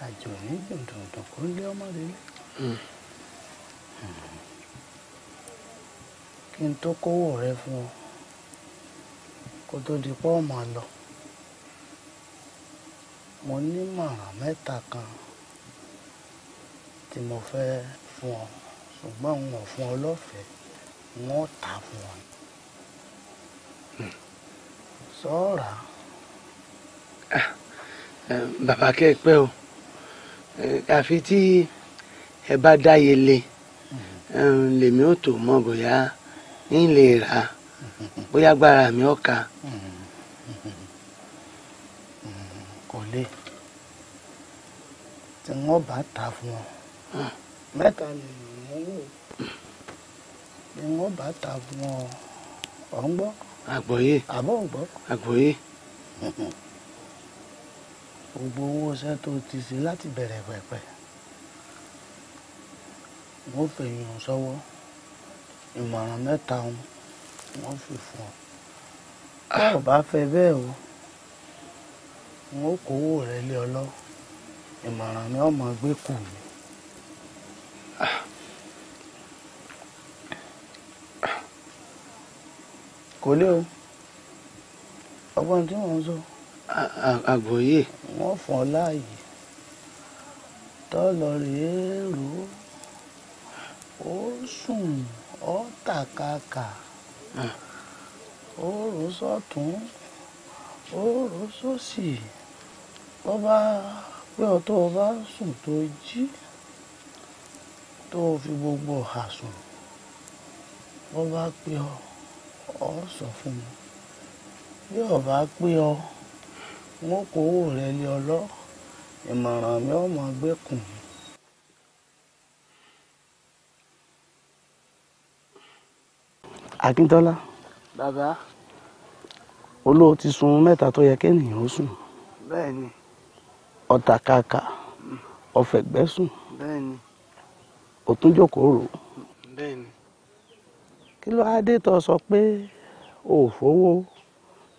àjò ní dùndùndùn kò ń lé ọmọ rẹ lé. Mm. Hmm. kí n tó kówó rẹ fún ọ kó tó di pọ́ máa lọ mo ní màrà mẹ́ta kan tí mo fẹ́ fún ọ ṣùgbọ́n n ò fún ọ lọ́fẹ̀ẹ́ wọ́n tà fún ọ sọ́ọ̀rà. Ah, eh, bàbá kẹ́ẹ̀pẹ́ o eh, àfi tí ẹ bá dáyé lé hmm. eh, lèmi ò tó mọ̀ bóyá ń lè rà á bóyá agbára mi ò ká. kò lè tí wọ́n bá ta fún ọ mẹ́ta ni wọ́n wò ni wọ́n bá ta fún ọ ọ̀ ń gbọ́. àgbọ̀yé àbọ̀ ń gbọ́. àgbọ̀yé. gbogbo owó iṣẹ́ tó ti ṣe láti bẹ̀rẹ̀ pẹ̀pẹ̀ wọ́n fèèyàn sọ́wọ́ ìmọ̀ràn mẹ́ta ọ̀hún wọ́n fi fún ọ bá bá fẹ́ bẹ́ẹ̀ o wọn ò kówó rẹ lé ọ lọ ìmọ̀ràn ni ọmọ gbé kù mí. kò lé o ọgbọ́n tí wọ́n ń sọ. àgbòye. wọ́n fún ọ láàyè tọ́lọ rèé rò ó sùn ọ́ tàkàkà oòrùn sọ̀tún oòrùn sósì wọ́n bá pé ọ o bá sùn tó jí tó o fi gbogbo ọ̀hà sùn wọ́n bá pé ọ ọ sọ fún mi bí ọba pé ọ wọn kò wò rẹ lé ọ lọ ìmọ̀ràn mi ò gbẹ́kùn mi. akíntọ́lá bàbá olóò ti sun mẹ́ta tó yẹ kéèyàn ó sùn bẹ́ẹ̀ni ọ̀tàkàkà mm. ọ̀fẹ̀gbẹ́ sùn bẹ́ẹ̀ni òtúnjòkòó rò bẹ́ẹ̀ni kí ló á dé tó sọ pé o ò fowó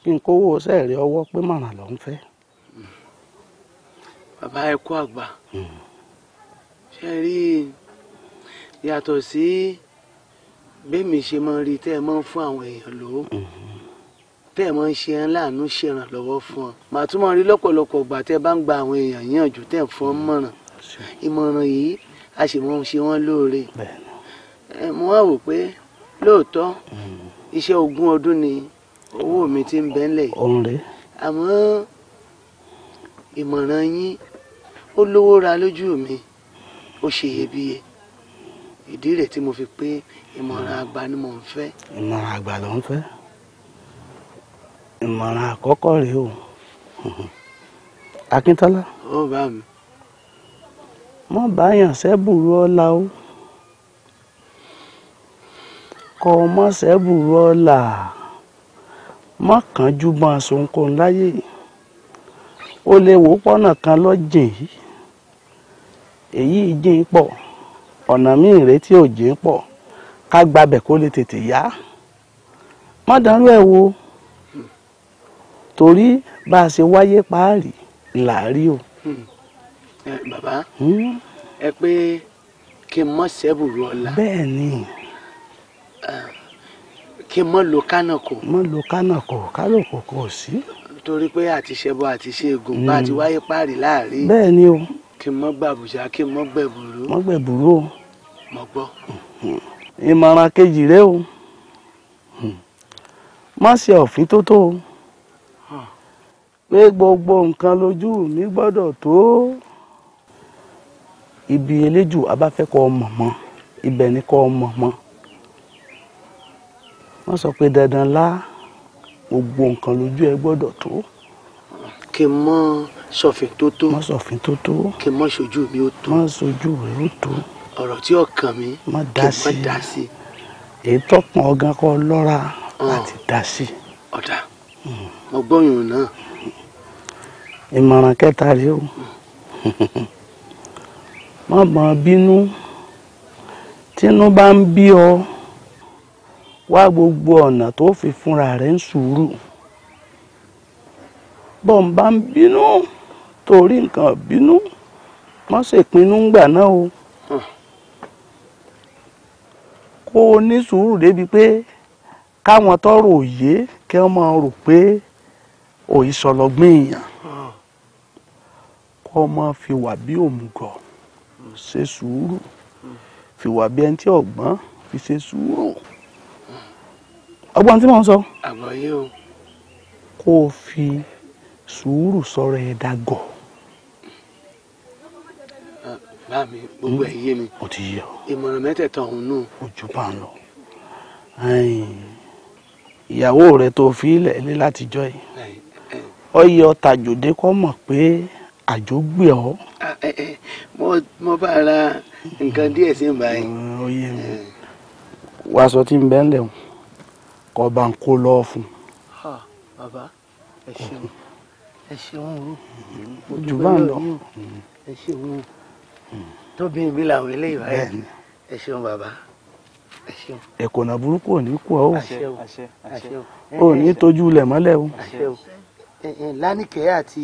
kí n kówó sẹ́ẹ̀rí ọwọ́ pé màrà ló ń fẹ́. bàbá ẹ kú àgbà mm. ṣe rí yàtọ̀ sí. Si bẹ́ẹ̀mi ṣe máa ń rí tẹ́ ẹ máa ń fún àwọn èèyàn lówó tẹ́ ẹ máa ń ṣe ẹ́ láàánú ṣèrànlọ́wọ́ fún ọ màá tún máa rí lọ́pọ̀lọpọ̀ ìgbà tẹ́ ẹ bá ń gba àwọn èèyàn yíyànjú tẹ́ ẹ fún ọ mọ̀ràn ìmọ̀ràn yìí a sì máa ń ṣe wọ́n lóore mo wá wò pé lóòótọ́ iṣẹ́ ogún ọdún ni owó mi ti ń bẹ́ńlẹ̀ yìí àmọ́ ìmọ̀ràn yín ó lówó ra lójú mi ó ṣe iyebíye ìdí rẹ̀ tí mo fi pé ìmọ̀ràn àgbà ni mò ń fẹ́. ìmọ̀ràn àgbà ló ń fẹ́ ìmọ̀ràn àkọ́kọ́ rèé o <laughs> Akíntọ́lá. ó bá mi. mo bá yàn sẹ́bùrú ọ̀la o kọ́ ọmọ sẹ́bùrú ọ̀la mọ́ kánjú mọ́ aṣoǹkóhun láyé o lè wò pọ́nà kan lọ́jìn yìí èyí jìn pọ̀ ọ̀nà míì retí ò jìn pọ̀ ká gbabẹ̀ kó lè tètè yá má dánrú ẹ̀ wo torí bá a ṣe wáyé páàrí là á rí o. Hmm. bàbá hmm. ẹ pé kí n mọ sẹ́bùrú ọ̀la. bẹ́ẹ̀ ni. kí n mọ lo kánàkó. mọ lo kánàkó kálòkò kò sí. torí pé àti ṣẹbọ àti ṣe ègùn hmm. bá a ti wáyé páàrí láàrin. bẹ́ẹ̀ ni o. kí n mọ gbàbùjá kí n mọ gbẹ̀bùrú. mọ gbẹ̀bùrú o. mo gbọ́. mm ìmọ̀ràn kejì rẹ o má ṣe ọ̀fín tó tó o pé gbogbo nǹkan lójú mi gbọ́dọ̀ tó ibi eléjù abáfẹ́kọ̀ mọ̀mọ́ ibẹ̀ ni kọ́ mọ̀mọ́ wọ́n sọ pé dandan lá gbogbo nǹkan lójú ẹ gbọ́dọ̀ tó. kí n mọ sọfin tó tó. mọ sọfin tó tó. kí n mọ sojú mi ó tó. mọ sojú rẹ ó tó ọ̀rọ̀ tí ọkàn mi kí n má dá sí. èyí tó pọn ọgán kọ lọ́ra láti dá sí. ọ̀dà hmm. mo gbọ́yàn náà. ìmọ̀ràn kẹta rèé o <laughs> má bàa bínú tínú bá ń bí ọ wá gbogbo ọ̀nà tó fi fúnra rẹ̀ ń sùúrù bọ́n bá ń bínú torí nǹkan bínú wọ́n ṣèpinnu ńgbà náà o. Huh ó ní sùúrù débi pé káwọn tọrọ òye kí wọn máa rò pé òye sọlọgbìn èèyàn kó máa fi wà bí òmùgọ̀ ṣe sùúrù fi wà bí ẹni tí ọgbọ́n fi ṣe sùúrù ọgbọ́n tí mò ń sọ kó o fi sùúrù sọ̀rọ̀ ẹ̀ dàgọ̀ bá mi gbogbo ẹ̀ yé mi. o ti yé o. ìmọ̀ràn mẹ́tẹ̀ẹ̀ta ọ̀hún nù. ojú bá ń lọ. ìyàwó rẹ tó fi ilẹ̀ ilé látijọ́ yìí ọ yẹ ọ tàjòdè kọ́ mọ̀ pé àjò gbé ọ. mo bá ra nǹkan díẹ̀ sí báyìí. ó wàásù tí ń bẹ́ ń lẹ̀hún kọ́ bá ń kó lọ́ọ́ fún. bàbá ẹ ṣeun ẹ ṣeun o. jù bá ń lọ ẹ ṣeun o tó bí ìbí làwọn eléyìí báyìí ẹ ṣeun bàbá ẹ ṣeun. ẹ̀kọ́nà burúkú ò ní kú ọ ò ní tójú ilẹ̀ mọ́lẹ̀ o. lánìkẹ́ àti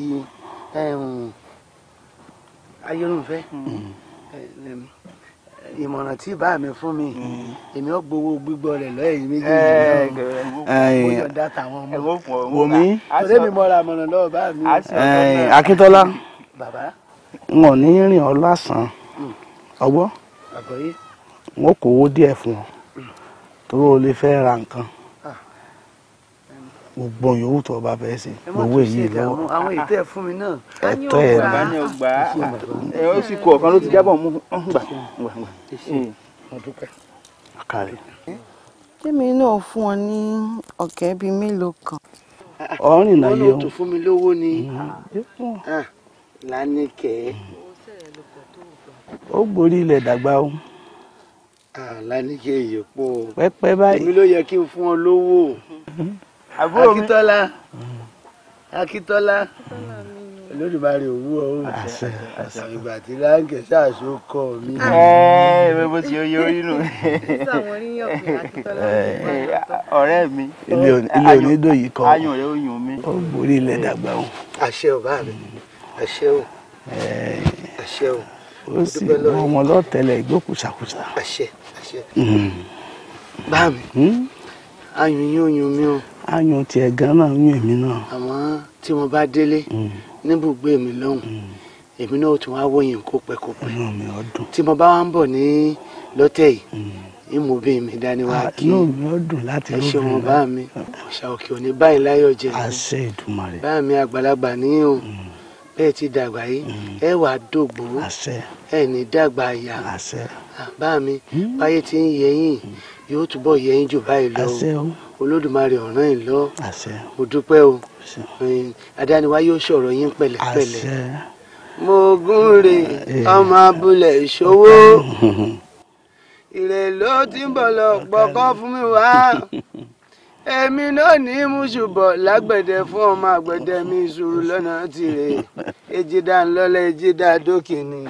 ayélujáfẹ́ ìmọ̀ràn tí bá mi fún mi èmi ó gbowó gbígbọ́ rẹ̀ lọ́yìn méjèèjì náà mo yọ̀ǹda táwọn ọmọ wò mí. ọ̀rẹ́ mi mọ̀ra àmọ̀ràn lọ́wọ́ bá mi. Akíntọ́lá. bàbá n ò ní rìn ọ lásán hmm. ọgbọ́ n ó kówó díẹ̀ fún ọ hmm. torí o lè fẹ́ ra nǹkan ah. gbogbo yòówù tó o bá fẹ́ ṣe gbogbo èyí lọ́wọ́ àwọn ètò ẹ̀ fún mi náà ẹ̀tọ́ ẹ̀ bá ní ọgbà ẹ̀ ó sì kọ ọ̀kan ló ti jábọ̀ mú gbà gbà. àkàrẹ̀. tèmi náà fún ọ ní ọ̀kẹ́ bíi mélòó kan. ọ̀rìn náà yẹ o. ọlọ́run tó fún mi lówó ni. Hmm. Ah lánìkẹ́. ó gborí ilẹ̀ dàgbà o. lánìkẹ́ ìyókù. pẹ́pẹ́ báyìí. èmi ló yẹ kí n fún ọ lówó. àbúrò mi Akíntọ́lá Akíntọ́lá olódùmarè òwúrọ̀ òun ìgbà tí láǹkẹ ṣáàṣó kọ mi. ẹ bó ti yọ inú. <laughs> ọ̀rẹ́ mi. ilé onídòyí kan. ayọ̀ rẹ̀ ó yùn ó borí ilẹ̀ dàgbà o. àṣẹ ọba rẹ ẹ ṣé o eh, ẹ ṣé o ó sì mọ ọmọ lọ́tẹ̀lẹ̀ ìgbókùsàkùsà. ẹ ṣé ẹ ṣé. Hmm. bá mi hmm? ayùn yín oyún mi o. ayùn tiẹ̀ gan náà yún èmi náà. àmọ́ tí mo bá délé hmm. níbùgbé mi lọ́hùn èmi náà ó tún wá wọ̀nyìn kópẹ́kópẹ́ tí mo bá wá ń bọ̀ ní lọ́tẹ̀ yìí ìmú bí mi dání wá ah, kí inú mi ó dùn láti lóbi rẹ ẹ ṣeun bá mi ọ̀ṣà òkè òní báyìí láyọ̀ jẹ́ àṣẹ Èdùmàrè mi àgbàlagbà ní o. Mm ẹ ti dàgbà yìí mm. ẹ wàá dògbò ẹ ní dàgbà àyà bá mi mm. báyé ti ń yẹ yín mm. yóò túbọ̀ yẹ yín jù báyìí lọ olódùmarè ọ̀ràn yìí lọ ó dúpẹ́ o adániwá yóò sọ̀rọ̀ yín pẹ̀lẹ́pẹ̀lẹ́ mo gún re eh. ọmọ abúlé ìṣòwò ìrè ló ti ń bọ̀ lọ pọ̀kọ́ fún mi wá. <laughs> èmi náà ní mùsùbọ̀ lágbẹ̀dẹ fún ọmọ àgbẹ̀dẹ mi ìṣòro lọ́nà tirẹ̀ ejidà ńlọ́lẹ̀ ejidà dókè ni.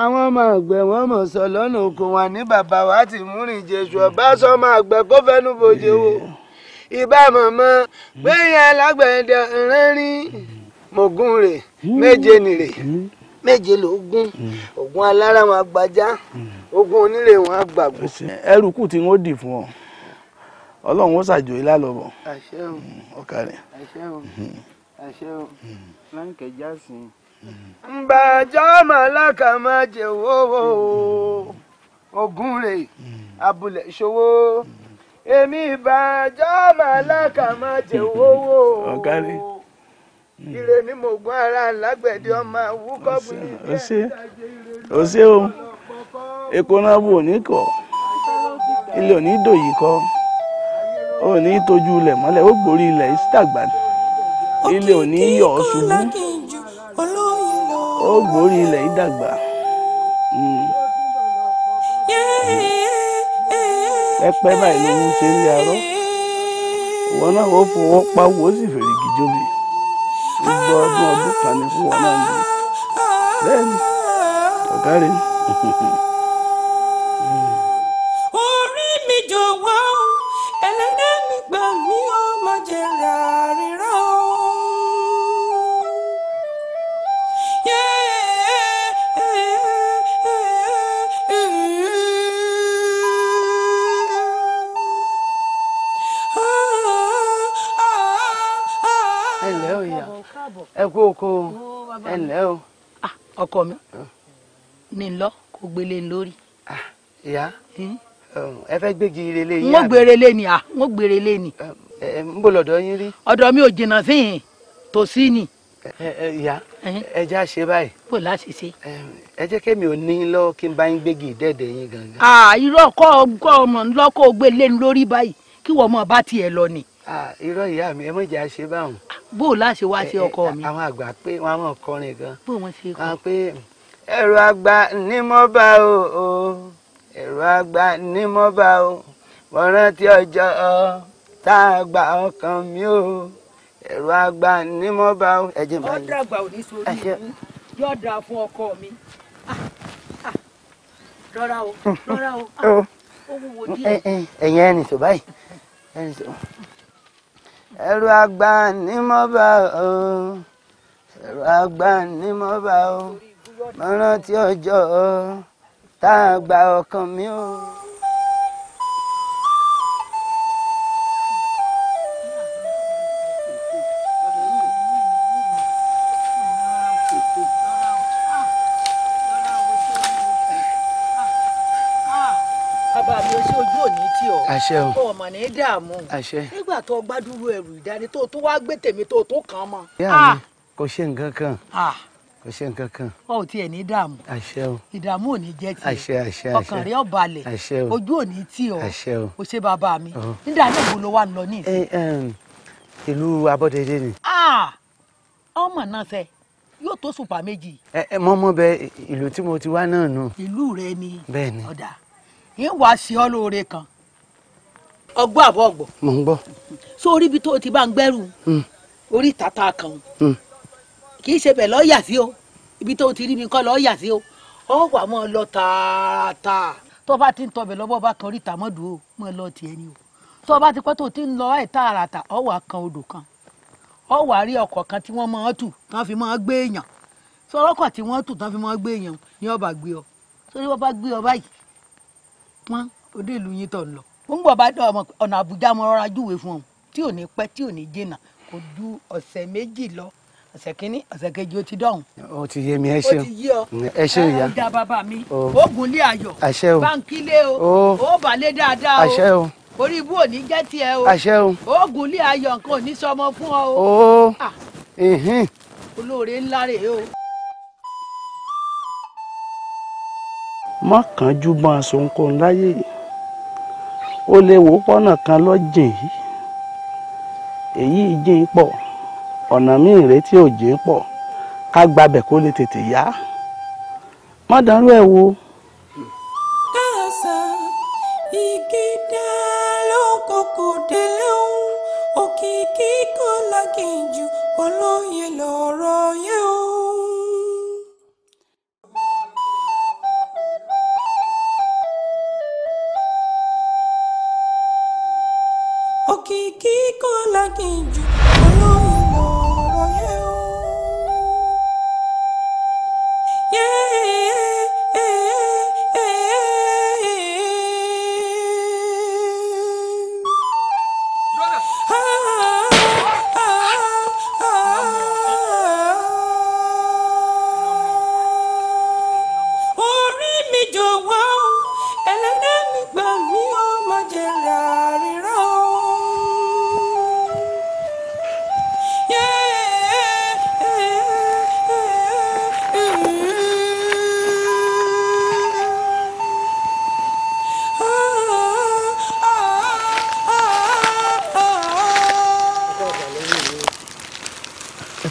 àwọn ọmọ àgbẹ̀ wọn mọ̀ sọ lọ́nà oko wọn ní bàbá wa ti múrin jésù ọba sọmọ àgbẹ̀ kó fẹ́nu bòjé o ìbá mọ̀mọ́ gbẹ̀yìn alágbẹ̀dẹ rẹ́rìn mọ̀gùn rẹ̀ méje nìrè méje lógún ogun alára wọn àgbàjá ogun onílé wọn àgbàgbọ́. ẹrù kù tí wọn dì fún ọ ọlọ́run ó ṣàjò ilá lọ́bọ̀ ọkàrẹ̀. ǹbà jọ́mọ̀ aláka máa jẹ owó mm. ogun rè mm. abúlé ṣòwò èmi ìbà jọ́mọ̀ aláka máa jẹ owó <laughs> mm. ire ni mo gbọ́ ara lágbẹ̀dẹ ọmọ awúkọ́ bí ilé ẹ̀ ṣàjẹ́ ire lọ́wọ́ ọ̀pọ̀ kọ́. èkó náà bò ní kọ́ ilé ò dòyí kọ́ ò ní tójú ilẹ̀ mọ́lẹ̀ ó gbórí ilẹ̀ yìí sítàgbà ilé ò ní yọ̀ ọ́ ṣubú ó gbórí ilẹ̀ yìí dàgbà. Hmm. pẹpẹ báyìí ló ń ṣe ní arọ ìwọ náà ó fowó pawó ó sì fèrè gìjọbi gbogbo ọdún ọdún kan ní fún wọn náà ní bẹ́ẹ̀ ni rẹ ni. <laughs> oko ẹ ǹlẹ́ o. Ah, ọkọ mi ní lọ kó gbélé lórí. Ah, ìyá hmm? ẹ fẹ́ gbégi relé yín. wọ́n gbére lé ni wọ́n gbére lé ni. n bò lọ́dọ̀ yín rí. ọ̀dọ̀ mi ò jìnnà sí yìí tòsí ni. ìyá ẹ já ṣe báyìí. bò láti ṣe. ẹ jẹ́ kémi ò ní lọ kí n bá yín gbégi ìdẹ́ẹ̀dẹ̀ yín gangan. irọ́ kọ́ ọmọ ńlọ́kọ̀ gbélé lórí báyìí kí wọ́n mọ̀ bá tiẹ̀ lọ ni irọ́ ìyá mi ẹ mọ̀ jẹ́ àṣẹ báwọn. bó o láṣẹ wá ṣe ọkọ mi. àwọn àgbà pé wọn á mọ̀ kọrin gan. bó wọn ṣe kọ. wọn pé ẹ̀rọ àgbà ni mo bá o ẹ̀rọ àgbà ni mo bá o mo rántí ọjọ́ tá a gba ọkàn mi o ẹ̀rọ àgbà ni mo bá o. ẹ̀jẹ̀ máa ń dàgbà òní sórí ìlú yóò dáa fún ọkọ mi ah, ah. rọra o rọra o ah, <laughs> ó ẹni tó báyìí ẹni tó ẹrù àgbà ni mo bá o ẹrù àgbà ni mo bá o mo rántí ọjọ́ tá a gba ọkàn mi o. àṣẹ o ọmọ ní dààmú àṣẹ nígbà tó gbádùrú ẹrù ìdání tó tó wá gbé tèmi tó tó kàn mọ. yáà ah! mi kò ṣe nǹkan kan ah! kò ṣe nǹkan kan. ọ ò tiẹ̀ ní dààmú àṣẹ o ìdààmú ò ní jẹ́ tiẹ̀ àṣẹ àṣẹ àṣẹ ọkàn rẹ ó balẹ̀ àṣẹ o ojú ò ní tì ọ́ àṣẹ o o ṣe bàbá mi nígbà náà wo ló wà ń lọ ní ìsìn. ìlú abọ́dẹdẹ ni. Ah! ọmọ náà sẹ́ẹ̀ yóò tó sùpà méjì. ẹ ẹ mọ mọ bẹ ìlú tí mo ti wá náà nù. ìlú rẹ ni ọ̀dà ń wá sí ọ lóore kan ọgbọ́ àbọ̀ ọgbọ̀. mo ń gbọ́. so orí ibi tó ti bá ń gbẹ́rù hmm. orí tata kan hmm. kì í ṣe bẹ̀ lọ́ọ̀yà sí o ibi tó ti rí mi kọ́ lọ́ọ̀yà sí o ọ wà mọ́ ọ lọ tààràtà tó bá ti ń tọbẹ̀ lọ́bọ̀ bá kan orí tàmọ́dù o mọ́ ọ lọ tiẹ̀ ni o tó bá ti pẹ́ tó ti ń lọ ẹ̀ tààràtà ọ wà kan odò kan ọ wà rí ọkọ̀ kan tí wọ́n máa ń tù tán fi máa ń gbé èèyàn sọ ọlọ́kọ̀ tí wọ́n tù tán fi máa ń gbé èèyàn ni ọba gbé ọ sórí wọn bá gbé ọ báyìí pọ́n òde ìlú yín tó lọ ń gbọ́ bá dọ̀ ọ̀nà àbújá mo fún ọ tí ò ní pẹ́ tí ò ní jìnnà kò ju ọ̀sẹ̀ méjì lọ ọ̀sẹ̀ kínní ọ̀sẹ̀ kejì ó ti dọ̀hún. ó ti yé mi ẹ ṣeun ẹ ṣeun ìyá da bàbá mi oògùn ilé ayọ̀ báńkì ilé o dáadáa o orí ibú jẹ́ tiẹ̀ o oògùn ayọ̀ nǹkan fún ọ o olóore ńlá rèé o. má kánjú o lè wò pọ́nà kan lọ́jìn yìí èyí jìn pọ̀ ọ̀nà míì ìrètí ò jìn pọ̀ ká gbabẹ̀ kó lè tètè yá ẹ̀ wo.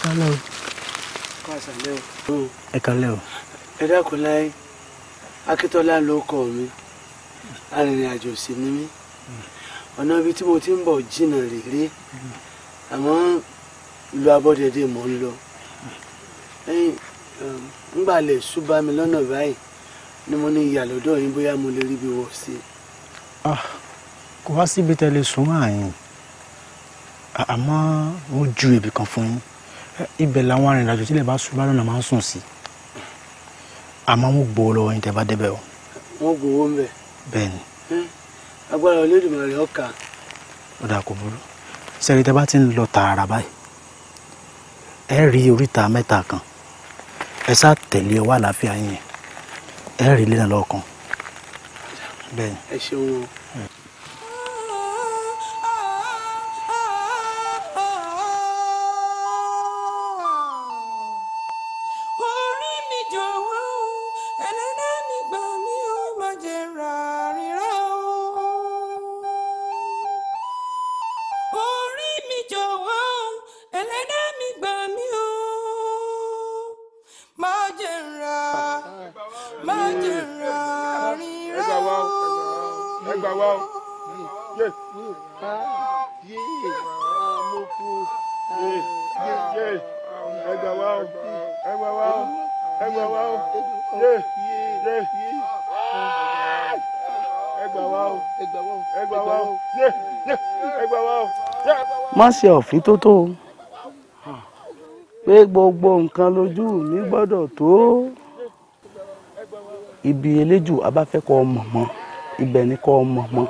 kálẹ̀ o. kọ́sàlẹ̀ o. ẹ kálẹ̀ o. ẹ dákun láyé akíntọ́lá ló kọ́ mi arìnrìnàjò sì ni mí ọ̀nà ibi tí mo ti ń bọ̀ jìnnà rèé àmọ́ lu abọ́dẹ̀dẹ̀ mò ń lọ um, ńgbà lè ṣùbà mi lọ́nà báyìí ni mo ní ìyàlódọ̀ yín bóyá mo lè rí bí wọ́n ṣe. kò wá síbi tẹ́lẹ̀ sùn àyìn àmọ́ wọ́n ju ibì kan fún yín ibẹ̀ làwọn arìnrìnàjò tílẹ̀ bá sùn lálọ́nà máa ń sùn sí àmọ́ wọn gbowó lọ́wọ́ yín tẹ́ bá débẹ̀ o. wọn gbowó ń bẹ. bẹ́ẹ̀ni. agbára Olódùmarè ọkà. ó dà kó burú sẹ́ni tẹ́ bá ti ń lọ tààrà báyìí ẹ rí oríta mẹ́ta kan ẹ sá tẹ̀lé ọwọ́ àlàáfíà yín ẹ rí ilé náà lọ́ọ̀kan. bẹ́ẹ̀ni. ẹ ṣeun o. má ṣe ọ̀fín tó tó o pé gbogbo nǹkan lójú mi gbọ́dọ̀ tó ibi eléjù abáfẹ́ mọ̀mọ́ ibẹ̀ ni kọ́ mọ̀mọ́.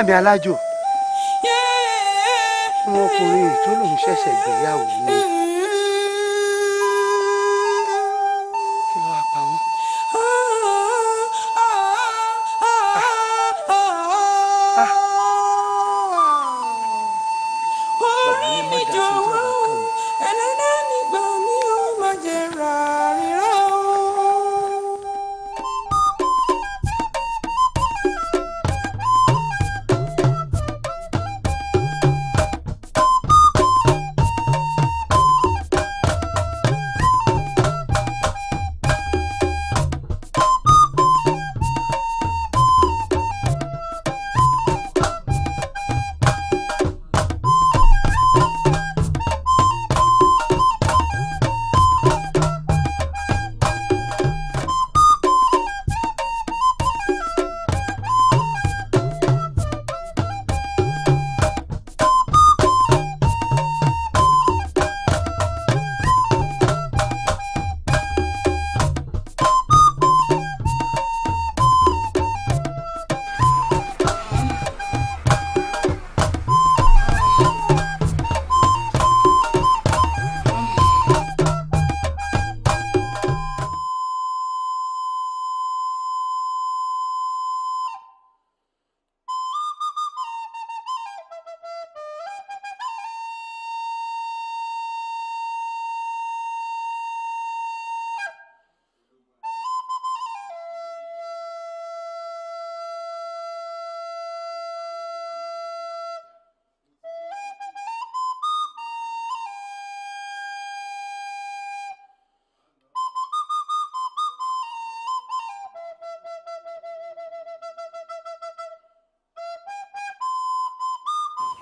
ọ̀rẹ́ mi alájò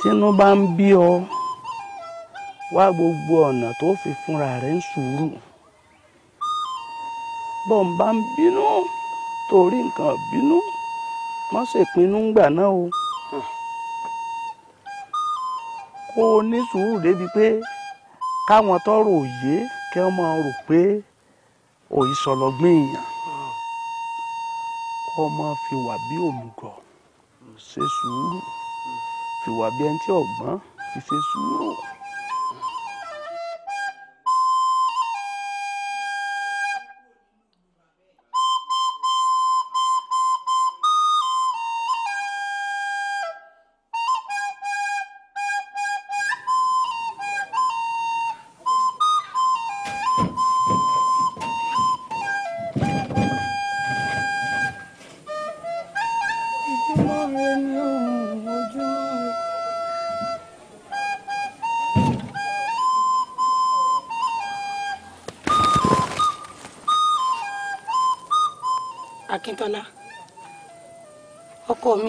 tínú bá ń bí ọ wá gbogbo ọ̀nà tó fi fúnra rẹ̀ ń sùúrù bọ́n bá ń bínú torí nǹkan bínú má ṣe pinnu ńgbà náà o kó o ní sùúrù débi pé káwọn tọrọ òye kí wọn rò pé òye sọlọgbìn èèyàn kó o máa fi wà bí òmùgọ̀ ṣe sùúrù fìwà bí ẹni tí ọ̀gbọ́n fi ṣe sùúrù.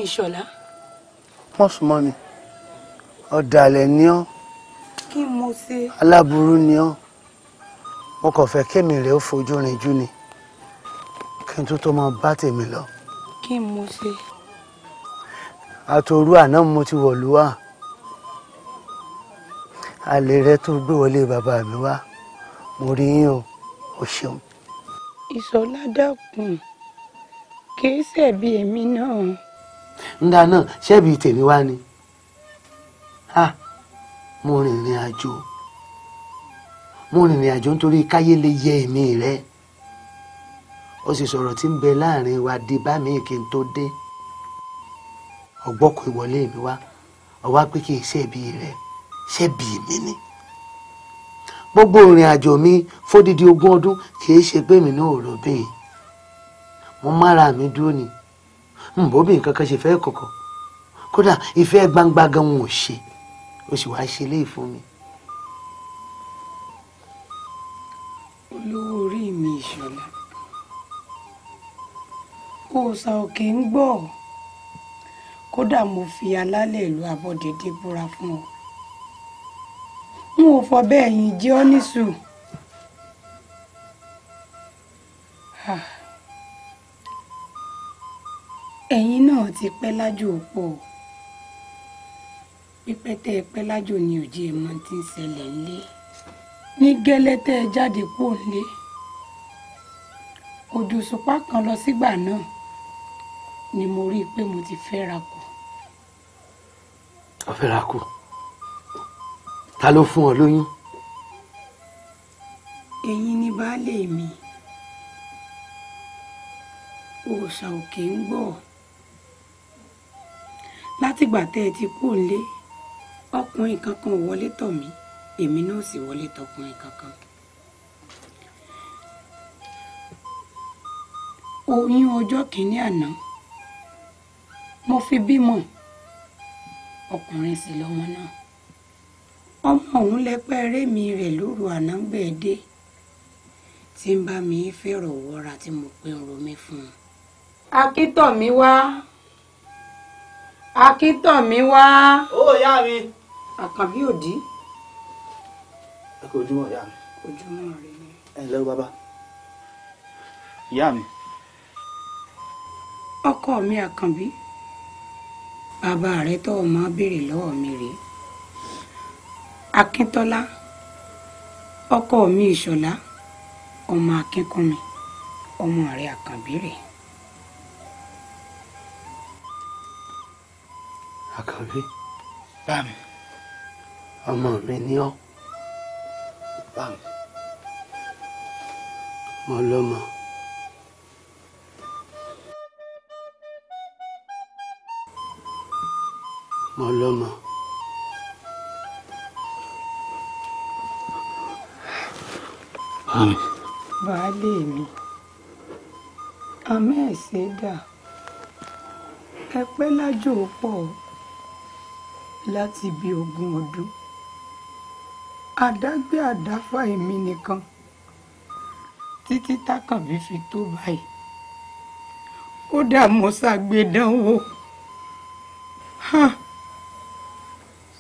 Ìṣọ̀lá. much money? mọ́ mi. Ọ̀dàlẹ̀ ni ọ́. Kí mo ṣe? Aláburú ni ọ́. Mo kàn fẹ́ kémi rẹ̀ ó fojú rinjú ni. Kí n tó tó máa bá tèmi lọ. Kí mo ṣe? Àtòru àná mo ti wọ̀ lúwà. Àlè rẹ tó gbé wọlé bàbá mi wá. Mo rí yín o. O ṣeun. Ìṣọ̀lá dákun kì í ṣẹ̀bi èmi náà ńdá náà ṣẹ́bi tèmi wá ni ha mo rìnrìn àjò mo rìnrìn àjò nítorí káyé lè yẹ èmi rẹ ó sì sọ̀rọ̀ tí ń bẹ láàrin wa di bá mi kí n tó dé ọgbọ́kọ̀ ìwọlé mi wá ọwá pé kí n ṣẹ́bi rẹ ṣẹ́bi mi ni gbogbo ìrìn àjò mi fódìdí ogún ọdún kì í ṣe pé mi ní òòrùn mo mára mi dúró ni nbóbi nǹkan kan ṣe fẹ́ kọ̀kọ̀ kódà ìfẹ́ gbangba gan wọn ò ṣe o sì wá ṣe léyìí fún mi. olówó orí mi ìṣọ̀lá òòsà òkè ń gbọ́ kódà mo fi alálẹ̀ ìlú abọ́dédé búra fún ọ n ò fọ bẹ́ẹ̀ yín jẹ́ ọ́ nísù. Ah ẹ̀yin náà ti pẹ́ lájò pọ̀ pípẹ́ tẹ́ ẹ pẹ́ lájò ni òjì èèmọ̀ ti ń ṣẹlẹ̀ ńlẹ̀ ní gẹ́lẹ́ tẹ́ ẹ jáde kúrò ńlẹ̀ òjò òṣùpá kan lọ sígbà náà ni mo rí i pé mo ti fẹ́ra kù. ó fẹ́ra kù ta ló fún ọ lóyún. ẹ̀yin ni baálé mi òòṣà òkè ń gbọ́ látìgbà tẹ́ ẹ ti kú òǹlé ọkùnrin kankan ò wọlé tọ̀ mí èmi náà sì wọlé tọkùnrin kankan. oyún ọjọ́ kìíní àná mo fi bímọ ọkùnrin sì lọ́mọ náà ọmọ ọ̀hún lẹ́pẹ́ rémi rẹ̀ lóru àná bẹ́ẹ̀ dé tí ń bá mi fẹ̀rọ̀ wọ́ra tí mo pé ń ro fún un. akítọ̀ mi wá akíntànmí wá. ó yá mi. àkànbí òdì. ẹ kò ojúmọ́ ìyá mi. ojúmọ́ rẹ ni. ẹ ǹlẹ́ o bàbá. mi. ọkọ mi àkànbí bàbá rẹ tó o máa béèrè lọ́wọ́ mi rèé akíntọ́lá ọkọ mi ìṣọ̀lá ọmọ akínkúnmi ọmọ rẹ àkànbí rèé. àkànbí bá mi ọmọ mi ni Malama. bá mi mo lọ́mọ. mo lọ́mọ. baálé mi àmọ́ ẹ̀ ṣe dà ẹ pẹ́ lájò pọ̀ láti bí ogún ọdún àdágbé àdáfà èmi nìkan títí tákànbí fi tó báyìí kódà mo ṣàgbédánwò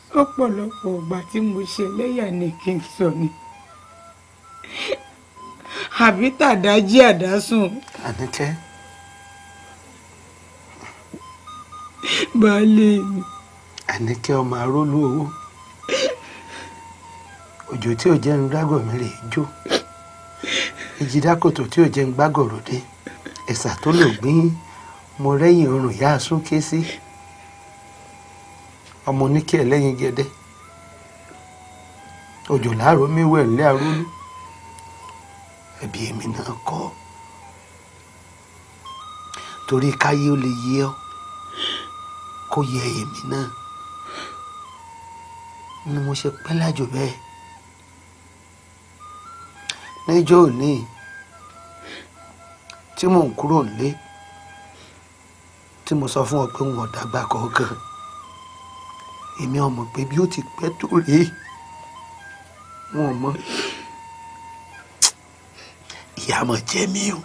sọ́pọ̀lọpọ̀ ọgbà tí mo ṣe lẹ́yà ni kí n sọ ni àbí tàdá jí àdásùn. àníkẹ́. baálé mi àníkẹ́ ọmọ arólú owó òjò tí ò jẹ́ ń gbágọ̀ mi rè jó ìjìdákòtò tí ò jẹ́ ń gbágọ̀ ròde ẹ̀sà tó lò gbín mo rẹ́yìn orùn yá súnké sí ọmọ oníkẹ́ ẹlẹ́yin gẹ́dẹ́ òjò láàrọ̀ mi wẹ̀ ńlẹ́ arólú ẹ̀bí èmi náà kọ́ torí káyé ó lè yé ọ kó yẹ èmi náà ni mo ṣe pẹ́ lájò bẹ́ẹ̀ níjọ́ òní tí mò ń kúrò nílé tí mo sọ fún ọ pé wọn dàgbà kọ̀ọ̀kan èmi ọmọ pé bí ó ti pẹ́ tó rèé wọn mọ ìyá jẹ́ mi o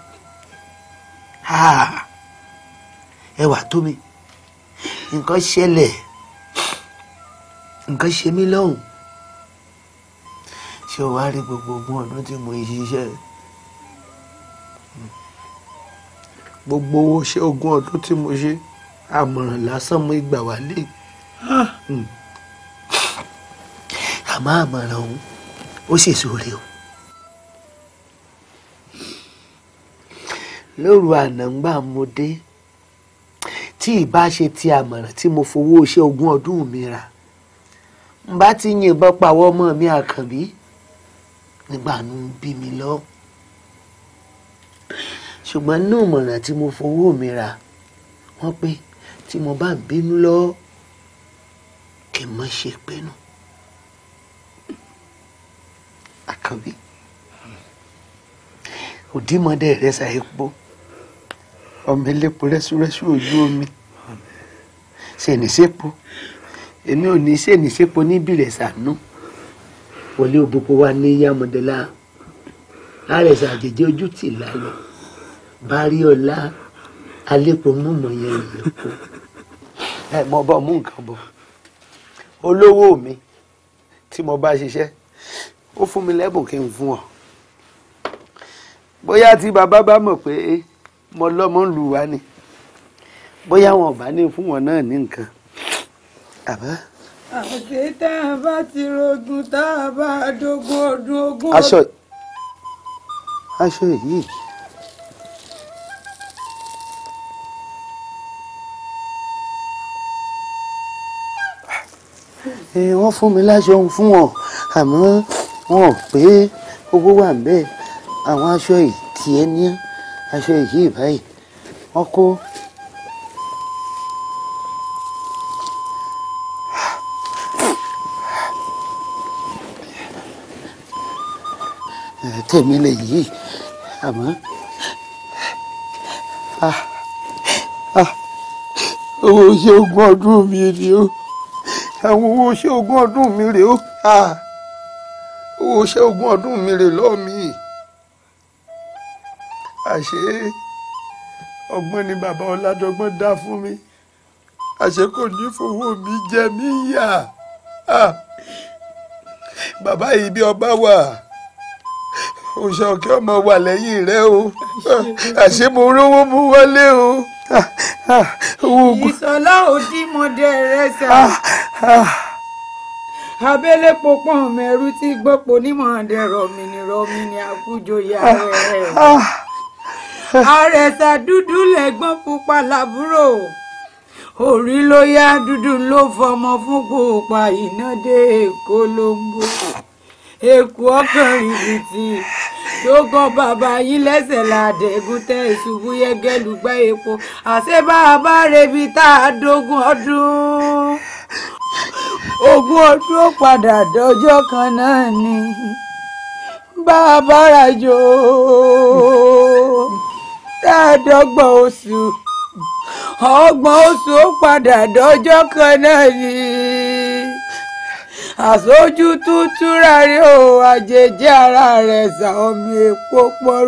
ẹwà tó mi nǹkan ṣẹlẹ̀ nǹkan ṣe mí lọ́hùn ṣé o wá rí gbogbo ogún ọdún tí mo ṣiṣẹ́ gbogbo owó ṣe ogún ọdún tí mo ṣe àmọ̀ràn lásán mú ìgbà wálé hmm. àmọ́ àmọ̀ràn òun ó sì sóore o. lóru àná mo dé tí ìbá ṣe ti àmọ̀ràn tí mo fowó ṣe ogún ọdún mi rà n bá ti yìnbọn pàwọ́ ọmọ mi àkànbí nígbà nu ń bí mi lọ ṣùgbọ́n inú ìmọ̀ràn tí mo fowó mi ra wọ́n pé tí mo bá ń bínú lọ kì í mọ̀ ṣe pinnu àkànbí òdìmọ̀dé rẹ̀ ṣàyẹ̀pọ̀ ọmọ ẹlẹ́pọ̀ rẹ́súrẹ́sú ojú omi ṣèǹṣẹ́pọ̀ èmi ò ní í ṣèní ṣepo níbìrẹ̀ sànú wọlé òbòpò wa ní yàmọ̀dẹ́lá àrẹ̀sà àjèjì ojú tì lálẹ́ bárí ọ̀la alẹ́pọ̀ mọ̀mọ́ yẹn yẹn kú. ẹ mọ bọ mú nǹkan bọ olówó mi tí mo bá ṣiṣẹ́ ó fún mi lẹ́bùn kí n fún ọ bóyá tí bàbá bá mọ̀ pé mo lọ́mọ ń lù wá ni bóyá wọn ò bá ní fún wọn náà ní nǹkan àbá. àṣé tá a bá ti rogun tá a bá dogun ọdún ogún. aṣọ aṣọ yìí. wọ́n fún mi láṣọ ohun fún wọn àmọ́ wọn pé owó wà ń bẹ́ẹ̀ àwọn aṣọ yìí ní aṣọ yìí báyìí wọ́n kó tèmi lè yí àmọ́ owó ṣe ogún ọdún mi rèé o àwọn owó ṣe ogún ọdún mi rèé o owó ṣe ogún ọdún mi rèé lọ́ọ̀ mi àṣé ọgbọ́n ni bàbá ọládọ́gbọ́n dá fún mi àṣé kò ní fowó mi jẹ mí yà bàbá yìí bí ọba wà òòṣà ọmọ wà lẹ́yìn rẹ o àṣé mo rówó mú wálé o. ìsọlá òdìmọdé rẹ sà ah, ah. abẹ́lé pọpọ́n mẹ́rú tí gbọ́pọ̀ onímọ̀ọ́dẹ rọ̀mìnì rọ̀mìnì àkújọyà ah, rẹ̀ àrẹ̀sà dúdú lẹ́gbọ́n pupa làbúrò orí ló yá dúdú ló fọmọ fún pupa iná dé Kolombo èkó ọkùnrin ìtì tó gan bàbá yín lẹ́sẹ̀ làdẹ̀gùn tẹ ìṣubú yẹgẹlùgbà epo àṣẹ bá a bá rebi tá a dógún ọdún ogún ọdún ó padà dọjọ́ kan náà ni bá a bára jò tá a dọ́gbọ̀n oṣù ọgbọ̀n oṣù ó padà dọjọ́ kan náà ni. àsójú tútù rárí o àjèjì ara rẹ̀ omi epo pọ̀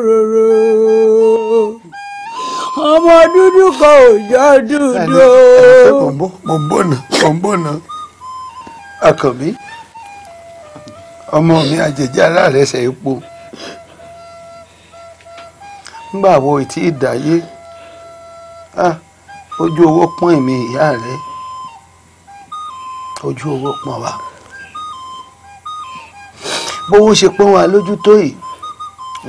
ọmọ dúdú kan ò jọ dúdú. mọ̀ ń bọ̀ náà ń bọ̀ náà ọmọ mi àjèjì ara rẹ̀ ṣà epo ńgbà wo ìtì ìdáyé ah, ojú owó pọ́n èmi ìyá rẹ̀ ojú owó pọ́n wa. bówó ṣe pọ́n wa lójú tó yìí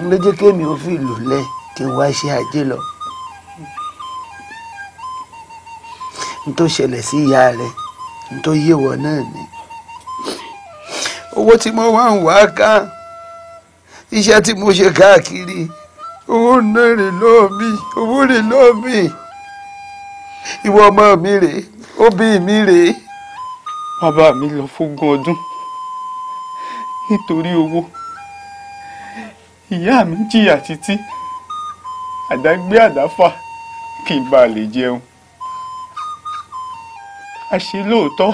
ló jẹ́ kémi ò fi ìlú lẹ̀ kí n wá ṣe ajé lọ. n tó ṣẹlẹ̀ sí ìyá rẹ̀ n tó yéwọ náà ni. owó tí mo wá ń wá ká iṣẹ́ tí mo ṣe káàkiri owó náà rè lómi owó rè lómi ìwọ ọmọ mi rèé òbí mi rèé. bàbá mi lọ fógún ọdún nítorí owó ìyá mi jìyà títí àdá gbé àdá fà kí n bá lè jẹun àṣé lóòótọ́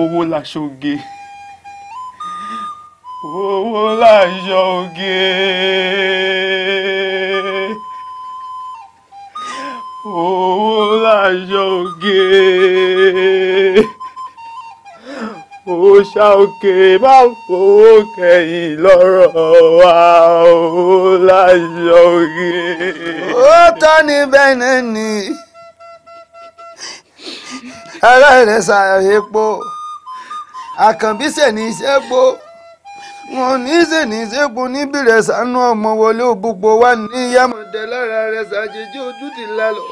owó laṣọ oge owó laṣọ owó laṣọ òòṣà òkè má fowó kẹyìn lọ́rọ̀ wa ó láyọ̀ òkè. ó tọ́ ní bẹ́ẹ̀ ni ara rẹ̀ ṣàyẹ̀ epo àkànbí ṣe ní iṣẹ́ po wọn ní ṣe ní ṣẹ́po níbí rẹ̀ ṣàánú ọmọ wọlé òbúpo wà ní yàmọ̀dẹ lára rẹ̀ ṣàjèjì ojú ti lálọ́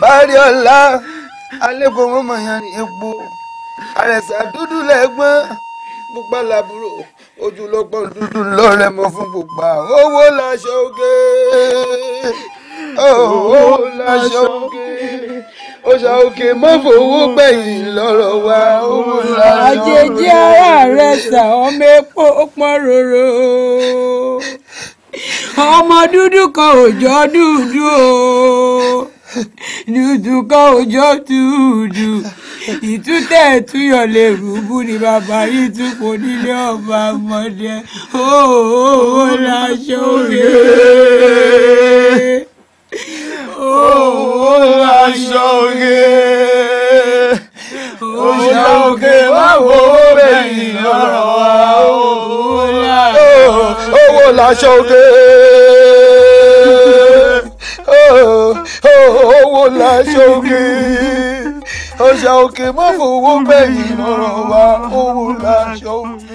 bá rí ọ̀la alẹ́ kò wọ́n mọ̀ yẹn ní epo. àrẹ̀sà dúdú lẹ́gbọ́n pupa làbúrò ojú lọ́gbọ́n dúdú lọ́rẹ̀ mọ́ fún pupa owó láṣọ oge owó láṣọ oge ọṣà òkè mọ́ fowó gbẹ̀yìn lọ́rọ̀ wa owó láṣọ oge. àjèjì ara rẹ̀ sà ọmọ epo pọ́n roro ọmọ dúdú kan òjò dúdú o dúdú kọ́ òjò dúdú ìtútẹ̀ ìtúyọ̀ lè rúbú ni bàbá yìí tún kò nílé ọba ọmọdé ó láṣọ rẹ̀ ó láṣọ rẹ̀ ó ṣàwókè wá wò ó bẹ̀yìn lọ́rọ̀ wa ó láṣọ rẹ̀ owó làṣọ́kì ọ̀ṣà òkè mọ́fowó bẹ́yìn lọ́rọ̀ wa owó làṣọ́kì.